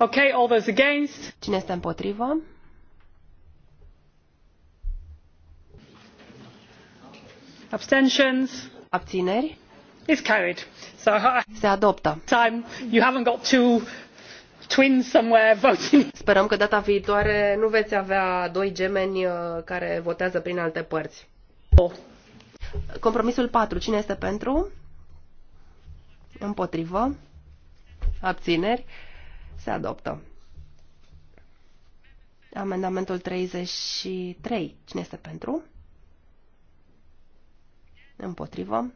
Okay, all those against. Cine este împotrivă? Abstentions. Abțineri. It's carried. So, uh, Se adoptă. Time you haven't got two twins somewhere voting. Sperăm că data viitoare nu veți avea doi gemeni uh, care votează prin alte părți. Compromisul 4. Cine este pentru? Împotrivă? Abțineri? Se adoptă. Amendamentul 33. Cine este pentru? Împotrivă.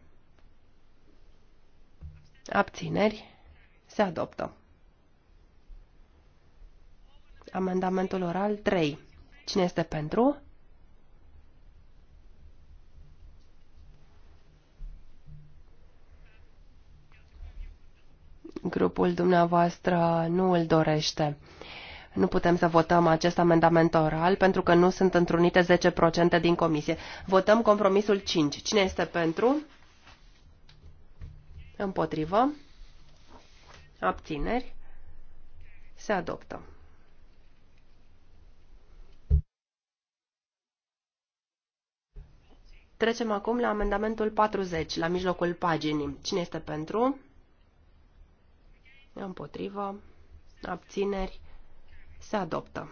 Abțineri. Se adoptă. Amendamentul oral 3. Cine este pentru? grupul dumneavoastră nu îl dorește. Nu putem să votăm acest amendament oral pentru că nu sunt întrunite 10% din comisie. Votăm compromisul 5. Cine este pentru? Împotrivă. Abțineri. Se adoptă. Trecem acum la amendamentul 40, la mijlocul paginii. Cine este pentru? Împotrivă. Abțineri. Se adoptă.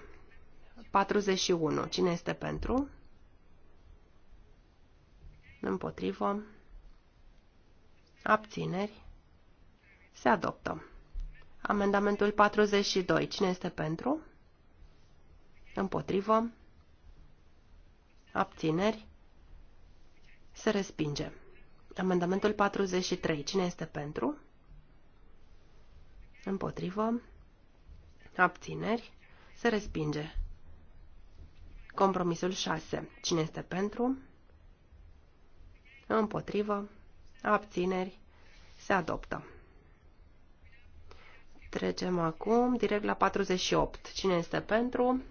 41. Cine este pentru? Împotrivă. Abțineri. Se adoptă. Amendamentul 42. Cine este pentru? Împotrivă. Abțineri. Se respinge. Amendamentul 43. Cine este pentru? Împotrivă. Abțineri. Se respinge. Compromisul 6. Cine este pentru? Împotrivă. Abțineri. Se adoptă. Trecem acum direct la 48. Cine este pentru?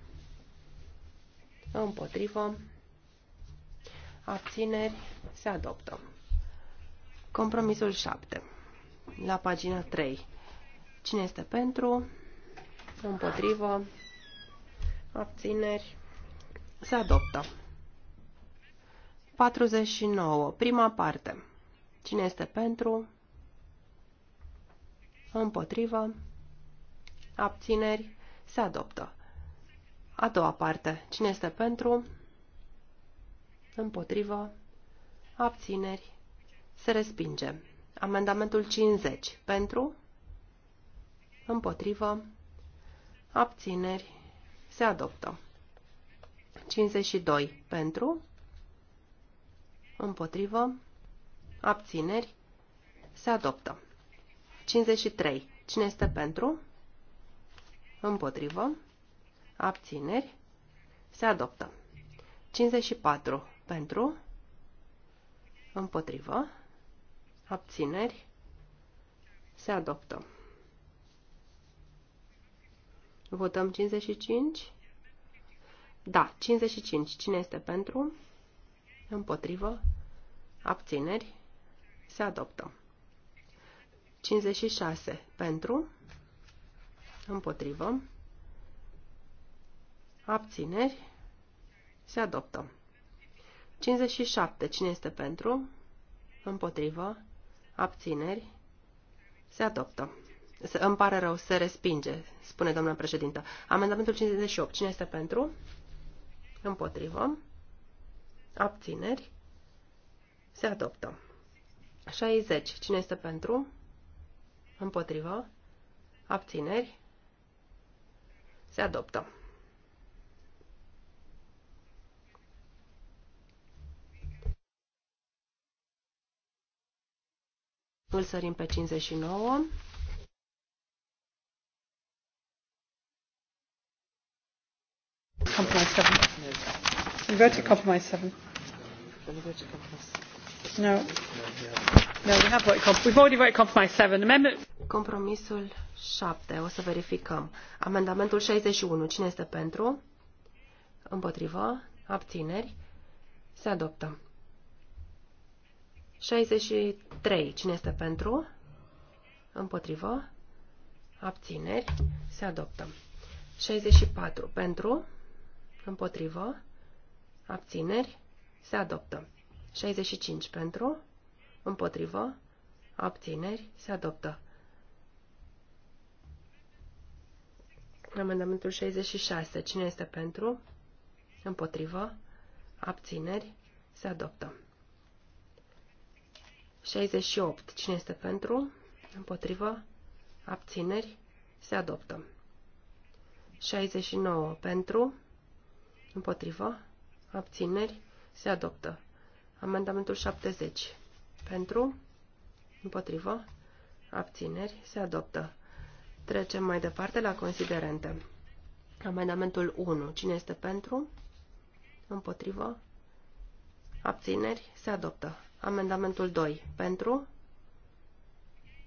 Împotrivă. Abțineri. Se adoptă. Compromisul 7. La pagina 3. Cine este pentru? Împotrivă? Abțineri? Se adoptă. 49. Prima parte. Cine este pentru? Împotrivă? Abțineri? Se adoptă. A doua parte. Cine este pentru? Împotrivă? Abțineri? Se respinge. Amendamentul 50. Pentru? împotrivă, abțineri, se adoptă. 52 pentru, împotrivă, abțineri, se adoptă. 53. Cine este pentru? Împotrivă. Abțineri. Se adoptă. 54. Pentru. Împotrivă. Abțineri. Se adoptă. Votăm 55. Da, 55. Cine este pentru? Împotrivă. Abțineri. Se adoptă. 56. Pentru. Împotrivă. Abțineri. Se adoptă. 57. Cine este pentru? Împotrivă. Abțineri. Se adoptă. Se, îmi pare rău, se respinge, spune doamna președintă. Amendamentul 58. Cine este pentru? Împotrivă. Abțineri. Se adoptă. 60. Cine este pentru? Împotrivă. Abțineri. Se adoptă. Îl sărim pe 59. compromise seven. compromise seven. No. No, we have voted we've already voted compromise seven. Amendment. Compromisul 7. O să verificăm. Amendamentul 61. Cine este pentru? Împotrivă. Abțineri. Se adoptă. 63. Cine este pentru? Împotrivă. Abțineri. Se adoptă. 64. Pentru. Împotrivă. Abțineri. Se adoptă. 65 pentru. Împotrivă. Abțineri. Se adoptă. Amendamentul 66. Cine este pentru? Împotrivă. Abțineri. Se adoptă. 68. Cine este pentru? Împotrivă. Abțineri. Se adoptă. 69. Pentru. Împotrivă. Abțineri. Se adoptă. Amendamentul 70. Pentru. Împotrivă. Abțineri. Se adoptă. Trecem mai departe la considerente. Amendamentul 1. Cine este pentru? Împotrivă. Abțineri. Se adoptă. Amendamentul 2. Pentru?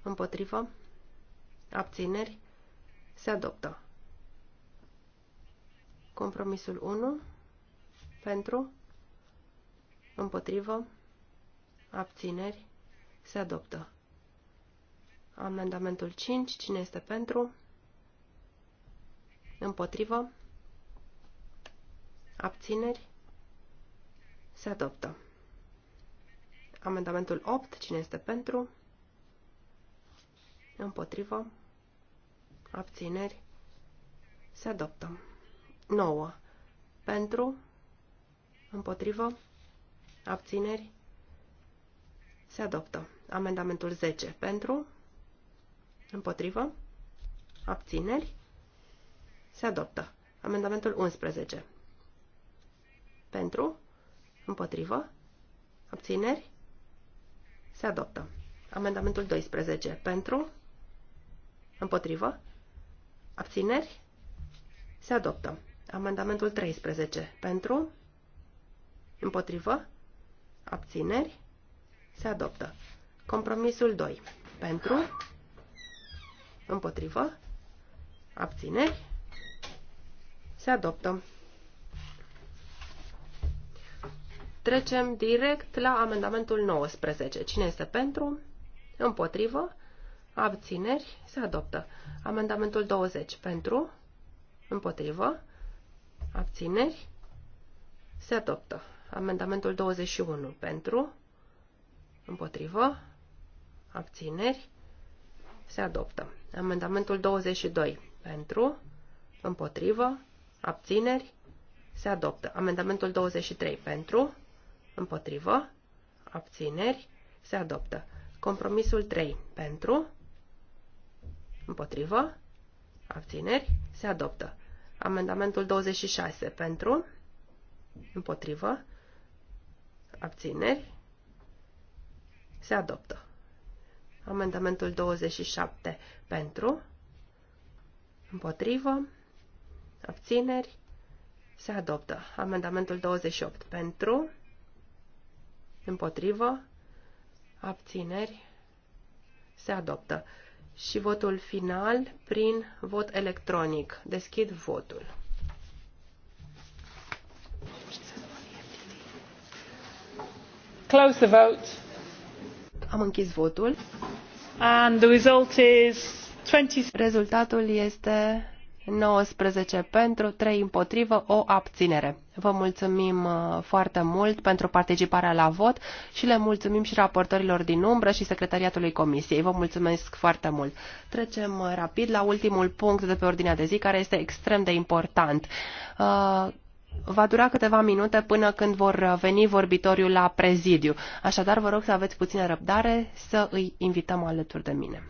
Împotrivă. Abțineri. Se adoptă. Compromisul 1. Pentru. Împotrivă. Abțineri. Se adoptă. Amendamentul 5. Cine este pentru? Împotrivă. Abțineri. Se adoptă. Amendamentul 8. Cine este pentru? Împotrivă. Abțineri. Se adoptă. 9. Pentru, împotrivă, abțineri, se adoptă. Amendamentul 10. Pentru, împotrivă, abțineri, se adoptă. Amendamentul 11. Pentru, împotrivă, abțineri, se adoptă. Amendamentul 12. Pentru, împotrivă, abțineri, se adoptă. Amendamentul 13. Pentru? Împotrivă? Abțineri? Se adoptă. Compromisul 2. Pentru? Împotrivă? Abțineri? Se adoptă. Trecem direct la amendamentul 19. Cine este pentru? Împotrivă? Abțineri? Se adoptă. Amendamentul 20. Pentru? Împotrivă? Abțineri? Se adoptă. Amendamentul 21 pentru, împotrivă, abțineri, se adoptă. Amendamentul 22 pentru, împotrivă, abțineri, se adoptă. Amendamentul 23 pentru, împotrivă, abțineri, se adoptă. Compromisul 3 pentru, împotrivă, abțineri, se adoptă. Amendamentul 26 pentru, împotrivă, abțineri, se adoptă. Amendamentul 27 pentru, împotrivă, abțineri, se adoptă. Amendamentul 28 pentru, împotrivă, abțineri, se adoptă și votul final prin vot electronic. Deschid votul. Close the vote. Am închis votul. And the result is 20... Rezultatul este 19 pentru, 3 împotrivă, o abținere. Vă mulțumim uh, foarte mult pentru participarea la vot și le mulțumim și raportorilor din umbră și secretariatului comisiei. Vă mulțumesc foarte mult. Trecem uh, rapid la ultimul punct de pe ordinea de zi, care este extrem de important. Uh, va dura câteva minute până când vor veni vorbitoriul la prezidiu. Așadar, vă rog să aveți puțină răbdare să îi invităm alături de mine.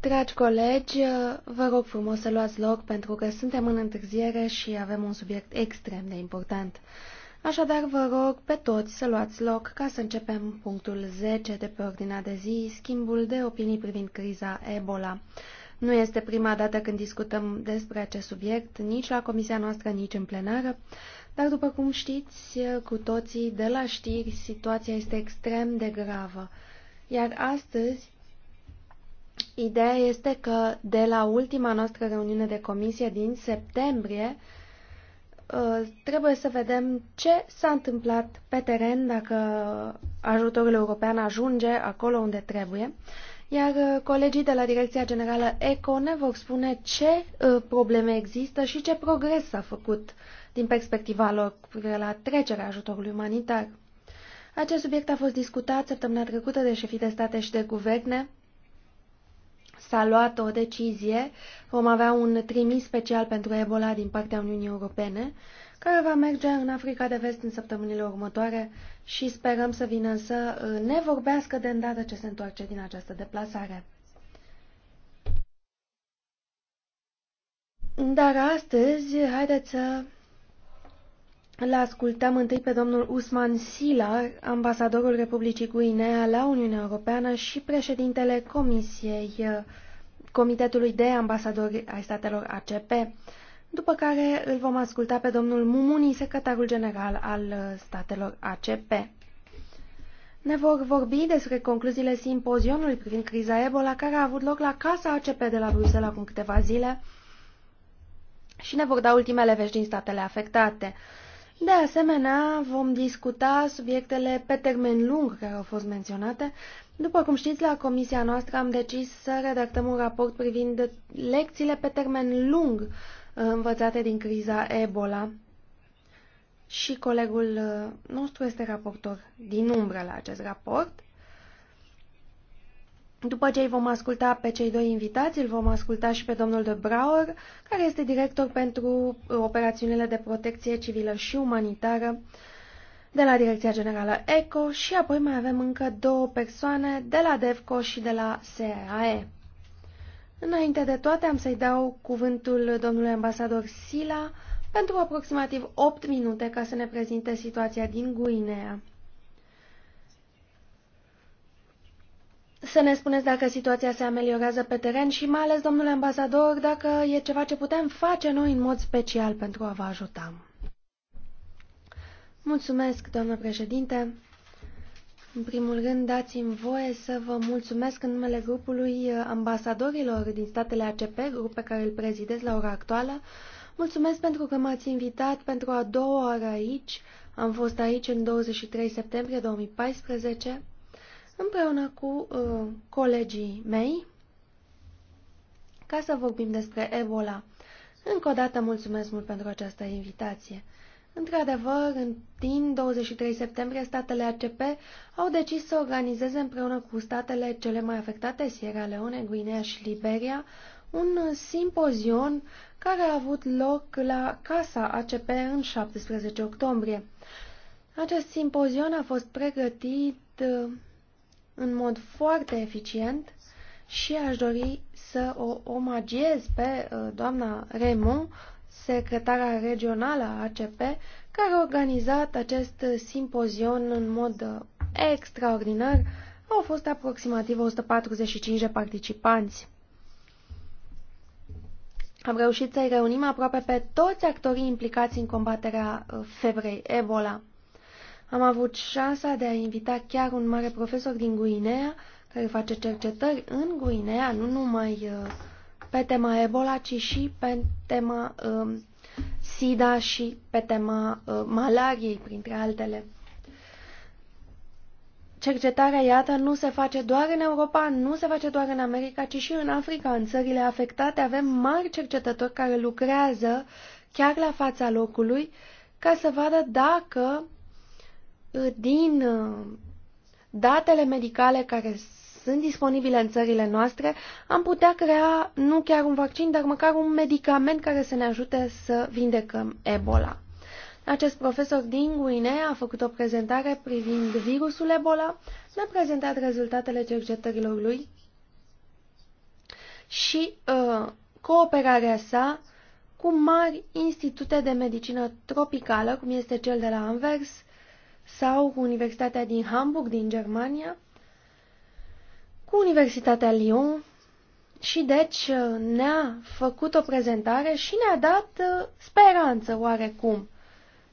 Dragi colegi, vă rog frumos să luați loc pentru că suntem în întârziere și avem un subiect extrem de important. Așadar, vă rog pe toți să luați loc ca să începem punctul 10 de pe ordinea de zi, schimbul de opinii privind criza Ebola. Nu este prima dată când discutăm despre acest subiect, nici la comisia noastră, nici în plenară, dar după cum știți cu toții de la știri, situația este extrem de gravă. Iar astăzi, ideea este că de la ultima noastră reuniune de comisie din septembrie, uh, trebuie să vedem ce s-a întâmplat pe teren, dacă ajutorul european ajunge acolo unde trebuie. Iar uh, colegii de la Direcția Generală ECO ne vor spune ce uh, probleme există și ce progres s-a făcut din perspectiva lor la trecerea ajutorului umanitar. Acest subiect a fost discutat săptămâna trecută de șefii de state și de guverne. S-a luat o decizie, vom avea un trimis special pentru Ebola din partea Uniunii Europene, care va merge în Africa de Vest în săptămânile următoare și sperăm să vină să uh, ne vorbească de îndată ce se întoarce din această deplasare. Dar astăzi, haideți să îl ascultăm întâi pe domnul Usman Sila, ambasadorul Republicii Guinea la Uniunea Europeană și președintele Comisiei Comitetului de Ambasadori ai Statelor ACP, după care îl vom asculta pe domnul Mumuni, secretarul general al Statelor ACP. Ne vor vorbi despre concluziile simpozionului privind criza Ebola care a avut loc la Casa ACP de la Bruxelles acum câteva zile și ne vor da ultimele vești din statele afectate. De asemenea, vom discuta subiectele pe termen lung care au fost menționate. După cum știți, la comisia noastră am decis să redactăm un raport privind lecțiile pe termen lung uh, învățate din criza Ebola. Și colegul uh, nostru este raportor din umbră la acest raport. După ce îi vom asculta pe cei doi invitați, îl vom asculta și pe domnul de Brauer, care este director pentru uh, operațiunile de protecție civilă și umanitară de la Direcția Generală ECO și apoi mai avem încă două persoane de la DEVCO și de la SAE. Înainte de toate am să-i dau cuvântul domnului ambasador Sila pentru aproximativ 8 minute ca să ne prezinte situația din Guinea. să ne spuneți dacă situația se ameliorează pe teren și mai ales, domnule ambasador, dacă e ceva ce putem face noi în mod special pentru a vă ajuta. Mulțumesc, doamnă președinte. În primul rând, dați-mi voie să vă mulțumesc în numele grupului ambasadorilor din statele ACP, grup pe care îl prezidez la ora actuală. Mulțumesc pentru că m-ați invitat pentru a doua oară aici. Am fost aici în 23 septembrie 2014 împreună cu uh, colegii mei ca să vorbim despre Ebola. Încă o dată mulțumesc mult pentru această invitație. Într-adevăr, în din 23 septembrie, statele ACP au decis să organizeze împreună cu statele cele mai afectate, Sierra Leone, Guinea și Liberia, un simpozion care a avut loc la Casa ACP în 17 octombrie. Acest simpozion a fost pregătit uh, în mod foarte eficient și aș dori să o omagiez pe uh, doamna Raymond, secretara regională a ACP, care a organizat acest simpozion în mod uh, extraordinar. Au fost aproximativ 145 de participanți. Am reușit să-i reunim aproape pe toți actorii implicați în combaterea uh, febrei Ebola. Am avut șansa de a invita chiar un mare profesor din Guinea, care face cercetări în Guinea, nu numai uh, pe tema Ebola, ci și pe tema uh, SIDA și pe tema uh, malariei, printre altele. Cercetarea, iată, nu se face doar în Europa, nu se face doar în America, ci și în Africa, în țările afectate. Avem mari cercetători care lucrează chiar la fața locului ca să vadă dacă din uh, datele medicale care sunt disponibile în țările noastre, am putea crea nu chiar un vaccin, dar măcar un medicament care să ne ajute să vindecăm Ebola. Acest profesor din Guinea a făcut o prezentare privind virusul Ebola, ne-a prezentat rezultatele cercetărilor lui și uh, cooperarea sa cu mari institute de medicină tropicală, cum este cel de la Anvers, sau cu Universitatea din Hamburg, din Germania, cu Universitatea Lyon și deci ne-a făcut o prezentare și ne-a dat uh, speranță oarecum.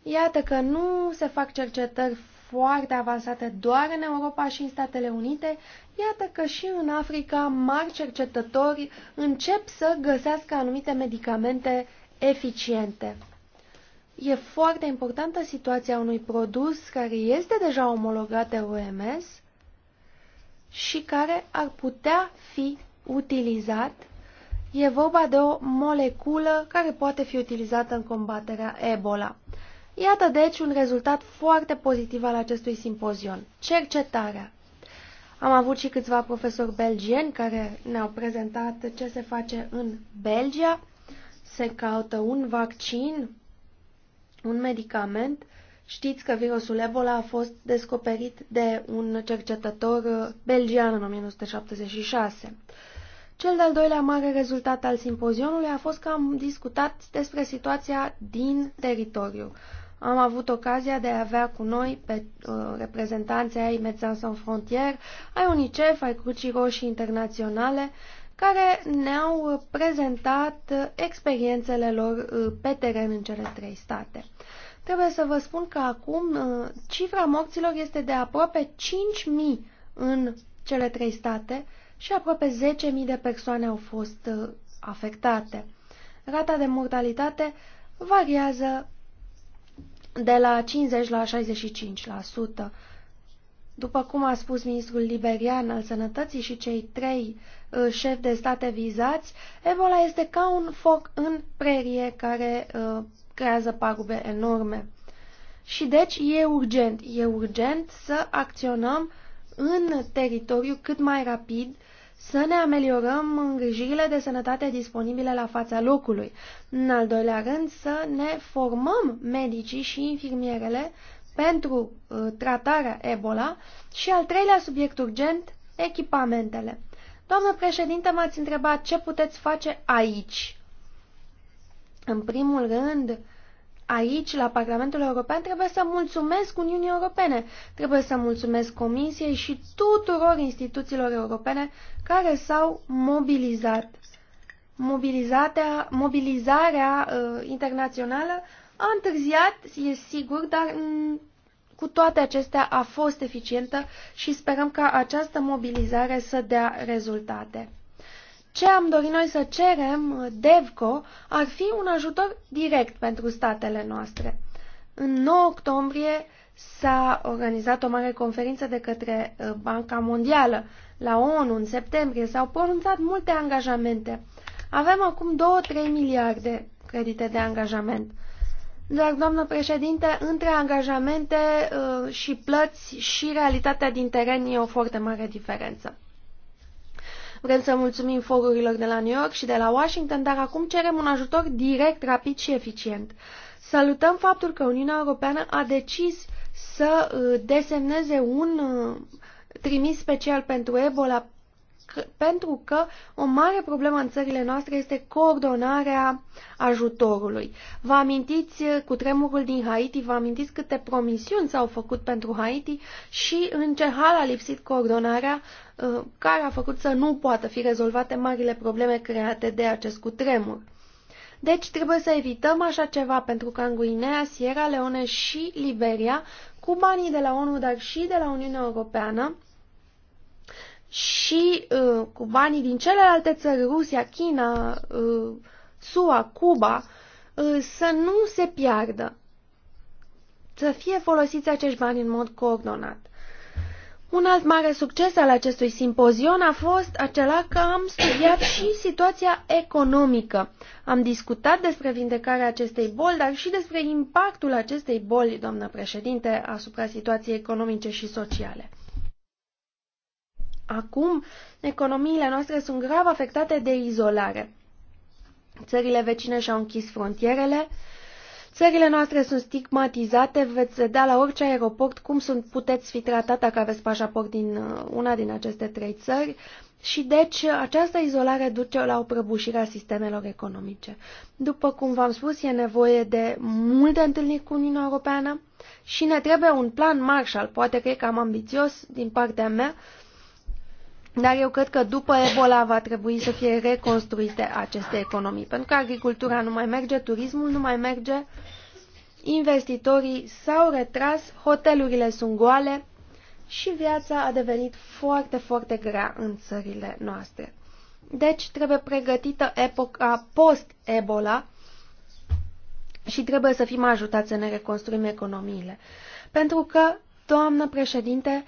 Iată că nu se fac cercetări foarte avansate doar în Europa și în Statele Unite, iată că și în Africa mari cercetători încep să găsească anumite medicamente eficiente. E foarte importantă situația unui produs care este deja omologat de OMS și care ar putea fi utilizat. E vorba de o moleculă care poate fi utilizată în combaterea Ebola. Iată deci un rezultat foarte pozitiv al acestui simpozion. Cercetarea. Am avut și câțiva profesori belgieni care ne-au prezentat ce se face în Belgia. Se caută un vaccin un medicament. Știți că virusul Ebola a fost descoperit de un cercetător belgian în 1976. Cel de-al doilea mare rezultat al simpozionului a fost că am discutat despre situația din teritoriu. Am avut ocazia de a avea cu noi pe uh, reprezentanții ai Medecins Sans Frontières, ai UNICEF, ai Crucii Roșii Internaționale, care ne-au prezentat experiențele lor uh, pe teren în cele trei state. Trebuie să vă spun că acum uh, cifra morților este de aproape 5.000 în cele trei state și aproape 10.000 de persoane au fost uh, afectate. Rata de mortalitate variază de la 50 la 65%. După cum a spus ministrul liberian al sănătății și cei trei uh, șefi de state vizați, Ebola este ca un foc în prerie care uh, creează pagube enorme. Și deci e urgent, e urgent să acționăm în teritoriu cât mai rapid să ne ameliorăm îngrijirile de sănătate disponibile la fața locului. În al doilea rând, să ne formăm medicii și infirmierele pentru uh, tratarea Ebola și al treilea subiect urgent, echipamentele. Doamnă președinte, m-ați întrebat ce puteți face aici. În primul rând, uh, aici, la Parlamentul European, trebuie să mulțumesc Uniunii Europene, trebuie să mulțumesc Comisiei și tuturor instituțiilor europene care s-au mobilizat. Mobilizarea, mobilizarea uh, internațională a întârziat, e sigur, dar cu toate acestea a fost eficientă și sperăm ca această mobilizare să dea rezultate. Ce am dorit noi să cerem, uh, DEVCO, ar fi un ajutor direct pentru statele noastre. În 9 octombrie s-a organizat o mare conferință de către uh, Banca Mondială. La ONU, în septembrie, s-au pronunțat multe angajamente. Avem acum 2-3 miliarde credite de angajament. Doar, doamnă președinte, între angajamente uh, și plăți și realitatea din teren e o foarte mare diferență. Vrem să mulțumim forurilor de la New York și de la Washington, dar acum cerem un ajutor direct, rapid și eficient. Salutăm faptul că Uniunea Europeană a decis să uh, desemneze un uh, trimis special pentru Ebola pentru că o mare problemă în țările noastre este coordonarea ajutorului. Vă amintiți eh, cu tremurul din Haiti, vă amintiți câte promisiuni s-au făcut pentru Haiti și în ce hal a lipsit coordonarea eh, care a făcut să nu poată fi rezolvate marile probleme create de acest cutremur. Deci trebuie să evităm așa ceva, pentru că în Guinea, Sierra Leone și Liberia, cu banii de la ONU, dar și de la Uniunea Europeană, și uh, cu banii din celelalte țări, Rusia, China, uh, SUA, Cuba, uh, să nu se piardă. Să fie folosiți acești bani în mod coordonat. Un alt mare succes al acestui simpozion a fost acela că am studiat și situația economică. Am discutat despre vindecarea acestei boli, dar și despre impactul acestei boli, doamnă președinte, asupra situației economice și sociale. Acum, economiile noastre sunt grav afectate de izolare. Țările vecine și-au închis frontierele, țările noastre sunt stigmatizate, veți vedea la orice aeroport cum sunt, puteți fi tratat dacă aveți pașaport din uh, una din aceste trei țări și deci această izolare duce la o prăbușire a sistemelor economice. După cum v-am spus, e nevoie de multe întâlniri cu Uniunea Europeană și ne trebuie un plan Marshall, poate că e cam ambițios din partea mea, dar eu cred că după Ebola va trebui să fie reconstruite aceste economii, pentru că agricultura nu mai merge, turismul nu mai merge, investitorii s-au retras, hotelurile sunt goale și viața a devenit foarte, foarte grea în țările noastre. Deci trebuie pregătită epoca post-Ebola și trebuie să fim ajutați să ne reconstruim economiile. Pentru că, doamnă președinte,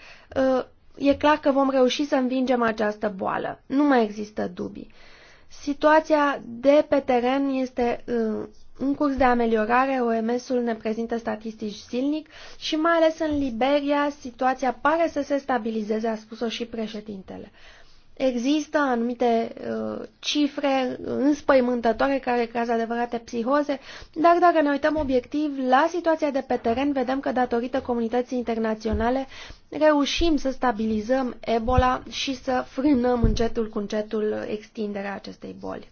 e clar că vom reuși să învingem această boală. Nu mai există dubii. Situația de pe teren este uh, în curs de ameliorare, OMS-ul ne prezintă statistici zilnic și mai ales în Liberia situația pare să se stabilizeze, a spus-o și președintele. Există anumite uh, cifre înspăimântătoare care creează adevărate psihoze, dar dacă ne uităm obiectiv la situația de pe teren, vedem că datorită comunității internaționale reușim să stabilizăm Ebola și să frânăm încetul cu încetul extinderea acestei boli.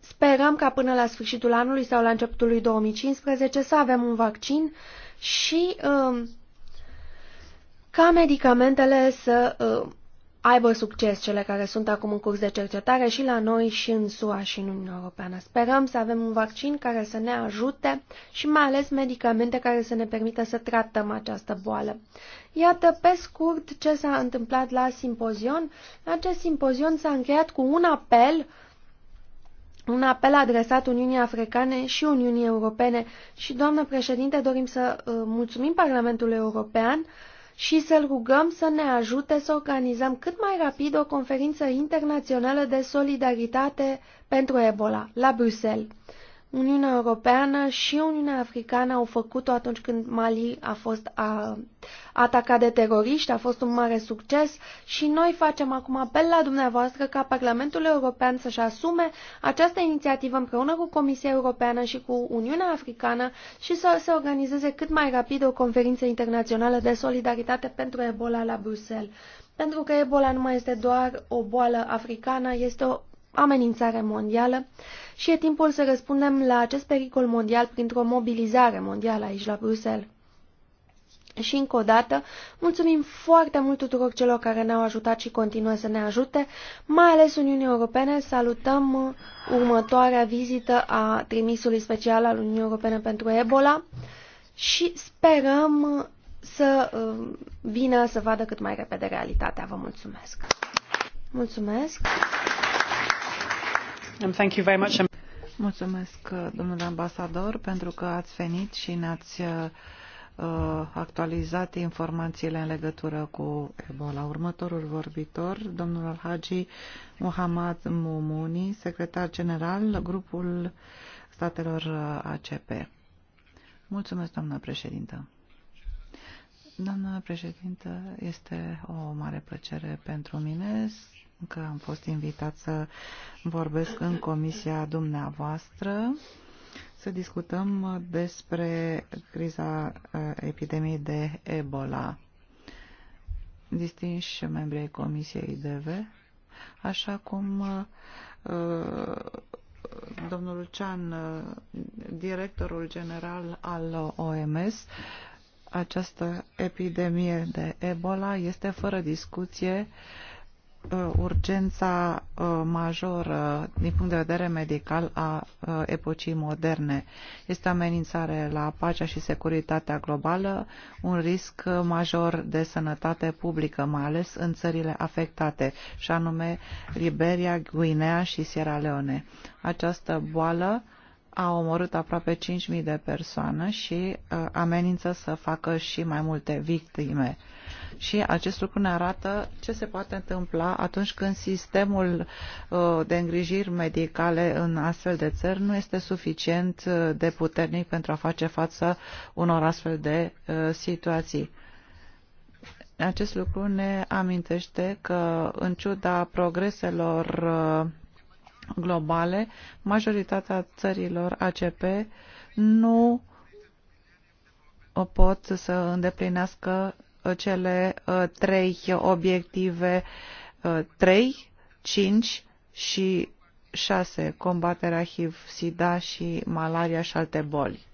Sperăm ca până la sfârșitul anului sau la începutul lui 2015 să avem un vaccin și uh, ca medicamentele să uh, aibă succes cele care sunt acum în curs de cercetare și la noi și în SUA și în Uniunea Europeană. Sperăm să avem un vaccin care să ne ajute și mai ales medicamente care să ne permită să tratăm această boală. Iată pe scurt ce s-a întâmplat la simpozion. Acest simpozion s-a încheiat cu un apel un apel adresat Uniunii Africane și Uniunii Europene și, doamnă președinte, dorim să uh, mulțumim Parlamentului European uh, și să-l rugăm să ne ajute să organizăm cât mai rapid o conferință internațională de solidaritate pentru Ebola la Bruxelles. Uniunea Europeană și Uniunea Africană au făcut-o atunci când Mali a fost a, atacat de teroriști, a fost un mare succes și noi facem acum apel la dumneavoastră ca Parlamentul European să-și asume această inițiativă împreună cu Comisia Europeană și cu Uniunea Africană și să se organizeze cât mai rapid o conferință internațională de solidaritate pentru Ebola la Bruxelles. Pentru că Ebola nu mai este doar o boală africană, este o amenințare mondială și e timpul să răspundem la acest pericol mondial printr-o mobilizare mondială aici la Bruxelles. Și încă o dată, mulțumim foarte mult tuturor celor care ne-au ajutat și continuă să ne ajute, mai ales Uniunii Europene. Salutăm următoarea vizită a trimisului special al Uniunii Europene pentru Ebola și sperăm să uh, vină să vadă cât mai repede realitatea. Vă mulțumesc! Mulțumesc! Mulțumesc, domnule ambasador, pentru că ați venit și ne-ați uh, actualizat informațiile în legătură cu Ebola. Următorul vorbitor, domnul Alhaji Muhammad Mumuni, secretar general, grupul statelor uh, ACP. Mulțumesc, doamnă președintă. Doamnă președintă, este o mare plăcere pentru mine că am fost invitat să vorbesc în comisia dumneavoastră să discutăm despre criza uh, epidemiei de Ebola. Distinși membrii Comisiei DV, așa cum uh, domnul Lucian, uh, directorul general al OMS, această epidemie de Ebola este fără discuție uh, Uh, urgența uh, majoră din punct de vedere medical a uh, epocii moderne. Este amenințare la pacea și securitatea globală, un risc major de sănătate publică, mai ales în țările afectate, și anume Liberia, Guinea și Sierra Leone. Această boală a omorât aproape 5.000 de persoane și amenință să facă și mai multe victime și acest lucru ne arată ce se poate întâmpla atunci când sistemul uh, de îngrijiri medicale în astfel de țări nu este suficient uh, de puternic pentru a face față unor astfel de uh, situații. Acest lucru ne amintește că, în ciuda progreselor globale, majoritatea țărilor ACP nu pot să îndeplinească cele uh, trei obiective 3, uh, 5 și 6, combaterea HIV, SIDA și malaria și alte boli.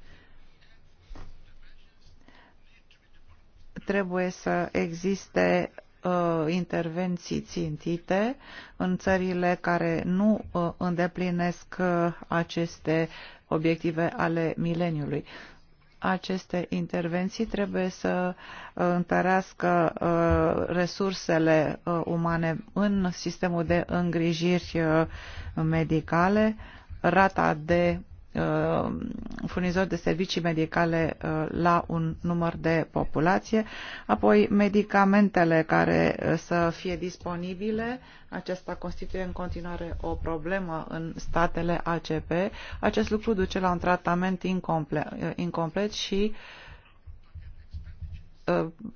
Trebuie să existe uh, intervenții țintite în țările care nu uh, îndeplinesc uh, aceste obiective ale mileniului aceste intervenții trebuie să uh, întărească uh, resursele uh, umane în sistemul de îngrijiri medicale, rata de Uh, furnizori de servicii medicale uh, la un număr de populație, apoi medicamentele care uh, să fie disponibile, acesta constituie în continuare o problemă în statele ACP. Acest lucru duce la un tratament incomple incomplet și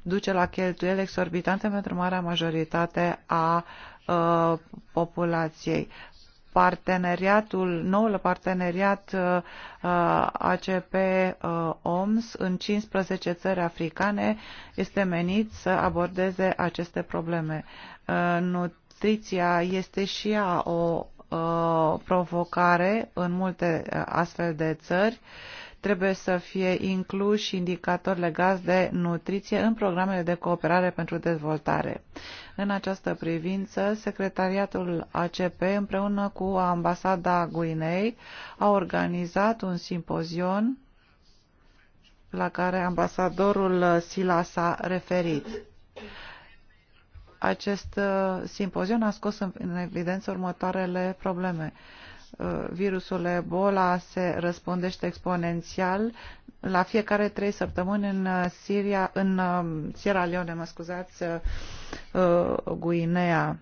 duce la cheltuieli exorbitante pentru marea majoritate a populației parteneriatul, noul parteneriat uh, uh, ACP-OMS uh, în 15 țări africane este menit să abordeze aceste probleme. Nutriția este și ea o provocare în multe astfel de țări. Uh, Trebuie să fie incluși indicatori legați de nutriție în programele de cooperare pentru dezvoltare. În această privință, Secretariatul ACP împreună cu Ambasada Guinei a organizat un simpozion la care ambasadorul Sila s-a referit acest uh, simpozion a scos în evidență următoarele probleme. Uh, virusul Ebola se răspândește exponențial. La fiecare trei săptămâni în uh, Siria, în um, Sierra Leone, mă scuzați, uh, Guinea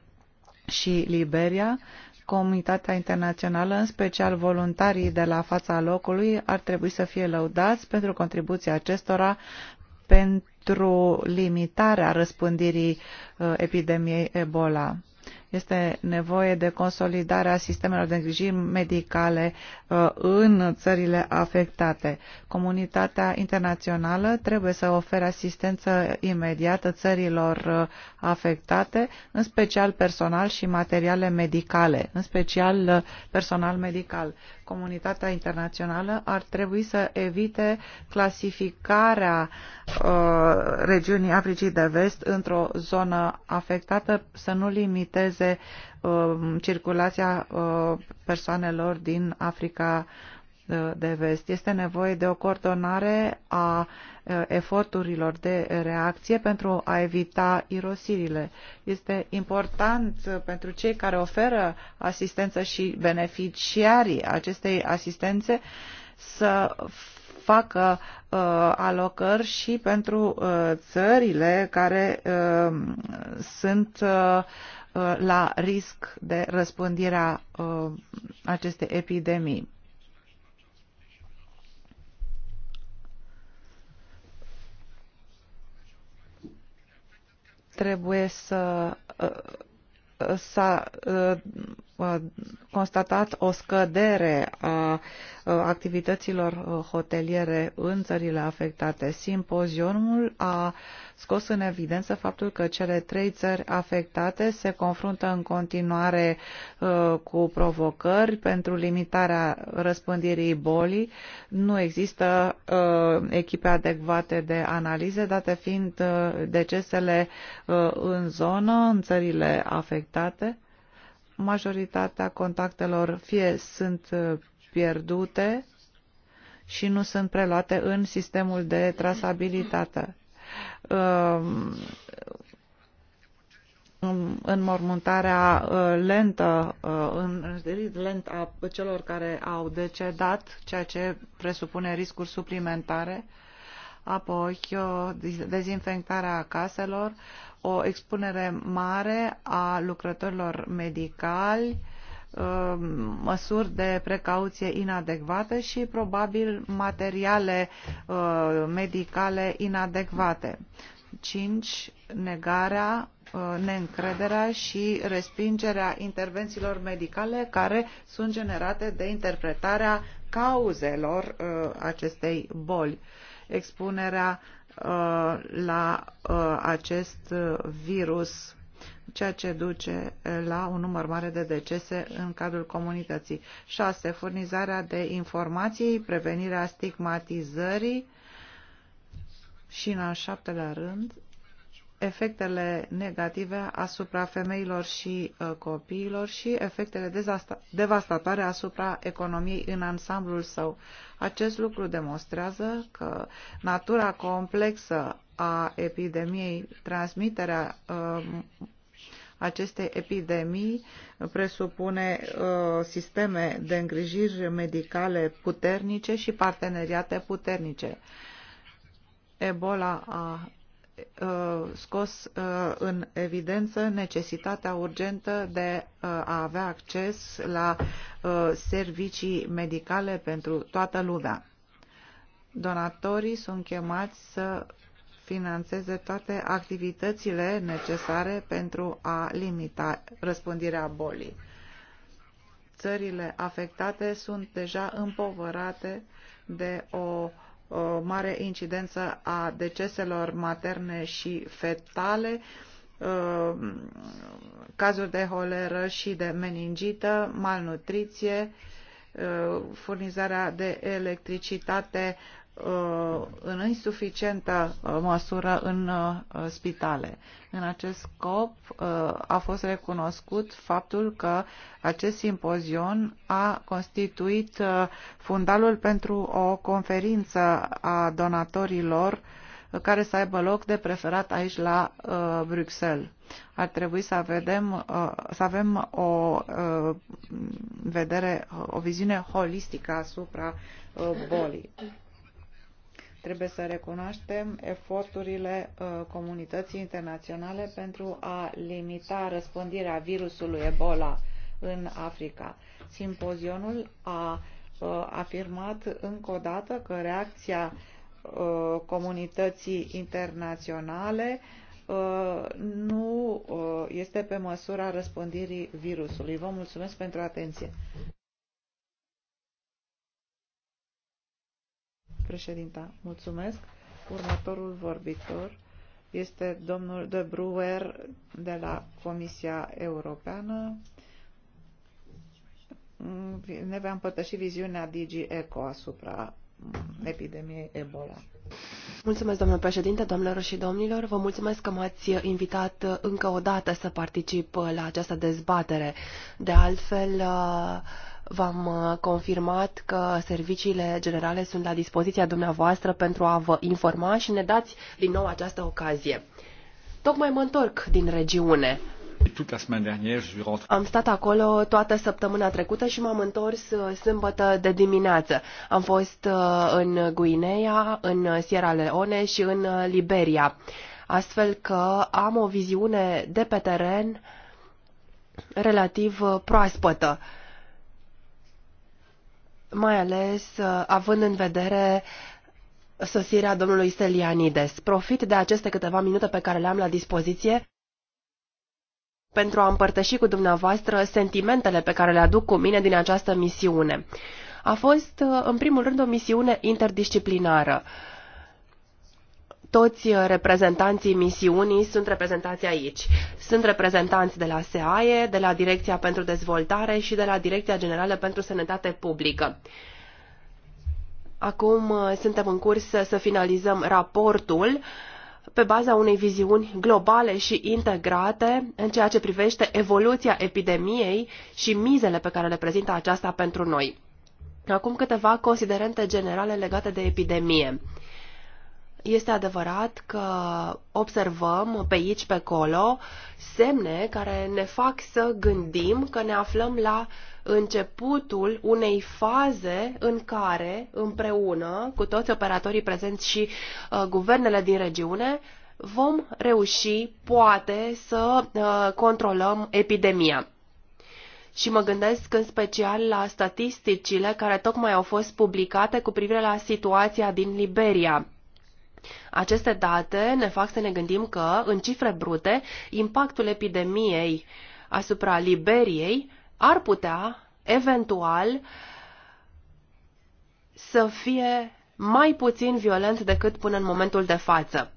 și Liberia, comunitatea internațională, în special voluntarii de la fața locului, ar trebui să fie lăudați pentru contribuția acestora pentru limitarea răspândirii epidemiei Ebola este nevoie de consolidarea sistemelor de îngrijiri medicale uh, în țările afectate. Comunitatea internațională trebuie să ofere asistență imediată țărilor uh, afectate, în special personal și materiale medicale, în special uh, personal medical comunitatea internațională ar trebui să evite clasificarea uh, regiunii Africii de Vest într-o zonă afectată, să nu limiteze uh, circulația uh, persoanelor din Africa de vest. Este nevoie de o coordonare a eforturilor de reacție pentru a evita irosirile. Este important pentru cei care oferă asistență și beneficiarii acestei asistențe să facă uh, alocări și pentru uh, țările care uh, sunt uh, la risc de răspândirea uh, acestei epidemii. trebuie să, ă, ă, să ă, constatat o scădere a activităților hoteliere în țările afectate. Simpozionul a scos în evidență faptul că cele trei țări afectate se confruntă în continuare cu provocări pentru limitarea răspândirii bolii. Nu există echipe adecvate de analize, date fiind decesele în zonă, în țările afectate majoritatea contactelor fie sunt uh, pierdute și nu sunt preluate în sistemul de trasabilitate. Um, um, mormântarea uh, lentă, uh, în lent a celor care au decedat, ceea ce presupune riscuri suplimentare, apoi dezinfectarea caselor, o expunere mare a lucrătorilor medicali, um, măsuri de precauție inadecvate și probabil materiale uh, medicale inadecvate. 5. Negarea, uh, neîncrederea și respingerea intervențiilor medicale care sunt generate de interpretarea cauzelor uh, acestei boli. Expunerea Uh, la uh, acest virus ceea ce duce la un număr mare de decese în cadrul comunității. 6. Furnizarea de informații, prevenirea stigmatizării și, în al șaptelea rând, efectele negative asupra femeilor și uh, copiilor și efectele devastatoare asupra economiei în ansamblul său. Acest lucru demonstrează că natura complexă a epidemiei, transmiterea uh, acestei epidemii presupune uh, sisteme de îngrijiri medicale puternice și parteneriate puternice. Ebola a Uh, scos uh, în evidență necesitatea urgentă de uh, a avea acces la servicii medicale pentru toată lumea. Donatorii sunt chemați să financeze toate activitățile necesare pentru a limita răspândirea bolii. Țările afectate sunt deja împovărate de o uh, o mare incidență a deceselor materne și fetale, uh, cazuri de holeră și de meningită, malnutriție, uh, furnizarea de electricitate Uh, în insuficientă uh, măsură în uh, spitale. În acest scop a fost recunoscut faptul că acest simpozion a constituit fundalul pentru o conferință a donatorilor care să aibă loc de preferat aici la Bruxelles. Ar trebui să, vedem, să avem o vedere, o viziune holistică asupra bolii. Trebuie să recunoaștem eforturile uh, comunității internaționale pentru a limita răspândirea virusului Ebola în Africa. Simpozionul a uh, afirmat încă o dată că reacția uh, comunității internaționale nu este pe măsura răspândirii virusului. Vă mulțumesc pentru atenție. Președinta, mulțumesc. Următorul vorbitor este domnul De Bruer de la Comisia Europeană. Ne va împărtăși viziunea Digi Eco asupra epidemiei Ebola. Mulțumesc, domnule președinte, doamnelor și domnilor. Vă mulțumesc că m-ați invitat încă o dată să particip la această dezbatere. De altfel, uh, V-am uh, confirmat că serviciile generale sunt la dispoziția dumneavoastră pentru a vă informa și ne dați din nou această ocazie. Tocmai mă întorc din regiune. Am stat acolo toată săptămâna trecută și m-am întors uh, sâmbătă de dimineață. Am fost uh, în Guinea, în Sierra Leone și în Liberia. Astfel că am o viziune de pe teren relativ proaspătă mai ales uh, având în vedere sosirea domnului Stelianides. Profit de aceste câteva minute pe care le-am la dispoziție pentru a împărtăși cu dumneavoastră sentimentele pe care le aduc cu mine din această misiune. A fost, uh, în primul rând, o misiune interdisciplinară toți uh, reprezentanții misiunii sunt reprezentați aici. Sunt reprezentanți de la SEAE, de la Direcția pentru Dezvoltare și de la Direcția Generală pentru Sănătate Publică. Acum uh, suntem în curs să finalizăm raportul pe baza unei viziuni globale și integrate în ceea ce privește evoluția epidemiei și mizele pe care le prezintă aceasta pentru noi. Acum câteva considerente generale legate de epidemie. Este adevărat că observăm pe aici, pe acolo, semne care ne fac să gândim că ne aflăm la începutul unei faze în care, împreună cu toți operatorii prezenți și uh, guvernele din regiune, vom reuși, poate, să uh, controlăm epidemia și mă gândesc în special la statisticile care tocmai au fost publicate cu privire la situația din Liberia. Aceste date ne fac să ne gândim că, în cifre brute, impactul epidemiei asupra Liberiei ar putea, eventual, să fie mai puțin violent decât până în momentul de față.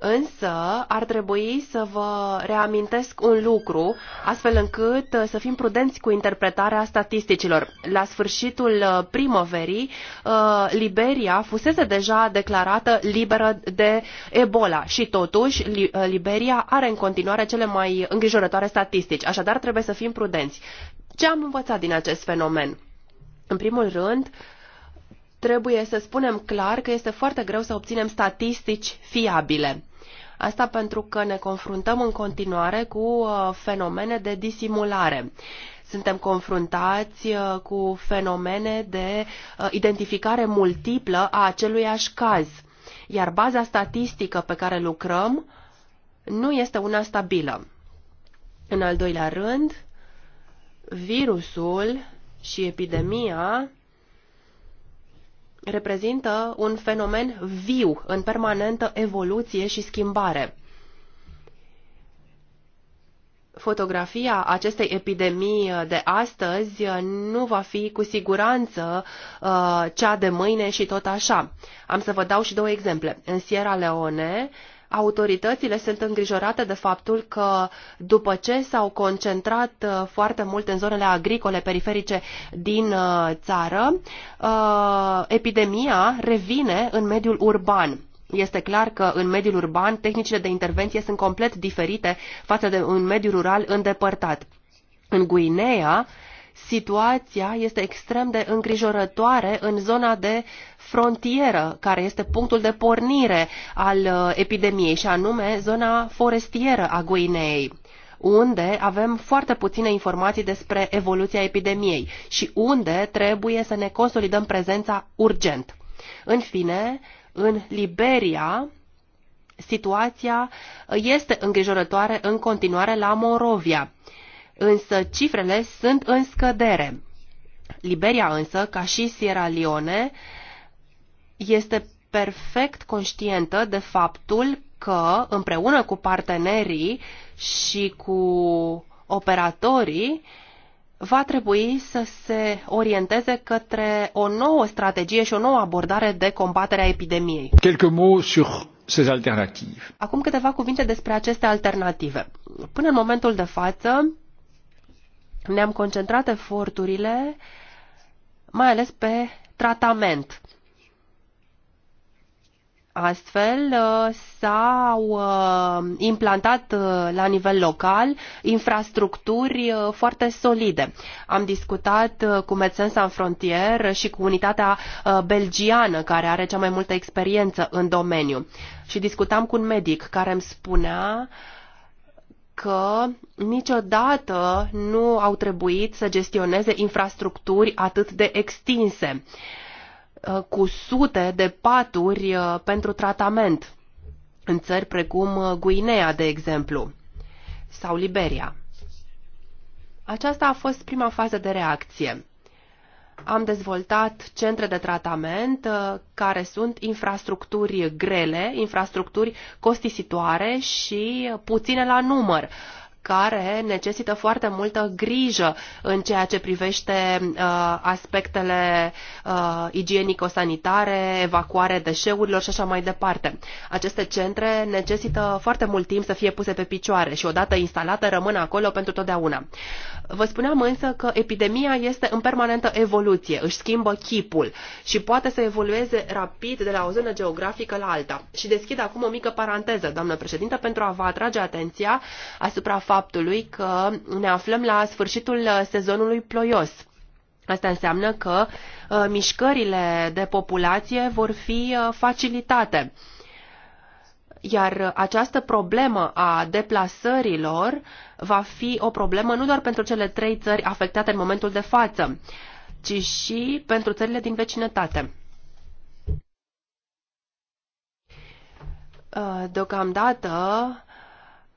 Însă ar trebui să vă reamintesc un lucru, astfel încât uh, să fim prudenți cu interpretarea statisticilor. La sfârșitul uh, primăverii, uh, Liberia fusese deja declarată liberă de Ebola și totuși Liberia are în continuare cele mai îngrijorătoare statistici, așadar trebuie să fim prudenți. Ce am învățat din acest fenomen? În primul rând, trebuie să spunem clar că este foarte greu să obținem statistici fiabile. Asta pentru că ne confruntăm în continuare cu uh, fenomene de disimulare suntem confruntați uh, cu fenomene de uh, identificare multiplă a aceluiași caz. Iar baza statistică pe care lucrăm nu este una stabilă. În al doilea rând, virusul și epidemia reprezintă un fenomen viu, în permanentă evoluție și schimbare. Fotografia acestei epidemii de astăzi nu va fi cu siguranță uh, cea de mâine și tot așa. Am să vă dau și două exemple. În Sierra Leone, Autoritățile sunt îngrijorate de faptul că după ce s-au concentrat uh, foarte mult în zonele agricole periferice din uh, țară, uh, epidemia revine în mediul urban. Este clar că în mediul urban tehnicile de intervenție sunt complet diferite față de un mediu rural îndepărtat. În Guinea, situația este extrem de îngrijorătoare în zona de frontieră, care este punctul de pornire al uh, epidemiei, și anume zona forestieră a Guineei unde avem foarte puține informații despre evoluția epidemiei și unde trebuie să ne consolidăm prezența urgent. În fine, în Liberia, situația este îngrijorătoare în continuare la Morovia însă cifrele sunt în scădere. Liberia însă, ca și Sierra Leone, este perfect conștientă de faptul că, împreună cu partenerii și cu operatorii, va trebui să se orienteze către o nouă strategie și o nouă abordare de combatere a epidemiei. Quelques mots sur ces alternatives. Acum câteva cuvinte despre aceste alternative. Până în momentul de față, ne-am concentrat eforturile mai ales pe tratament. Astfel uh, s-au uh, implantat uh, la nivel local infrastructuri foarte solide. Am discutat cu Medecins Sans Frontier și cu unitatea belgiană care are cea mai multă experiență în domeniu și discutam cu un medic care îmi spunea uh, că niciodată nu au trebuit să gestioneze infrastructuri atât de extinse, uh, cu sute de paturi uh, pentru tratament, în țări precum uh, Guinea, de exemplu, sau Liberia. Aceasta a fost prima fază de reacție am dezvoltat centre de tratament uh, care sunt infrastructuri grele, infrastructuri costisitoare și puține la număr care necesită foarte multă grijă în ceea ce privește uh, aspectele uh, igienico-sanitare, evacuare deșeurilor și așa mai departe. Aceste centre necesită foarte mult timp să fie puse pe picioare și odată instalate rămân acolo pentru totdeauna. Vă spuneam însă că epidemia este în permanentă evoluție, își schimbă chipul și poate să evolueze rapid de la o zonă geografică la alta. Și deschid acum o mică paranteză, doamnă președintă, pentru a vă atrage atenția asupra faptului că ne aflăm la sfârșitul sezonului ploios. Asta înseamnă că uh, mișcările de populație vor fi uh, facilitate. Iar această problemă a deplasărilor va fi o problemă nu doar pentru cele trei țări afectate în momentul de față, ci și pentru țările din vecinătate. Uh, deocamdată,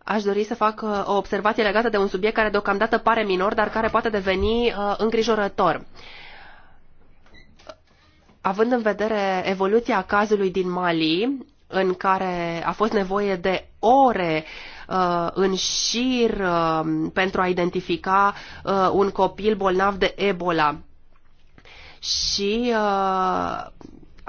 Aș dori să fac uh, o observație legată de un subiect care deocamdată pare minor, dar care poate deveni uh, îngrijorător. Având în vedere evoluția cazului din Mali, în care a fost nevoie de ore uh, în șir pentru a identifica un copil bolnav de Ebola. Și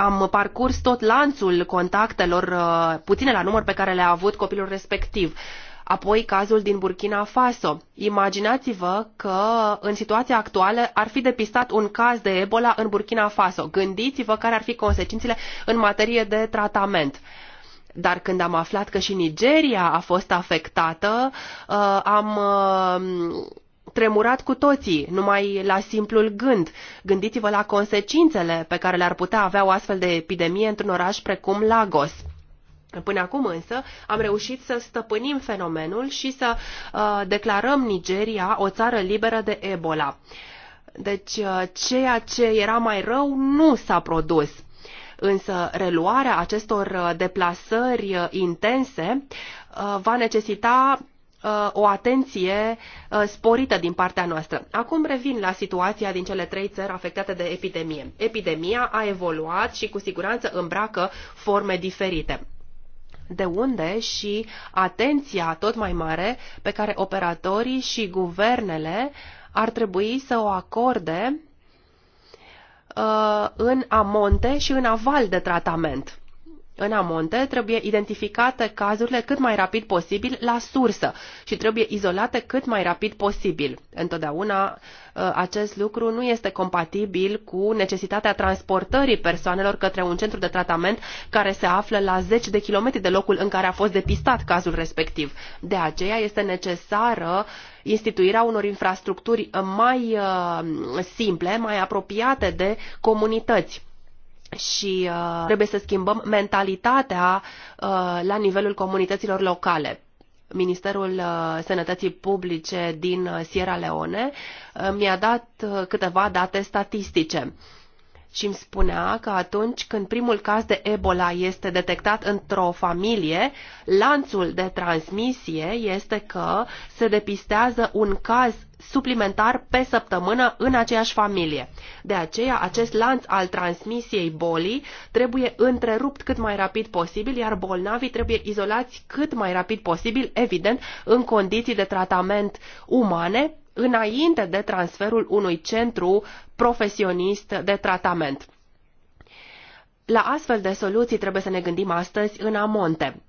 am parcurs tot lanțul contactelor, uh, puține la număr, pe care le-a avut copilul respectiv. Apoi cazul din Burkina Faso. Imaginați-vă că în situația actuală ar fi depistat un caz de Ebola în Burkina Faso. Gândiți-vă care ar fi consecințele în materie de tratament. Dar când am aflat că și Nigeria a fost afectată, uh, am uh, tremurat cu toții, numai la simplul gând. Gândiți-vă la consecințele pe care le-ar putea avea o astfel de epidemie într-un oraș precum Lagos. Până acum însă am reușit să stăpânim fenomenul și să uh, declarăm Nigeria o țară liberă de Ebola. Deci uh, ceea ce era mai rău nu s-a produs. Însă reluarea acestor uh, deplasări uh, intense uh, va necesita Uh, o atenție uh, sporită din partea noastră. Acum revin la situația din cele trei țări afectate de epidemie. Epidemia a evoluat și cu siguranță îmbracă forme diferite de unde și atenția tot mai mare pe care operatorii și guvernele ar trebui să o acorde uh, în amonte și în aval de tratament în amonte, trebuie identificate cazurile cât mai rapid posibil la sursă și trebuie izolate cât mai rapid posibil. Întotdeauna uh, acest lucru nu este compatibil cu necesitatea transportării persoanelor către un centru de tratament care se află la 10 de kilometri de locul în care a fost depistat cazul respectiv. De aceea este necesară instituirea unor infrastructuri mai uh, simple, mai apropiate de comunități și uh, trebuie să schimbăm mentalitatea uh, la nivelul comunităților locale. Ministerul uh, Sănătății Publice din uh, Sierra Leone uh, mi-a dat câteva date statistice. Uh, și îmi spunea că atunci când primul caz de Ebola este detectat într-o familie, lanțul de transmisie este că se depistează un caz suplimentar pe săptămână în aceeași familie. De aceea, acest lanț al transmisiei bolii trebuie întrerupt cât mai rapid posibil, iar bolnavii trebuie izolați cât mai rapid posibil, evident, în condiții de tratament umane înainte de transferul unui centru profesionist de tratament. La astfel de soluții trebuie să ne gândim astăzi în amonte.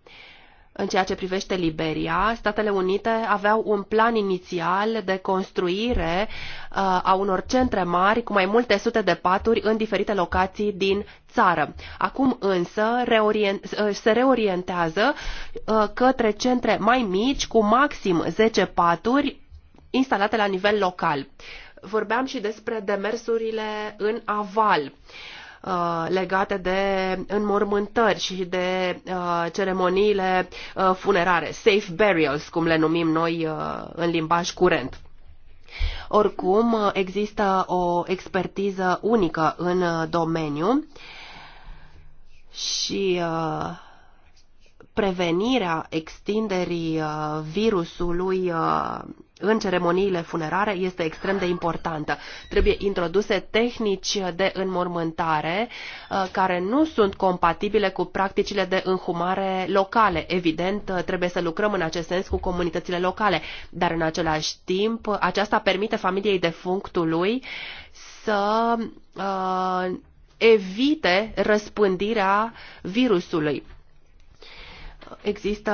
În ceea ce privește Liberia, Statele Unite aveau un plan inițial de construire uh, a unor centre mari cu mai multe sute de paturi în diferite locații din țară. Acum însă uh, se reorientează uh, către centre mai mici cu maxim 10 paturi instalate la nivel local. Vorbeam și despre demersurile în aval uh, legate de înmormântări și de uh, ceremoniile uh, funerare, safe burials, cum le numim noi în limbaj curent. Oricum, există o expertiză unică în domeniu și prevenirea extinderii virusului în ceremoniile funerare este extrem de importantă. Trebuie introduse tehnici de înmormântare uh, care nu sunt compatibile cu practicile de înhumare locale. Evident, uh, trebuie să lucrăm în acest sens cu comunitățile locale, dar în același timp uh, aceasta permite familiei defunctului să uh, evite răspândirea virusului există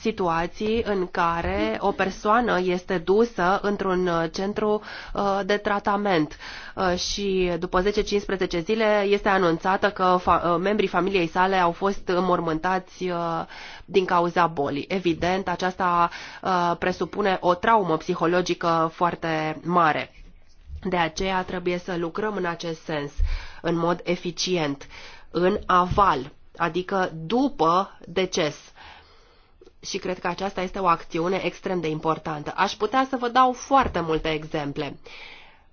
situații în care o persoană este dusă într-un centru uh, de tratament uh, și după 10-15 zile este anunțată că uh, membrii familiei sale au fost înmormântați din cauza bolii. Evident, aceasta presupune o traumă psihologică foarte mare. De aceea trebuie să lucrăm în acest sens, în mod eficient, în aval adică după deces. Și cred că aceasta este o acțiune extrem de importantă. Aș putea să vă dau foarte multe exemple,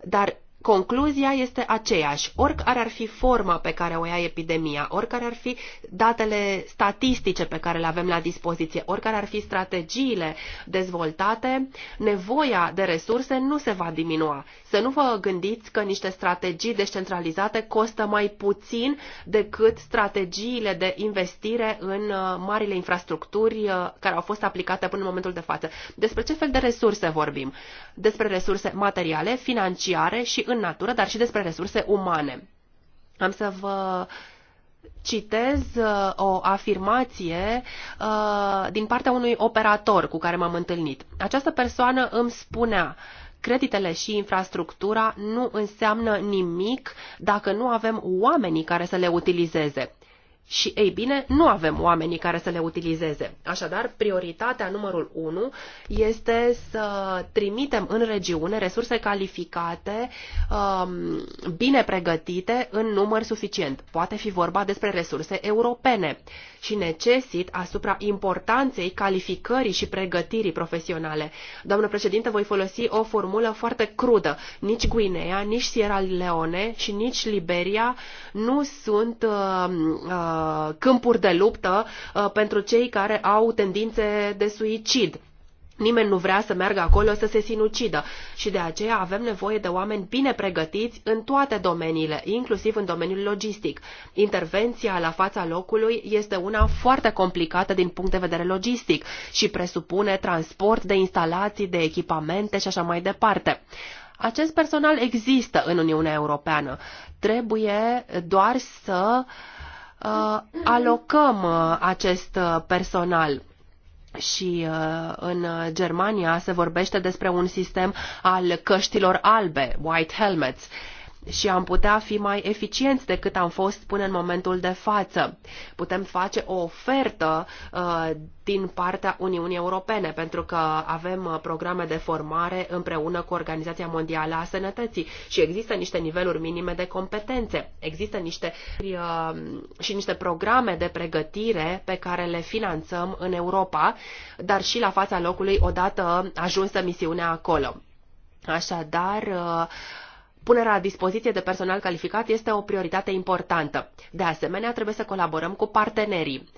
dar Concluzia este aceeași. Oricare ar fi forma pe care o ia epidemia, oricare ar fi datele statistice pe care le avem la dispoziție, oricare ar fi strategiile dezvoltate, nevoia de resurse nu se va diminua. Să nu vă gândiți că niște strategii descentralizate costă mai puțin decât strategiile de investire în uh, marile infrastructuri uh, care au fost aplicate până în momentul de față. Despre ce fel de resurse vorbim? Despre resurse materiale, financiare și în natură, dar și despre resurse umane. Am să vă citez uh, o afirmație uh, din partea unui operator cu care m-am întâlnit. Această persoană îmi spunea Creditele și infrastructura nu înseamnă nimic dacă nu avem oamenii care să le utilizeze. Și, ei bine, nu avem oamenii care să le utilizeze. Așadar, prioritatea numărul 1 este să trimitem în regiune resurse calificate, um, bine pregătite, în număr suficient. Poate fi vorba despre resurse europene și necesit asupra importanței calificării și pregătirii profesionale. Doamnă președinte, voi folosi o formulă foarte crudă. Nici Guinea, nici Sierra Leone și nici Liberia nu sunt uh, uh, câmpuri de luptă uh, pentru cei care au tendințe de suicid Nimeni nu vrea să meargă acolo să se sinucidă și de aceea avem nevoie de oameni bine pregătiți în toate domeniile, inclusiv în domeniul logistic. Intervenția la fața locului este una foarte complicată din punct de vedere logistic și presupune transport de instalații, de echipamente și așa mai departe. Acest personal există în Uniunea Europeană. Trebuie doar să uh, alocăm uh, acest uh, personal și uh, în Germania se vorbește despre un sistem al căștilor albe, white helmets, și am putea fi mai eficienți decât am fost până în momentul de față. Putem face o ofertă uh, din partea Uniunii Europene, pentru că avem uh, programe de formare împreună cu Organizația Mondială a Sănătății și există niște niveluri minime de competențe. Există niște uh, și niște programe de pregătire pe care le finanțăm în Europa, dar și la fața locului odată ajunsă misiunea acolo. Așadar, uh, Punerea la dispoziție de personal calificat este o prioritate importantă. De asemenea, trebuie să colaborăm cu partenerii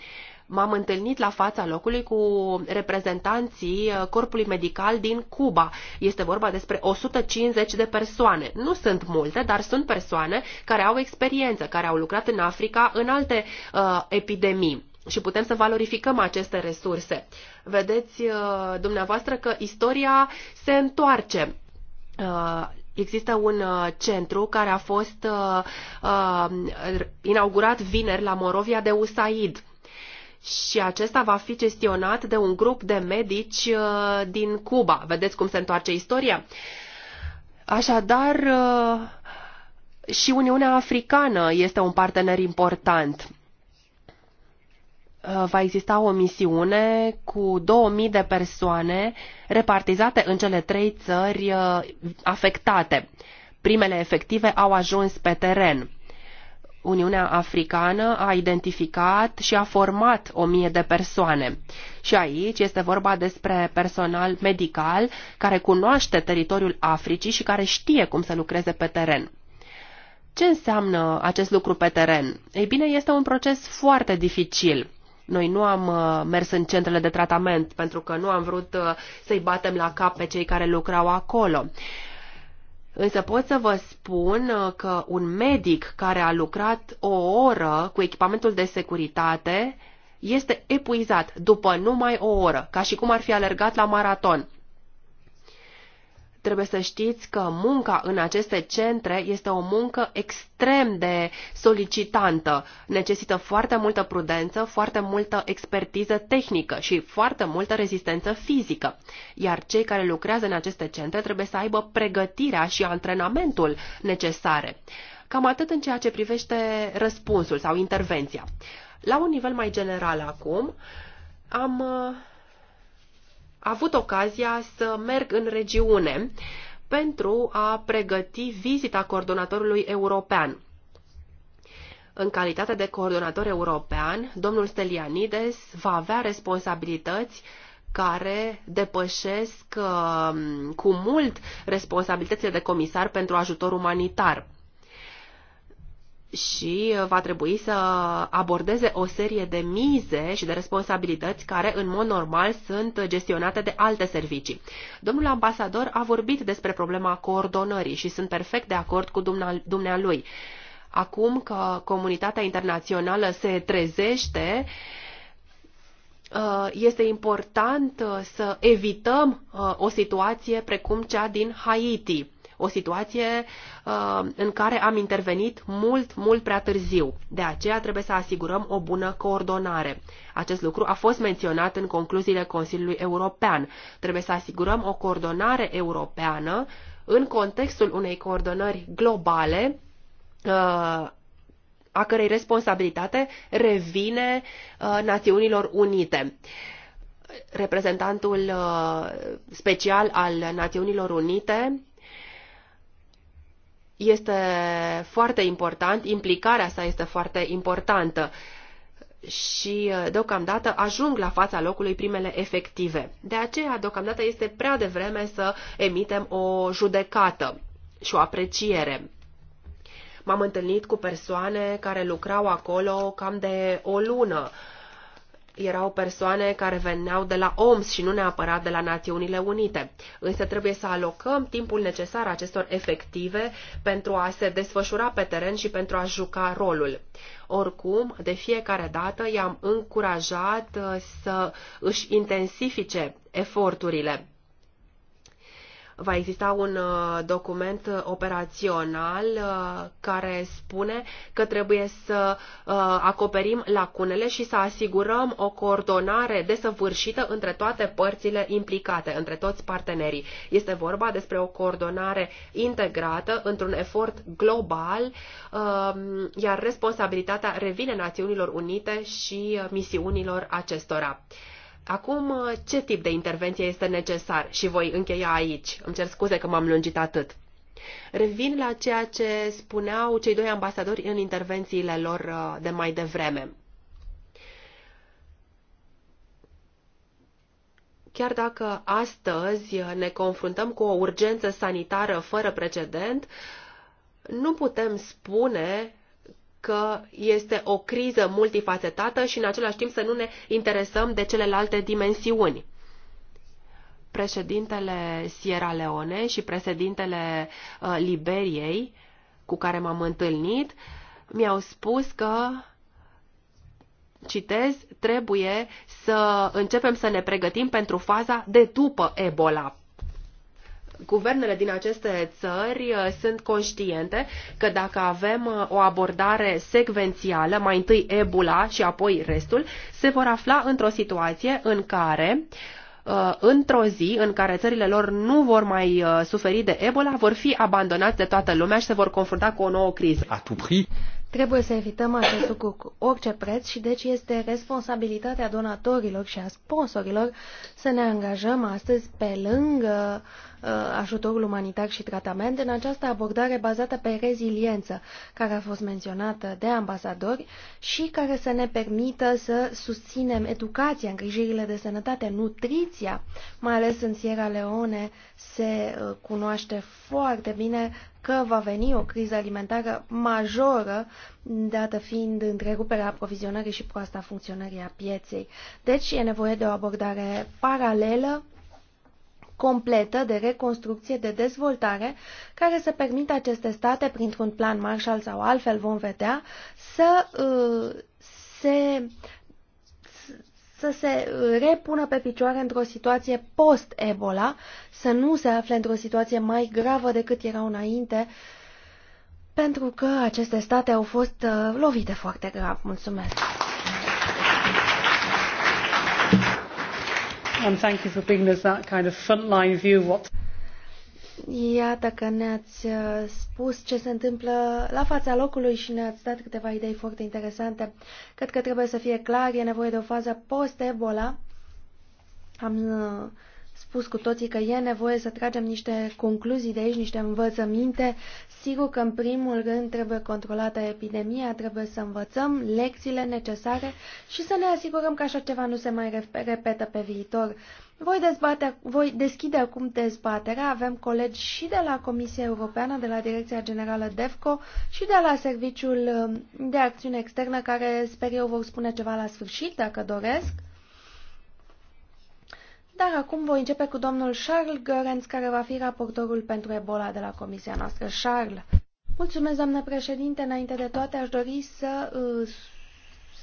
m-am întâlnit la fața locului cu reprezentanții corpului medical din Cuba. Este vorba despre 150 de persoane. Nu sunt multe, dar sunt persoane care au experiență, care au lucrat în Africa în alte uh, epidemii. Și putem să valorificăm aceste resurse. Vedeți uh, dumneavoastră că istoria se întoarce. Uh, Există un uh, centru care a fost uh, uh, inaugurat vineri la Morovia de USAID și acesta va fi gestionat de un grup de medici uh, din Cuba. Vedeți cum se întoarce istoria? Așadar, uh, și Uniunea Africană este un partener important Uh, va exista o misiune cu 2000 de persoane repartizate în cele trei țări uh, afectate. Primele efective au ajuns pe teren. Uniunea Africană a identificat și a format o mie de persoane. Și aici este vorba despre personal medical care cunoaște teritoriul Africii și care știe cum să lucreze pe teren. Ce înseamnă acest lucru pe teren? Ei bine, este un proces foarte dificil. Noi nu am uh, mers în centrele de tratament pentru că nu am vrut uh, să-i batem la cap pe cei care lucrau acolo. Însă pot să vă spun uh, că un medic care a lucrat o oră cu echipamentul de securitate este epuizat după numai o oră, ca și cum ar fi alergat la maraton. Trebuie să știți că munca în aceste centre este o muncă extrem de solicitantă. Necesită foarte multă prudență, foarte multă expertiză tehnică și foarte multă rezistență fizică. Iar cei care lucrează în aceste centre trebuie să aibă pregătirea și antrenamentul necesare. Cam atât în ceea ce privește răspunsul sau intervenția. La un nivel mai general acum, am uh, avut ocazia să merg în regiune pentru a pregăti vizita coordonatorului european. În calitate de coordonator european, domnul Stelianides va avea responsabilități care depășesc uh, cu mult responsabilitățile de comisar pentru ajutor umanitar și uh, va trebui să abordeze o serie de mize și de responsabilități care, în mod normal, sunt gestionate de alte servicii. Domnul ambasador a vorbit despre problema coordonării și sunt perfect de acord cu dumnealui. Acum că comunitatea internațională se trezește, uh, este important uh, să evităm o situație precum cea din Haiti o situație uh, în care am intervenit mult, mult prea târziu. De aceea trebuie să asigurăm o bună coordonare. Acest lucru a fost menționat în concluziile Consiliului European. Trebuie să asigurăm o coordonare europeană în contextul unei coordonări globale uh, a cărei responsabilitate revine uh, Națiunilor Unite reprezentantul special al Națiunilor Unite este foarte important, implicarea sa este foarte importantă și uh, deocamdată ajung la fața locului primele efective. De aceea, deocamdată este prea devreme să emitem o judecată și o apreciere. M-am întâlnit cu persoane care lucrau acolo cam de o lună erau persoane care veneau de la OMS și nu neapărat de la Națiunile Unite. Însă trebuie să alocăm timpul necesar acestor efective pentru a se desfășura pe teren și pentru a juca rolul. Oricum, de fiecare dată i-am încurajat uh, să își intensifice eforturile va exista un uh, document operațional uh, care spune că trebuie să uh, acoperim lacunele și să asigurăm o coordonare desăvârșită între toate părțile implicate, între toți partenerii. Este vorba despre o coordonare integrată într-un efort global, um, iar responsabilitatea revine Națiunilor Unite și misiunilor acestora. Acum, ce tip de intervenție este necesar? Și voi încheia aici. Îmi cer scuze că m-am lungit atât. Revin la ceea ce spuneau cei doi ambasadori în intervențiile lor uh, de mai devreme. Chiar dacă astăzi ne confruntăm cu o urgență sanitară fără precedent, nu putem spune că este o criză multifacetată și în același timp să nu ne interesăm de celelalte dimensiuni. Președintele Sierra Leone și președintele uh, Liberiei, cu care m-am întâlnit, mi-au spus că citez, trebuie să începem să ne pregătim pentru faza de după Ebola guvernele din aceste țări uh, sunt conștiente că dacă avem uh, o abordare secvențială, mai întâi Ebola și apoi restul, se vor afla într-o situație în care uh, într-o zi în care țările lor nu vor mai suferi de Ebola, vor fi abandonați de toată lumea și se vor confrunta cu o nouă criză. A tu pri? Trebuie să evităm acest lucru cu orice preț și deci este responsabilitatea donatorilor și a sponsorilor să ne angajăm astăzi pe lângă uh, Uh, ajutorul umanitar și tratament în această abordare bazată pe reziliență, care a fost menționată de ambasadori și care să ne permită să susținem educația, îngrijirile de sănătate, nutriția, mai ales în Sierra Leone se uh, cunoaște foarte bine că va veni o criză alimentară majoră, dată fiind întreruperea aprovizionării și proasta funcționării a pieței. Deci e nevoie de o abordare paralelă completă de reconstrucție, de dezvoltare, care să permită aceste state, printr-un plan Marshall sau altfel vom vedea, să uh, se să se uh, repună pe picioare într-o situație post-Ebola, să nu se afle într-o situație mai gravă decât erau înainte, pentru că aceste state au fost uh, lovite foarte grav. Mulțumesc! and thank you for bringing us that kind of frontline view. What Iată că ne-ați uh, spus ce se întâmplă la fața locului și ne-ați dat câteva idei foarte interesante. Cred că trebuie să fie clar, e nevoie de o fază post-Ebola. Am uh, spus cu toții că e nevoie să tragem niște concluzii de aici, niște învățăminte. Sigur că, în primul rând, trebuie controlată epidemia, trebuie să învățăm lecțiile necesare și să ne asigurăm că așa ceva nu se mai repetă pe viitor. Voi, dezbate, voi deschide acum dezbaterea. Avem colegi și de la Comisia Europeană, de la Direcția Generală DEFCO și de la Serviciul de Acțiune Externă, care sper eu vor spune ceva la sfârșit, dacă doresc. Dar acum voi începe cu domnul Charles Gărenț, care va fi raportorul pentru Ebola de la comisia noastră. Charles, mulțumesc, doamnă președinte. Înainte de toate, aș dori să uh,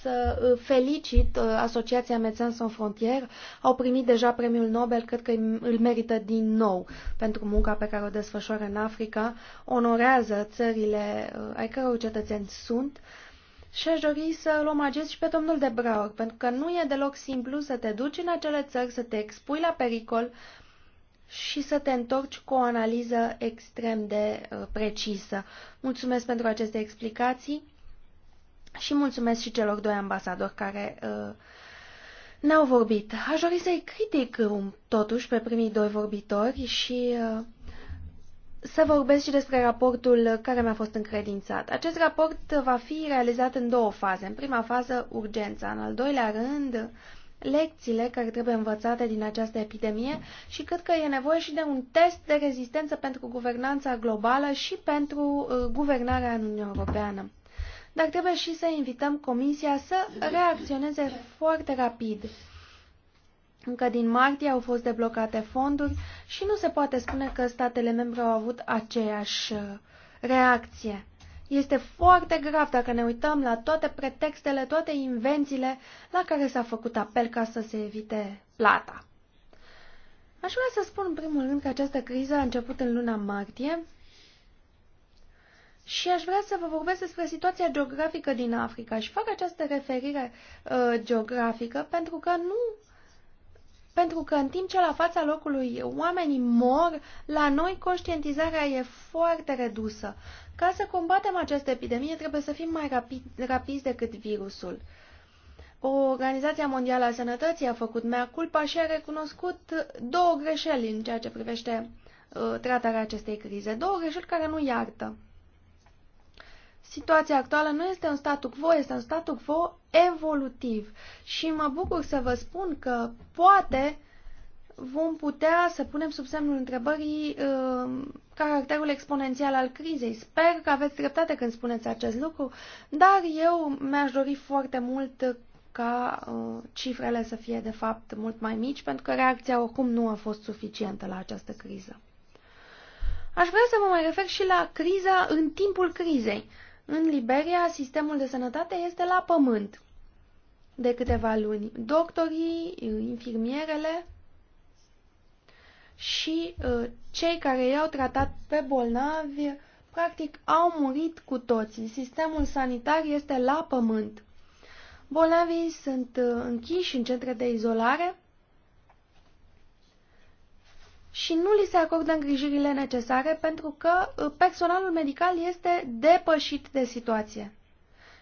să uh, felicit uh, Asociația Médecins Sans Frontières. Au primit deja premiul Nobel, cred că îl merită din nou pentru munca pe care o desfășoară în Africa. Onorează țările ai căror cetățeni sunt și aș dori să luăm acest și pe domnul de Braor, pentru că nu e deloc simplu să te duci în acele țări, să te expui la pericol și să te întorci cu o analiză extrem de uh, precisă. Mulțumesc pentru aceste explicații și mulțumesc și celor doi ambasadori care uh, ne-au vorbit. Aș dori să-i critic totuși pe primii doi vorbitori și uh, să vorbesc și despre raportul care mi-a fost încredințat. Acest raport va fi realizat în două faze. În prima fază, urgența. În al doilea rând, lecțiile care trebuie învățate din această epidemie și cred că e nevoie și de un test de rezistență pentru guvernanța globală și pentru uh, guvernarea în Uniunea Europeană. Dar trebuie și să invităm Comisia să reacționeze foarte rapid încă din martie au fost deblocate fonduri și nu se poate spune că statele membre au avut aceeași uh, reacție. Este foarte grav dacă ne uităm la toate pretextele, toate invențiile la care s-a făcut apel ca să se evite plata. Aș vrea să spun în primul rând că această criză a început în luna martie și aș vrea să vă vorbesc despre situația geografică din Africa și fac această referire uh, geografică pentru că nu pentru că în timp ce la fața locului oamenii mor, la noi conștientizarea e foarte redusă. Ca să combatem această epidemie trebuie să fim mai rapid, rapizi decât virusul. O Organizația Mondială a Sănătății a făcut mea culpa și a recunoscut două greșeli în ceea ce privește uh, tratarea acestei crize. Două greșeli care nu iartă situația actuală nu este un statu quo, este un statu quo evolutiv. Și mă bucur să vă spun că poate vom putea să punem sub semnul întrebării uh, caracterul exponențial al crizei. Sper că aveți dreptate când spuneți acest lucru, dar eu mi-aș dori foarte mult ca uh, cifrele să fie de fapt mult mai mici, pentru că reacția oricum nu a fost suficientă la această criză. Aș vrea să mă mai refer și la criza în timpul crizei. În Liberia, sistemul de sănătate este la pământ de câteva luni. Doctorii, infirmierele și uh, cei care i-au tratat pe bolnavi, practic, au murit cu toții. Sistemul sanitar este la pământ. Bolnavii sunt uh, închiși în centre de izolare și nu li se acordă îngrijirile necesare pentru că uh, personalul medical este depășit de situație.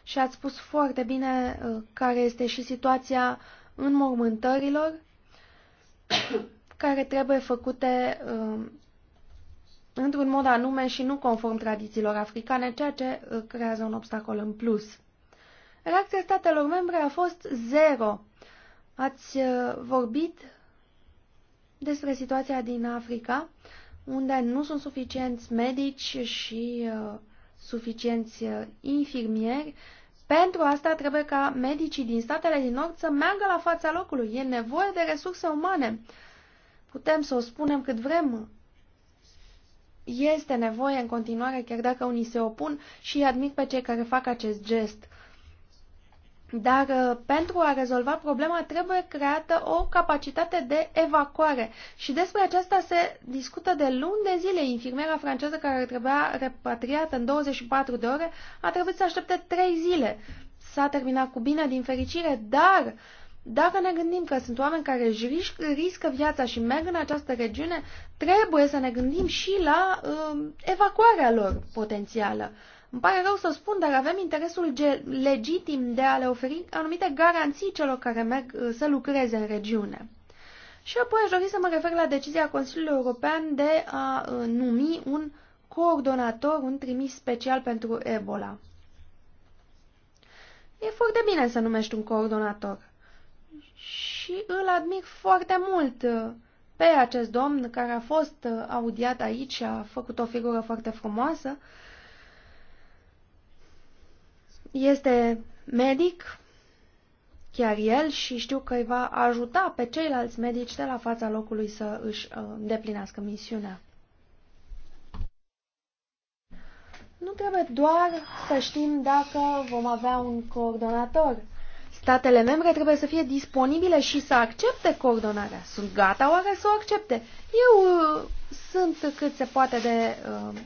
Și ați spus foarte bine uh, care este și situația în mormântărilor care trebuie făcute uh, într-un mod anume și nu conform tradițiilor africane, ceea ce creează un obstacol în plus. Reacția statelor membre a fost zero. Ați vorbit despre situația din Africa, unde nu sunt suficienți medici și uh, suficienți uh, infirmieri. Pentru asta trebuie ca medicii din statele din Nord să meargă la fața locului. E nevoie de resurse umane. Putem să o spunem cât vrem. Este nevoie în continuare, chiar dacă unii se opun și admit pe cei care fac acest gest. Dar uh, pentru a rezolva problema trebuie creată o capacitate de evacuare. Și despre aceasta se discută de luni de zile. Infirmiera franceză care trebuia repatriată în 24 de ore a trebuit să aștepte 3 zile. S-a terminat cu bine, din fericire, dar dacă ne gândim că sunt oameni care își risc, riscă viața și merg în această regiune, trebuie să ne gândim și la uh, evacuarea lor potențială. Uh, îmi pare rău să spun, dar avem interesul legitim de a le oferi anumite garanții celor care merg uh, să lucreze în regiune. Și apoi aș dori să mă refer la decizia Consiliului European de a uh, numi un coordonator, un trimis special pentru Ebola. E foarte bine să numești un coordonator. Și îl admir foarte mult uh, pe acest domn care a fost audiat aici și a făcut o figură foarte frumoasă, este medic, chiar el, și știu că îi va ajuta pe ceilalți medici de la fața locului să își uh, îndeplinească misiunea. Nu trebuie doar să știm dacă vom avea un coordonator. Statele membre trebuie să fie disponibile și să accepte coordonarea. Sunt gata oare să o accepte? Eu uh, sunt cât se poate de uh,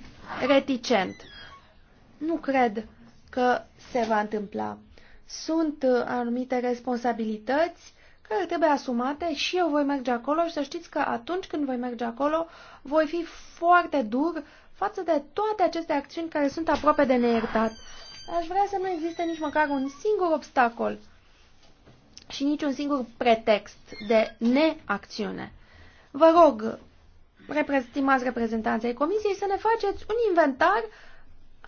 reticent. Nu cred că se va întâmpla. Sunt uh, anumite responsabilități care trebuie asumate și eu voi merge acolo și să știți că atunci când voi merge acolo voi fi foarte dur față de toate aceste acțiuni care sunt aproape de neiertat. Aș vrea să nu existe nici măcar un singur obstacol și nici un singur pretext de neacțiune. Vă rog, stimați reprezentanții Comisiei, să ne faceți un inventar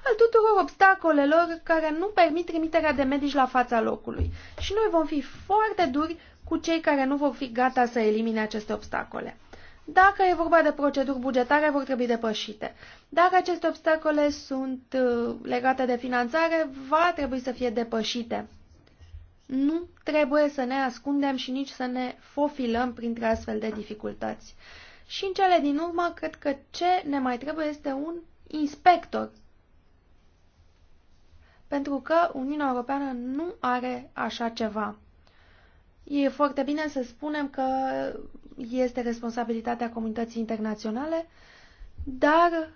al tuturor obstacolelor care nu permit trimiterea de medici la fața locului. Și noi vom fi foarte duri cu cei care nu vor fi gata să elimine aceste obstacole. Dacă e vorba de proceduri bugetare, vor trebui depășite. Dacă aceste obstacole sunt uh, legate de finanțare, va trebui să fie depășite. Nu trebuie să ne ascundem și nici să ne fofilăm printre astfel de dificultăți. Și în cele din urmă, cred că ce ne mai trebuie este un inspector pentru că Uniunea Europeană nu are așa ceva. E foarte bine să spunem că este responsabilitatea comunității internaționale, dar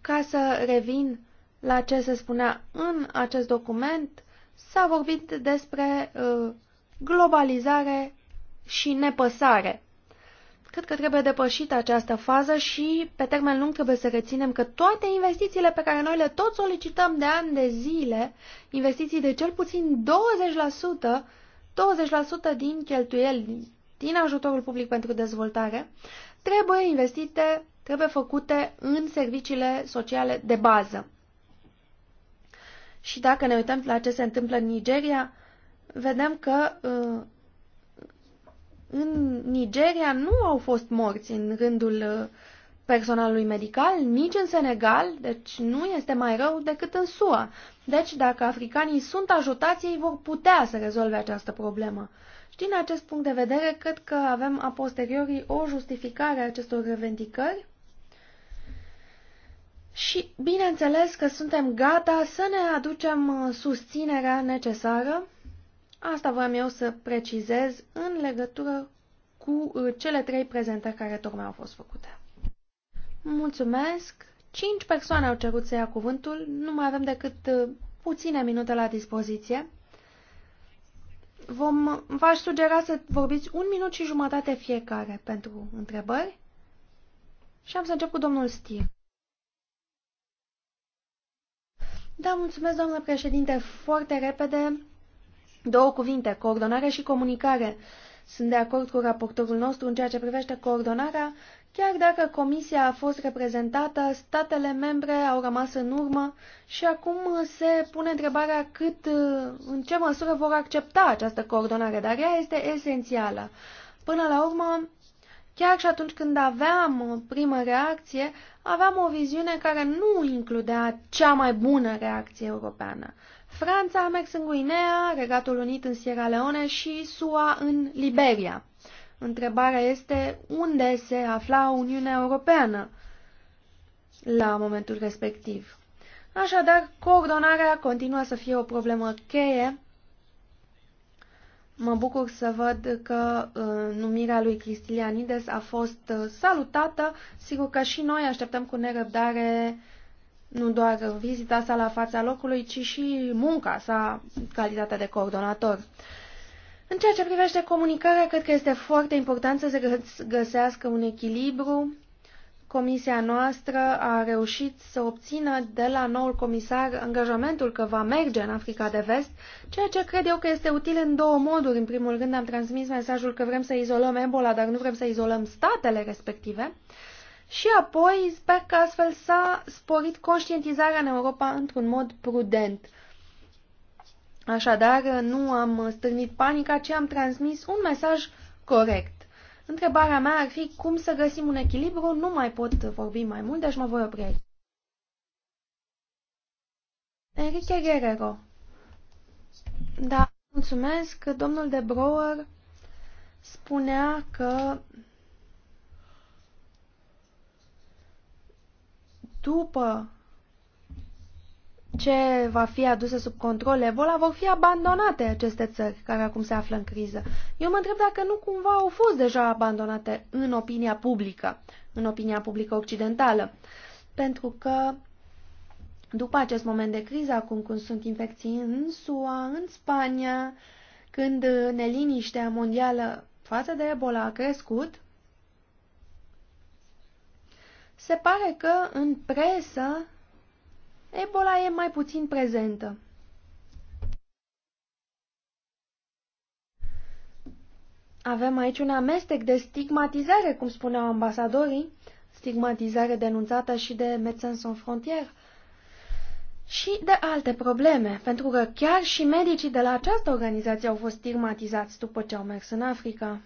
ca să revin la ce se spunea în acest document, s-a vorbit despre uh, globalizare și nepăsare. Cred că trebuie depășită această fază și pe termen lung trebuie să reținem că toate investițiile pe care noi le tot solicităm de ani de zile, investiții de cel puțin 20%, 20% din cheltuieli din ajutorul public pentru dezvoltare, trebuie investite, trebuie făcute în serviciile sociale de bază. Și dacă ne uităm la ce se întâmplă în Nigeria, vedem că uh, în Nigeria nu au fost morți în rândul uh, personalului medical, nici în Senegal, deci nu este mai rău decât în SUA. Deci dacă africanii sunt ajutați, ei vor putea să rezolve această problemă. Și din acest punct de vedere, cred că avem a posteriori o justificare a acestor revendicări. Și bineînțeles că suntem gata să ne aducem uh, susținerea necesară Asta voiam eu să precizez în legătură cu uh, cele trei prezentări care tocmai au fost făcute. Mulțumesc! Cinci persoane au cerut să ia cuvântul, nu mai avem decât uh, puține minute la dispoziție. Vom, v-aș sugera să vorbiți un minut și jumătate fiecare pentru întrebări și am să încep cu domnul Stier. Da, mulțumesc, doamnă președinte. Foarte repede, Două cuvinte, coordonare și comunicare. Sunt de acord cu raportorul nostru în ceea ce privește coordonarea, chiar dacă comisia a fost reprezentată, statele membre au rămas în urmă și acum se pune întrebarea cât, în ce măsură vor accepta această coordonare, dar ea este esențială. Până la urmă, chiar și atunci când aveam prima reacție, aveam o viziune care nu includea cea mai bună reacție europeană. Franța a mers în Guinea, Regatul Unit în Sierra Leone și SUA în Liberia. Întrebarea este unde se afla Uniunea Europeană la momentul respectiv. Așadar, coordonarea continuă să fie o problemă cheie. Mă bucur să văd că uh, numirea lui Cristilianides a fost uh, salutată. Sigur că și noi așteptăm cu nerăbdare nu doar vizita sa la fața locului, ci și munca sa, calitatea de coordonator. În ceea ce privește comunicarea, cred că este foarte important să se găsească un echilibru. Comisia noastră a reușit să obțină de la noul comisar angajamentul că va merge în Africa de Vest, ceea ce cred eu că este util în două moduri. În primul rând am transmis mesajul că vrem să izolăm Ebola, dar nu vrem să izolăm statele respective. Și apoi sper că astfel s-a sporit conștientizarea în Europa într-un mod prudent. Așadar, nu am stârnit panica, ci am transmis un mesaj corect. Întrebarea mea ar fi cum să găsim un echilibru, nu mai pot vorbi mai mult, deci mă voi opri aici. Enrique Guerrero. Da, mulțumesc. Domnul de Brouwer spunea că după ce va fi adusă sub control Ebola, vor fi abandonate aceste țări care acum se află în criză. Eu mă întreb dacă nu cumva au fost deja abandonate în opinia publică, în opinia publică occidentală. Pentru că după acest moment de criză, acum când sunt infecții în SUA, în Spania, când neliniștea mondială față de Ebola a crescut, se pare că în presă Ebola e mai puțin prezentă. Avem aici un amestec de stigmatizare, cum spuneau ambasadorii, stigmatizare denunțată și de Médecins Sans Frontières, și de alte probleme, pentru că chiar și medicii de la această organizație au fost stigmatizați după ce au mers în Africa.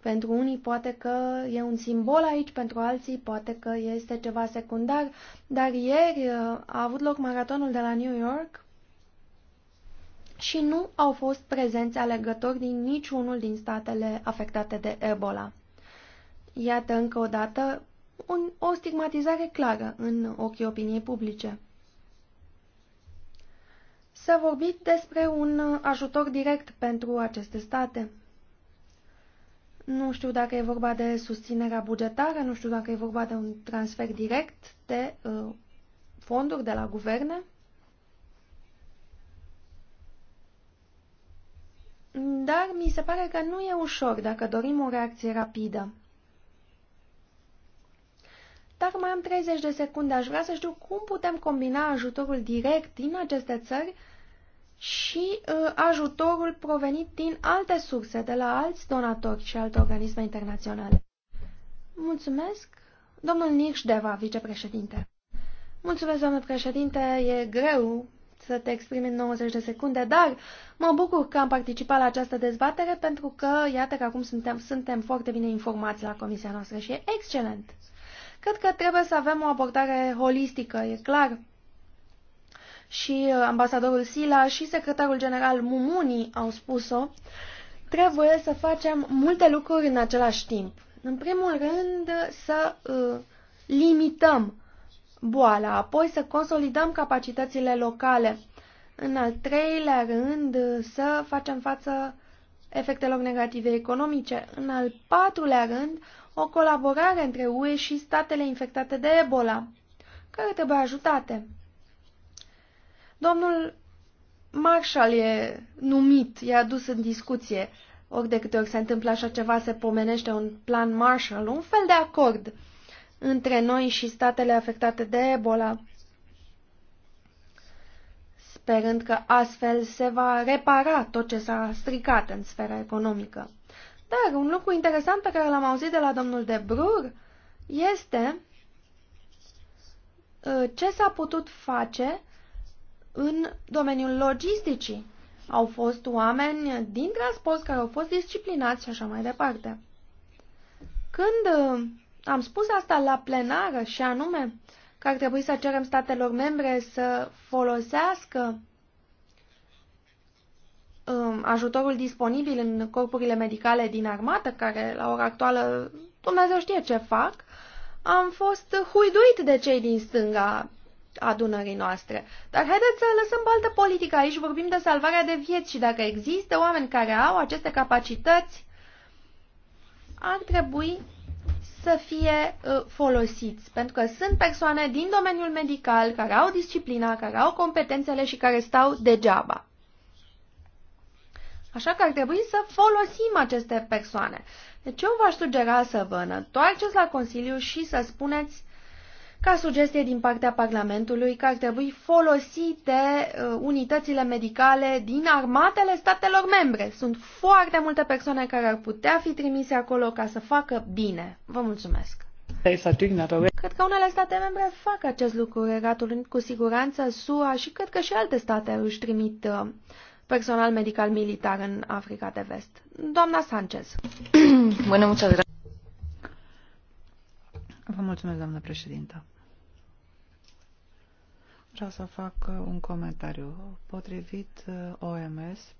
Pentru unii poate că e un simbol aici, pentru alții poate că este ceva secundar, dar ieri uh, a avut loc maratonul de la New York și nu au fost prezenți alegători din niciunul din statele afectate de Ebola. Iată încă o dată un, o stigmatizare clară în ochii opiniei publice. S-a vorbit despre un ajutor direct pentru aceste state. Nu știu dacă e vorba de susținerea bugetară, nu știu dacă e vorba de un transfer direct de uh, fonduri de la guverne. Dar mi se pare că nu e ușor dacă dorim o reacție rapidă. Dar mai am 30 de secunde, aș vrea să știu cum putem combina ajutorul direct din aceste țări și uh, ajutorul provenit din alte surse, de la alți donatori și alte organisme internaționale. Mulțumesc, domnul Nirșdeva, vicepreședinte. Mulțumesc, domnule președinte, e greu să te exprimi în 90 de secunde, dar mă bucur că am participat la această dezbatere pentru că, iată că acum suntem, suntem foarte bine informați la comisia noastră și e excelent. Cred că trebuie să avem o abordare holistică, e clar și uh, ambasadorul Sila și secretarul general Mumuni au spus-o, trebuie să facem multe lucruri în același timp. În primul rând să uh, limităm boala, apoi să consolidăm capacitățile locale. În al treilea rând să facem față efectelor negative economice. În al patrulea rând o colaborare între UE și statele infectate de Ebola, care trebuie ajutate. Domnul Marshall e numit, e adus în discuție. Ori de câte ori se întâmplă așa ceva, se pomenește un plan Marshall, un fel de acord între noi și statele afectate de Ebola, sperând că astfel se va repara tot ce s-a stricat în sfera economică. Dar un lucru interesant pe care l-am auzit de la domnul de Brur este uh, ce s-a putut face în domeniul logisticii. Au fost oameni din transport care au fost disciplinați și așa mai departe. Când uh, am spus asta la plenară și anume că ar trebui să cerem statelor membre să folosească um, ajutorul disponibil în corpurile medicale din armată, care la ora actuală Dumnezeu știe ce fac, am fost huiduit de cei din stânga adunării noastre. Dar haideți să lăsăm baltă politică aici, vorbim de salvarea de vieți și dacă există oameni care au aceste capacități, ar trebui să fie uh, folosiți, pentru că sunt persoane din domeniul medical care au disciplina, care au competențele și care stau degeaba. Așa că ar trebui să folosim aceste persoane. Deci eu v-aș sugera să vă întoarceți la Consiliu și să spuneți ca sugestie din partea Parlamentului că ar trebui folosite uh, unitățile medicale din armatele statelor membre. Sunt foarte multe persoane care ar putea fi trimise acolo ca să facă bine. Vă mulțumesc! Cred că unele state membre fac acest lucru, Regatul Unit cu siguranță, SUA și cred că și alte state își trimit uh, personal medical militar în Africa de Vest. Doamna Sanchez. Bună, mulțumesc. Vă mulțumesc, doamnă președintă. Vreau să fac uh, un comentariu. Potrivit uh, OMS,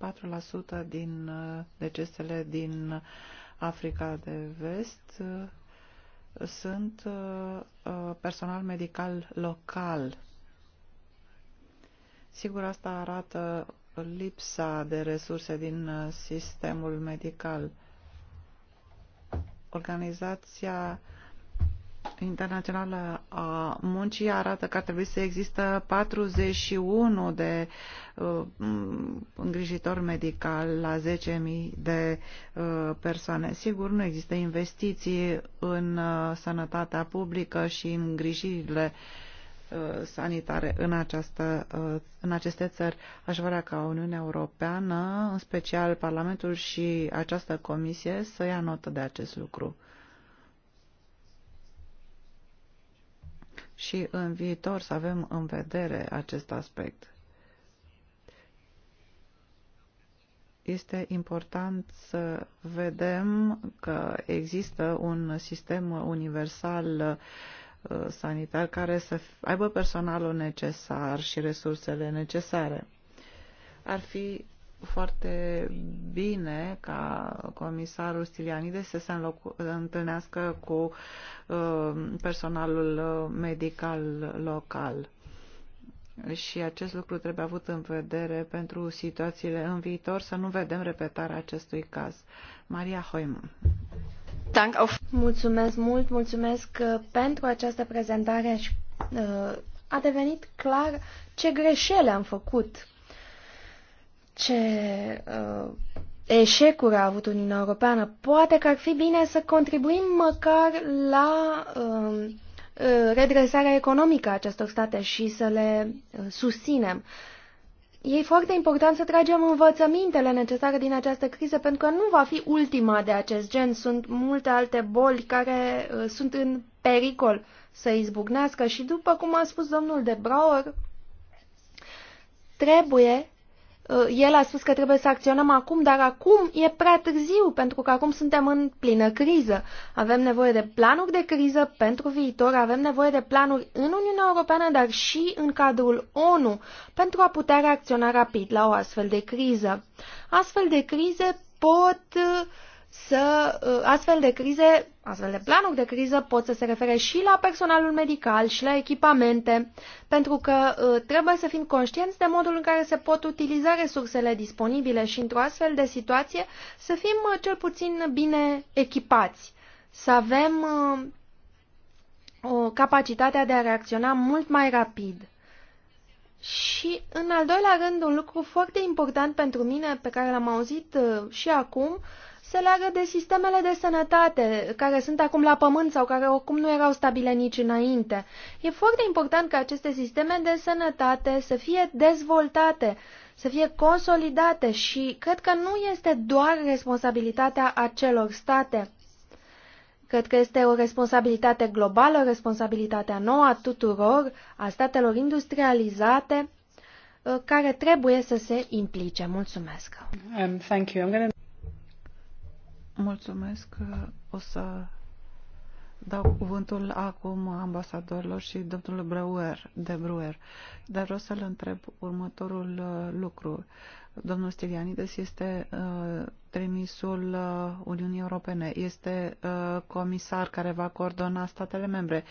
4% din uh, decesele din Africa de Vest sunt personal medical local. Sigur, asta arată lipsa de resurse din sistemul medical. Organizația Internațională a Muncii arată că ar trebui să există 41 de uh, îngrijitori medical la 10.000 de uh, persoane. Sigur, nu există investiții în uh, sănătatea publică și în îngrijirile uh, sanitare în, această, uh, în aceste țări. Aș vrea ca Uniunea Europeană, în special Parlamentul și această comisie, să ia notă de acest lucru. și în viitor să avem în vedere acest aspect. Este important să vedem că există un sistem universal uh, sanitar care să aibă personalul necesar și resursele necesare. Ar fi foarte bine ca comisarul Stilianides să se întâlnească cu uh, personalul uh, medical local. Și acest lucru trebuie avut în vedere pentru situațiile în viitor, să nu vedem repetarea acestui caz. Maria Hoim. Mulțumesc mult, mulțumesc uh, pentru această prezentare și a devenit clar ce greșele am făcut ce uh, eșecuri a avut Uniunea Europeană, poate că ar fi bine să contribuim măcar la um, uh, redresarea economică a acestor state și să le uh, susținem. E foarte important să tragem învățămintele necesare din această criză, pentru că nu va fi ultima de acest gen. Sunt multe alte boli care uh, sunt în pericol să izbucnească și, după cum a spus domnul de Brauer, trebuie Uh, el a spus că trebuie să acționăm acum, dar acum e prea târziu, pentru că acum suntem în plină criză. Avem nevoie de planuri de criză pentru viitor, avem nevoie de planuri în Uniunea Europeană, dar și în cadrul ONU, pentru a putea reacționa rapid la o astfel de criză. Astfel de crize pot uh, să uh, astfel de crize, astfel de planuri de criză pot să se refere și la personalul medical și la echipamente, pentru că uh, trebuie să fim conștienți de modul în care se pot utiliza resursele disponibile și într-o astfel de situație să fim uh, cel puțin bine echipați, să avem o capacitatea de a reacționa mult mai rapid. Și, în al doilea rând, un lucru foarte important pentru mine, pe care l-am auzit și acum, se leagă de sistemele de sănătate care sunt acum la pământ sau care oricum nu erau stabile nici înainte. E foarte important ca aceste sisteme de sănătate să fie dezvoltate, să fie consolidate și cred că nu este doar responsabilitatea acelor state. Cred că este o responsabilitate globală, responsabilitatea nouă a tuturor, a statelor industrializate, uh, care trebuie să se implice. Mulțumesc! Um, thank you. I'm Mulțumesc. O să Dau cuvântul acum ambasadorilor și domnul Breuer, de Bruer, dar vreau să-l întreb următorul uh, lucru. Domnul Stilianides este uh, trimisul uh, Uniunii Europene, este uh, comisar care va coordona statele membre.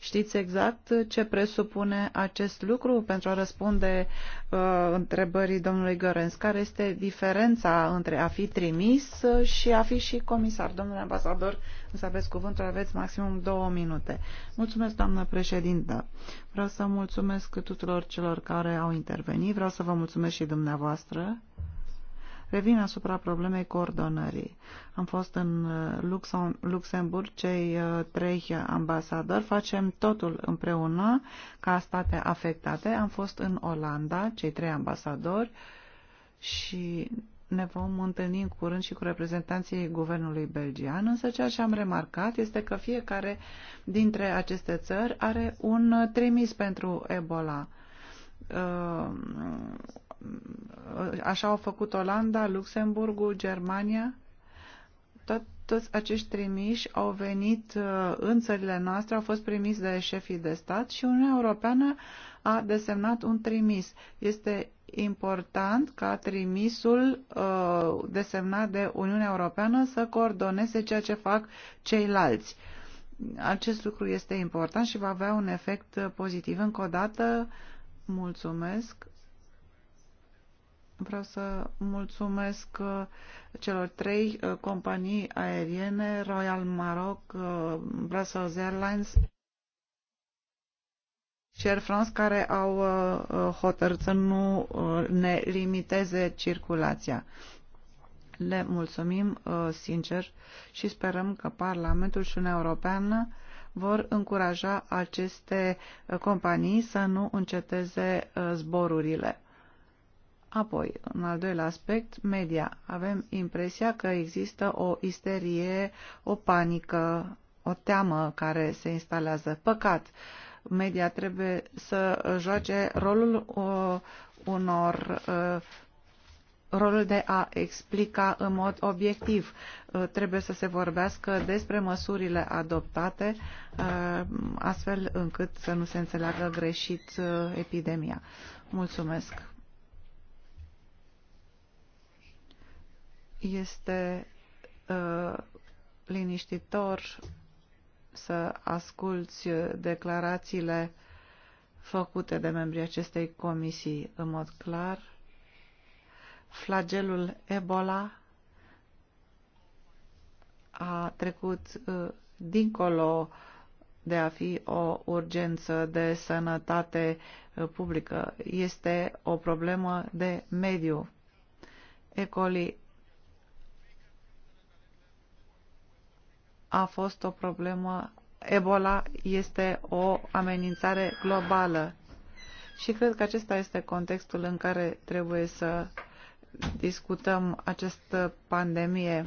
Știți exact ce presupune acest lucru pentru a răspunde uh, întrebării domnului Gărens? Care este diferența între a fi trimis uh, și a fi și comisar? Domnule ambasador, când să aveți cuvântul aveți maximum două minute. Mulțumesc, doamnă președintă. Vreau să mulțumesc tuturor celor care au intervenit. Vreau să vă mulțumesc și dumneavoastră. Revin asupra problemei coordonării. Am fost în uh, Luxemburg, cei uh, trei ambasadori, facem totul împreună ca state afectate. Am fost în Olanda, cei trei ambasadori, și ne vom întâlni în curând și cu reprezentanții guvernului belgian, însă ceea ce am remarcat este că fiecare dintre aceste țări are un trimis pentru Ebola. Uh, așa au făcut Olanda, Luxemburgul, Germania. Tot, toți acești trimiși au venit uh, în țările noastre, au fost primiți de șefii de stat și Uniunea Europeană a desemnat un trimis. Este important ca trimisul uh, desemnat de Uniunea Europeană să coordoneze ceea ce fac ceilalți. Acest lucru este important și va avea un efect pozitiv. Încă o dată, mulțumesc. Vreau să mulțumesc uh, celor trei uh, companii aeriene, Royal Maroc, Brussels Airlines, și Air France care au uh, uh, hotărât să nu uh, ne limiteze circulația. Le mulțumim sincer și sperăm că Parlamentul și Uniunea Europeană vor încuraja aceste companii să nu înceteze zborurile. Apoi, în al doilea aspect, media. Avem impresia că există o isterie, o panică, o teamă care se instalează. Păcat! Uh, media trebuie să joace rolul uh, unor uh, rolul de a explica în mod obiectiv. Uh, trebuie să se vorbească despre măsurile adoptate, astfel încât să nu se înțeleagă greșit epidemia. Mulțumesc. Este liniștitor să asculți uh, declarațiile făcute de membrii acestei comisii în mod clar. Flagelul Ebola a trecut uh, dincolo de a fi o urgență de sănătate uh, publică. Este o problemă de mediu. Ecoli a fost o problemă. Ebola este o amenințare globală. Și cred că acesta este contextul în care trebuie să discutăm această pandemie.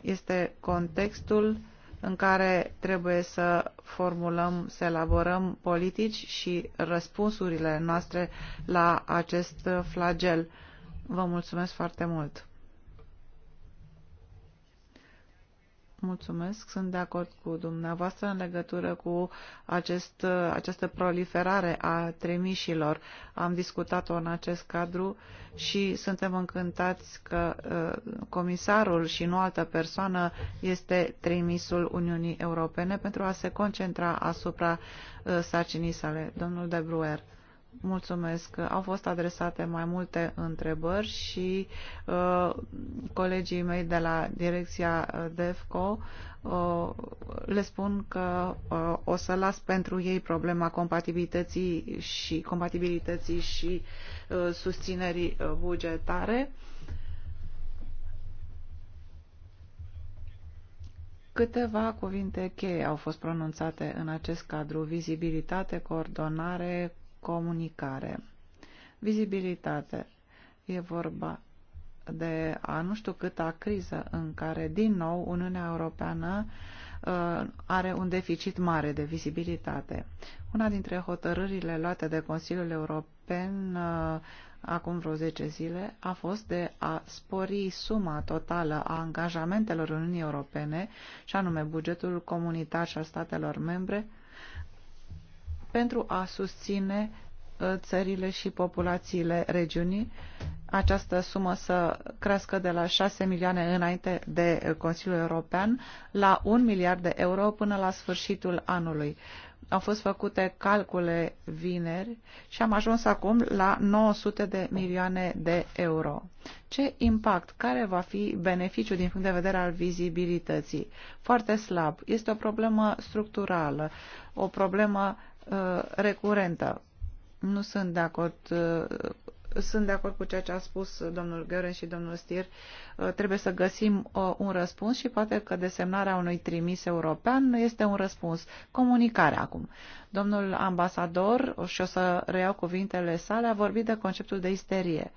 Este contextul în care trebuie să formulăm, să elaborăm politici și răspunsurile noastre la acest flagel. Vă mulțumesc foarte mult! Mulțumesc, sunt de acord cu dumneavoastră în legătură cu acest, această proliferare a tremișilor. Am discutat-o în acest cadru și suntem încântați că uh, comisarul și nu altă persoană este trimisul Uniunii Europene pentru a se concentra asupra uh, sarcinii sale. Domnul De Bruer. Mulțumesc. Au fost adresate mai multe întrebări și uh, colegii mei de la direcția uh, DEFCO uh, le spun că uh, o să las pentru ei problema compatibilității și, compatibilității și uh, susținerii uh, bugetare. Câteva cuvinte cheie au fost pronunțate în acest cadru, vizibilitate, coordonare, comunicare. Vizibilitate. E vorba de a nu știu câta criză în care, din nou, Uniunea Europeană uh, are un deficit mare de vizibilitate. Una dintre hotărârile luate de Consiliul European uh, acum vreo 10 zile a fost de a spori suma totală a angajamentelor Uniunii Europene, și anume bugetul comunitar și al statelor membre, pentru a susține uh, țările și populațiile regiunii. Această sumă să crească de la 6 milioane înainte de uh, Consiliul European la 1 miliard de euro până la sfârșitul anului. Au fost făcute calcule vineri și am ajuns acum la 900 de milioane de euro. Ce impact? Care va fi beneficiul din punct de vedere al vizibilității? Foarte slab. Este o problemă structurală, o problemă Uh, recurentă. Nu sunt de acord uh, sunt de acord cu ceea ce a spus domnul Gheoren și domnul Stier. Uh, trebuie să găsim un răspuns și poate că desemnarea unui trimis european este un răspuns. Comunicare acum. Domnul ambasador, și o să reiau cuvintele sale, a vorbit de conceptul de isterie.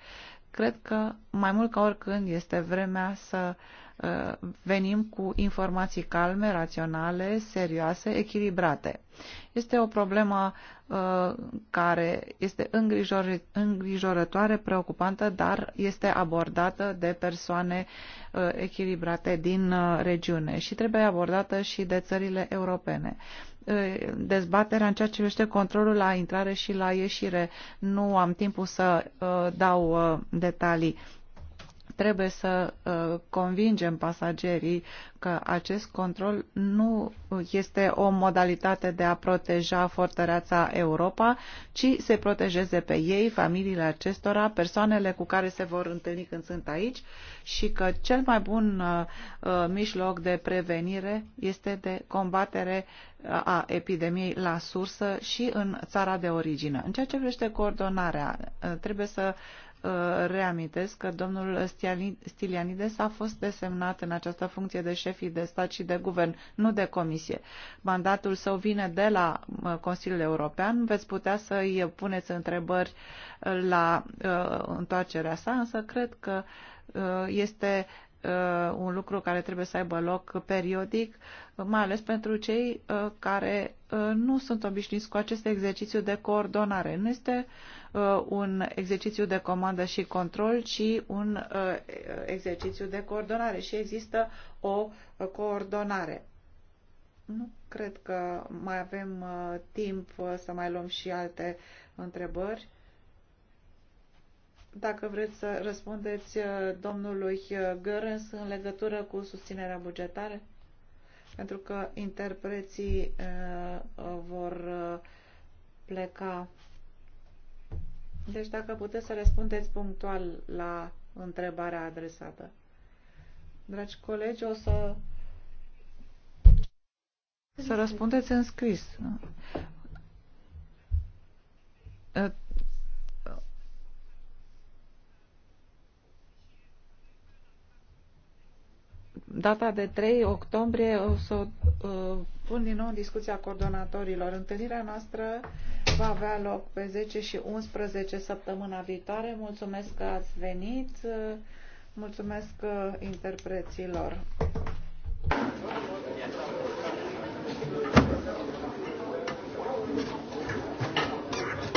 Cred că mai mult ca oricând este vremea să uh, venim cu informații calme, raționale, serioase, echilibrate. Este o problemă uh, care este îngrijor, îngrijorătoare, preocupantă, dar este abordată de persoane uh, echilibrate din uh, regiune și trebuie abordată și de țările europene dezbaterea în ceea ce privește controlul la intrare și la ieșire. Nu am timpul să dau detalii trebuie să uh, convingem pasagerii că acest control nu este o modalitate de a proteja fortăreața Europa, ci se protejeze pe ei, familiile acestora, persoanele cu care se vor întâlni când sunt aici și că cel mai bun uh, uh, mijloc de prevenire este de combatere a epidemiei la sursă și în țara de origine. În ceea ce privește coordonarea, trebuie să Uh, reamintesc că domnul Stilianides a fost desemnat în această funcție de șefii de stat și de guvern, nu de comisie. Mandatul său vine de la uh, Consiliul European, veți putea să-i puneți întrebări uh, la întoarcerea sa, însă cred că este Uh, un lucru care trebuie să aibă loc periodic, mai ales pentru cei uh, care uh, nu sunt obișnuiți cu acest exercițiu de coordonare. Nu este un exercițiu de comandă și control, ci un exercițiu de coordonare și există o coordonare. Nu cred că mai avem timp să mai luăm și alte întrebări dacă vreți să răspundeți uh, domnului uh, Görens în legătură cu susținerea bugetară, pentru că interpreții uh, vor pleca. Deci dacă puteți să răspundeți punctual la întrebarea adresată. Dragi colegi, o să să răspundeți în scris data de 3 octombrie o să uh, pun din nou în discuția coordonatorilor. Întâlnirea noastră va avea loc pe 10 și 11 săptămâna viitoare. Mulțumesc că ați venit. Mulțumesc uh, interpreților.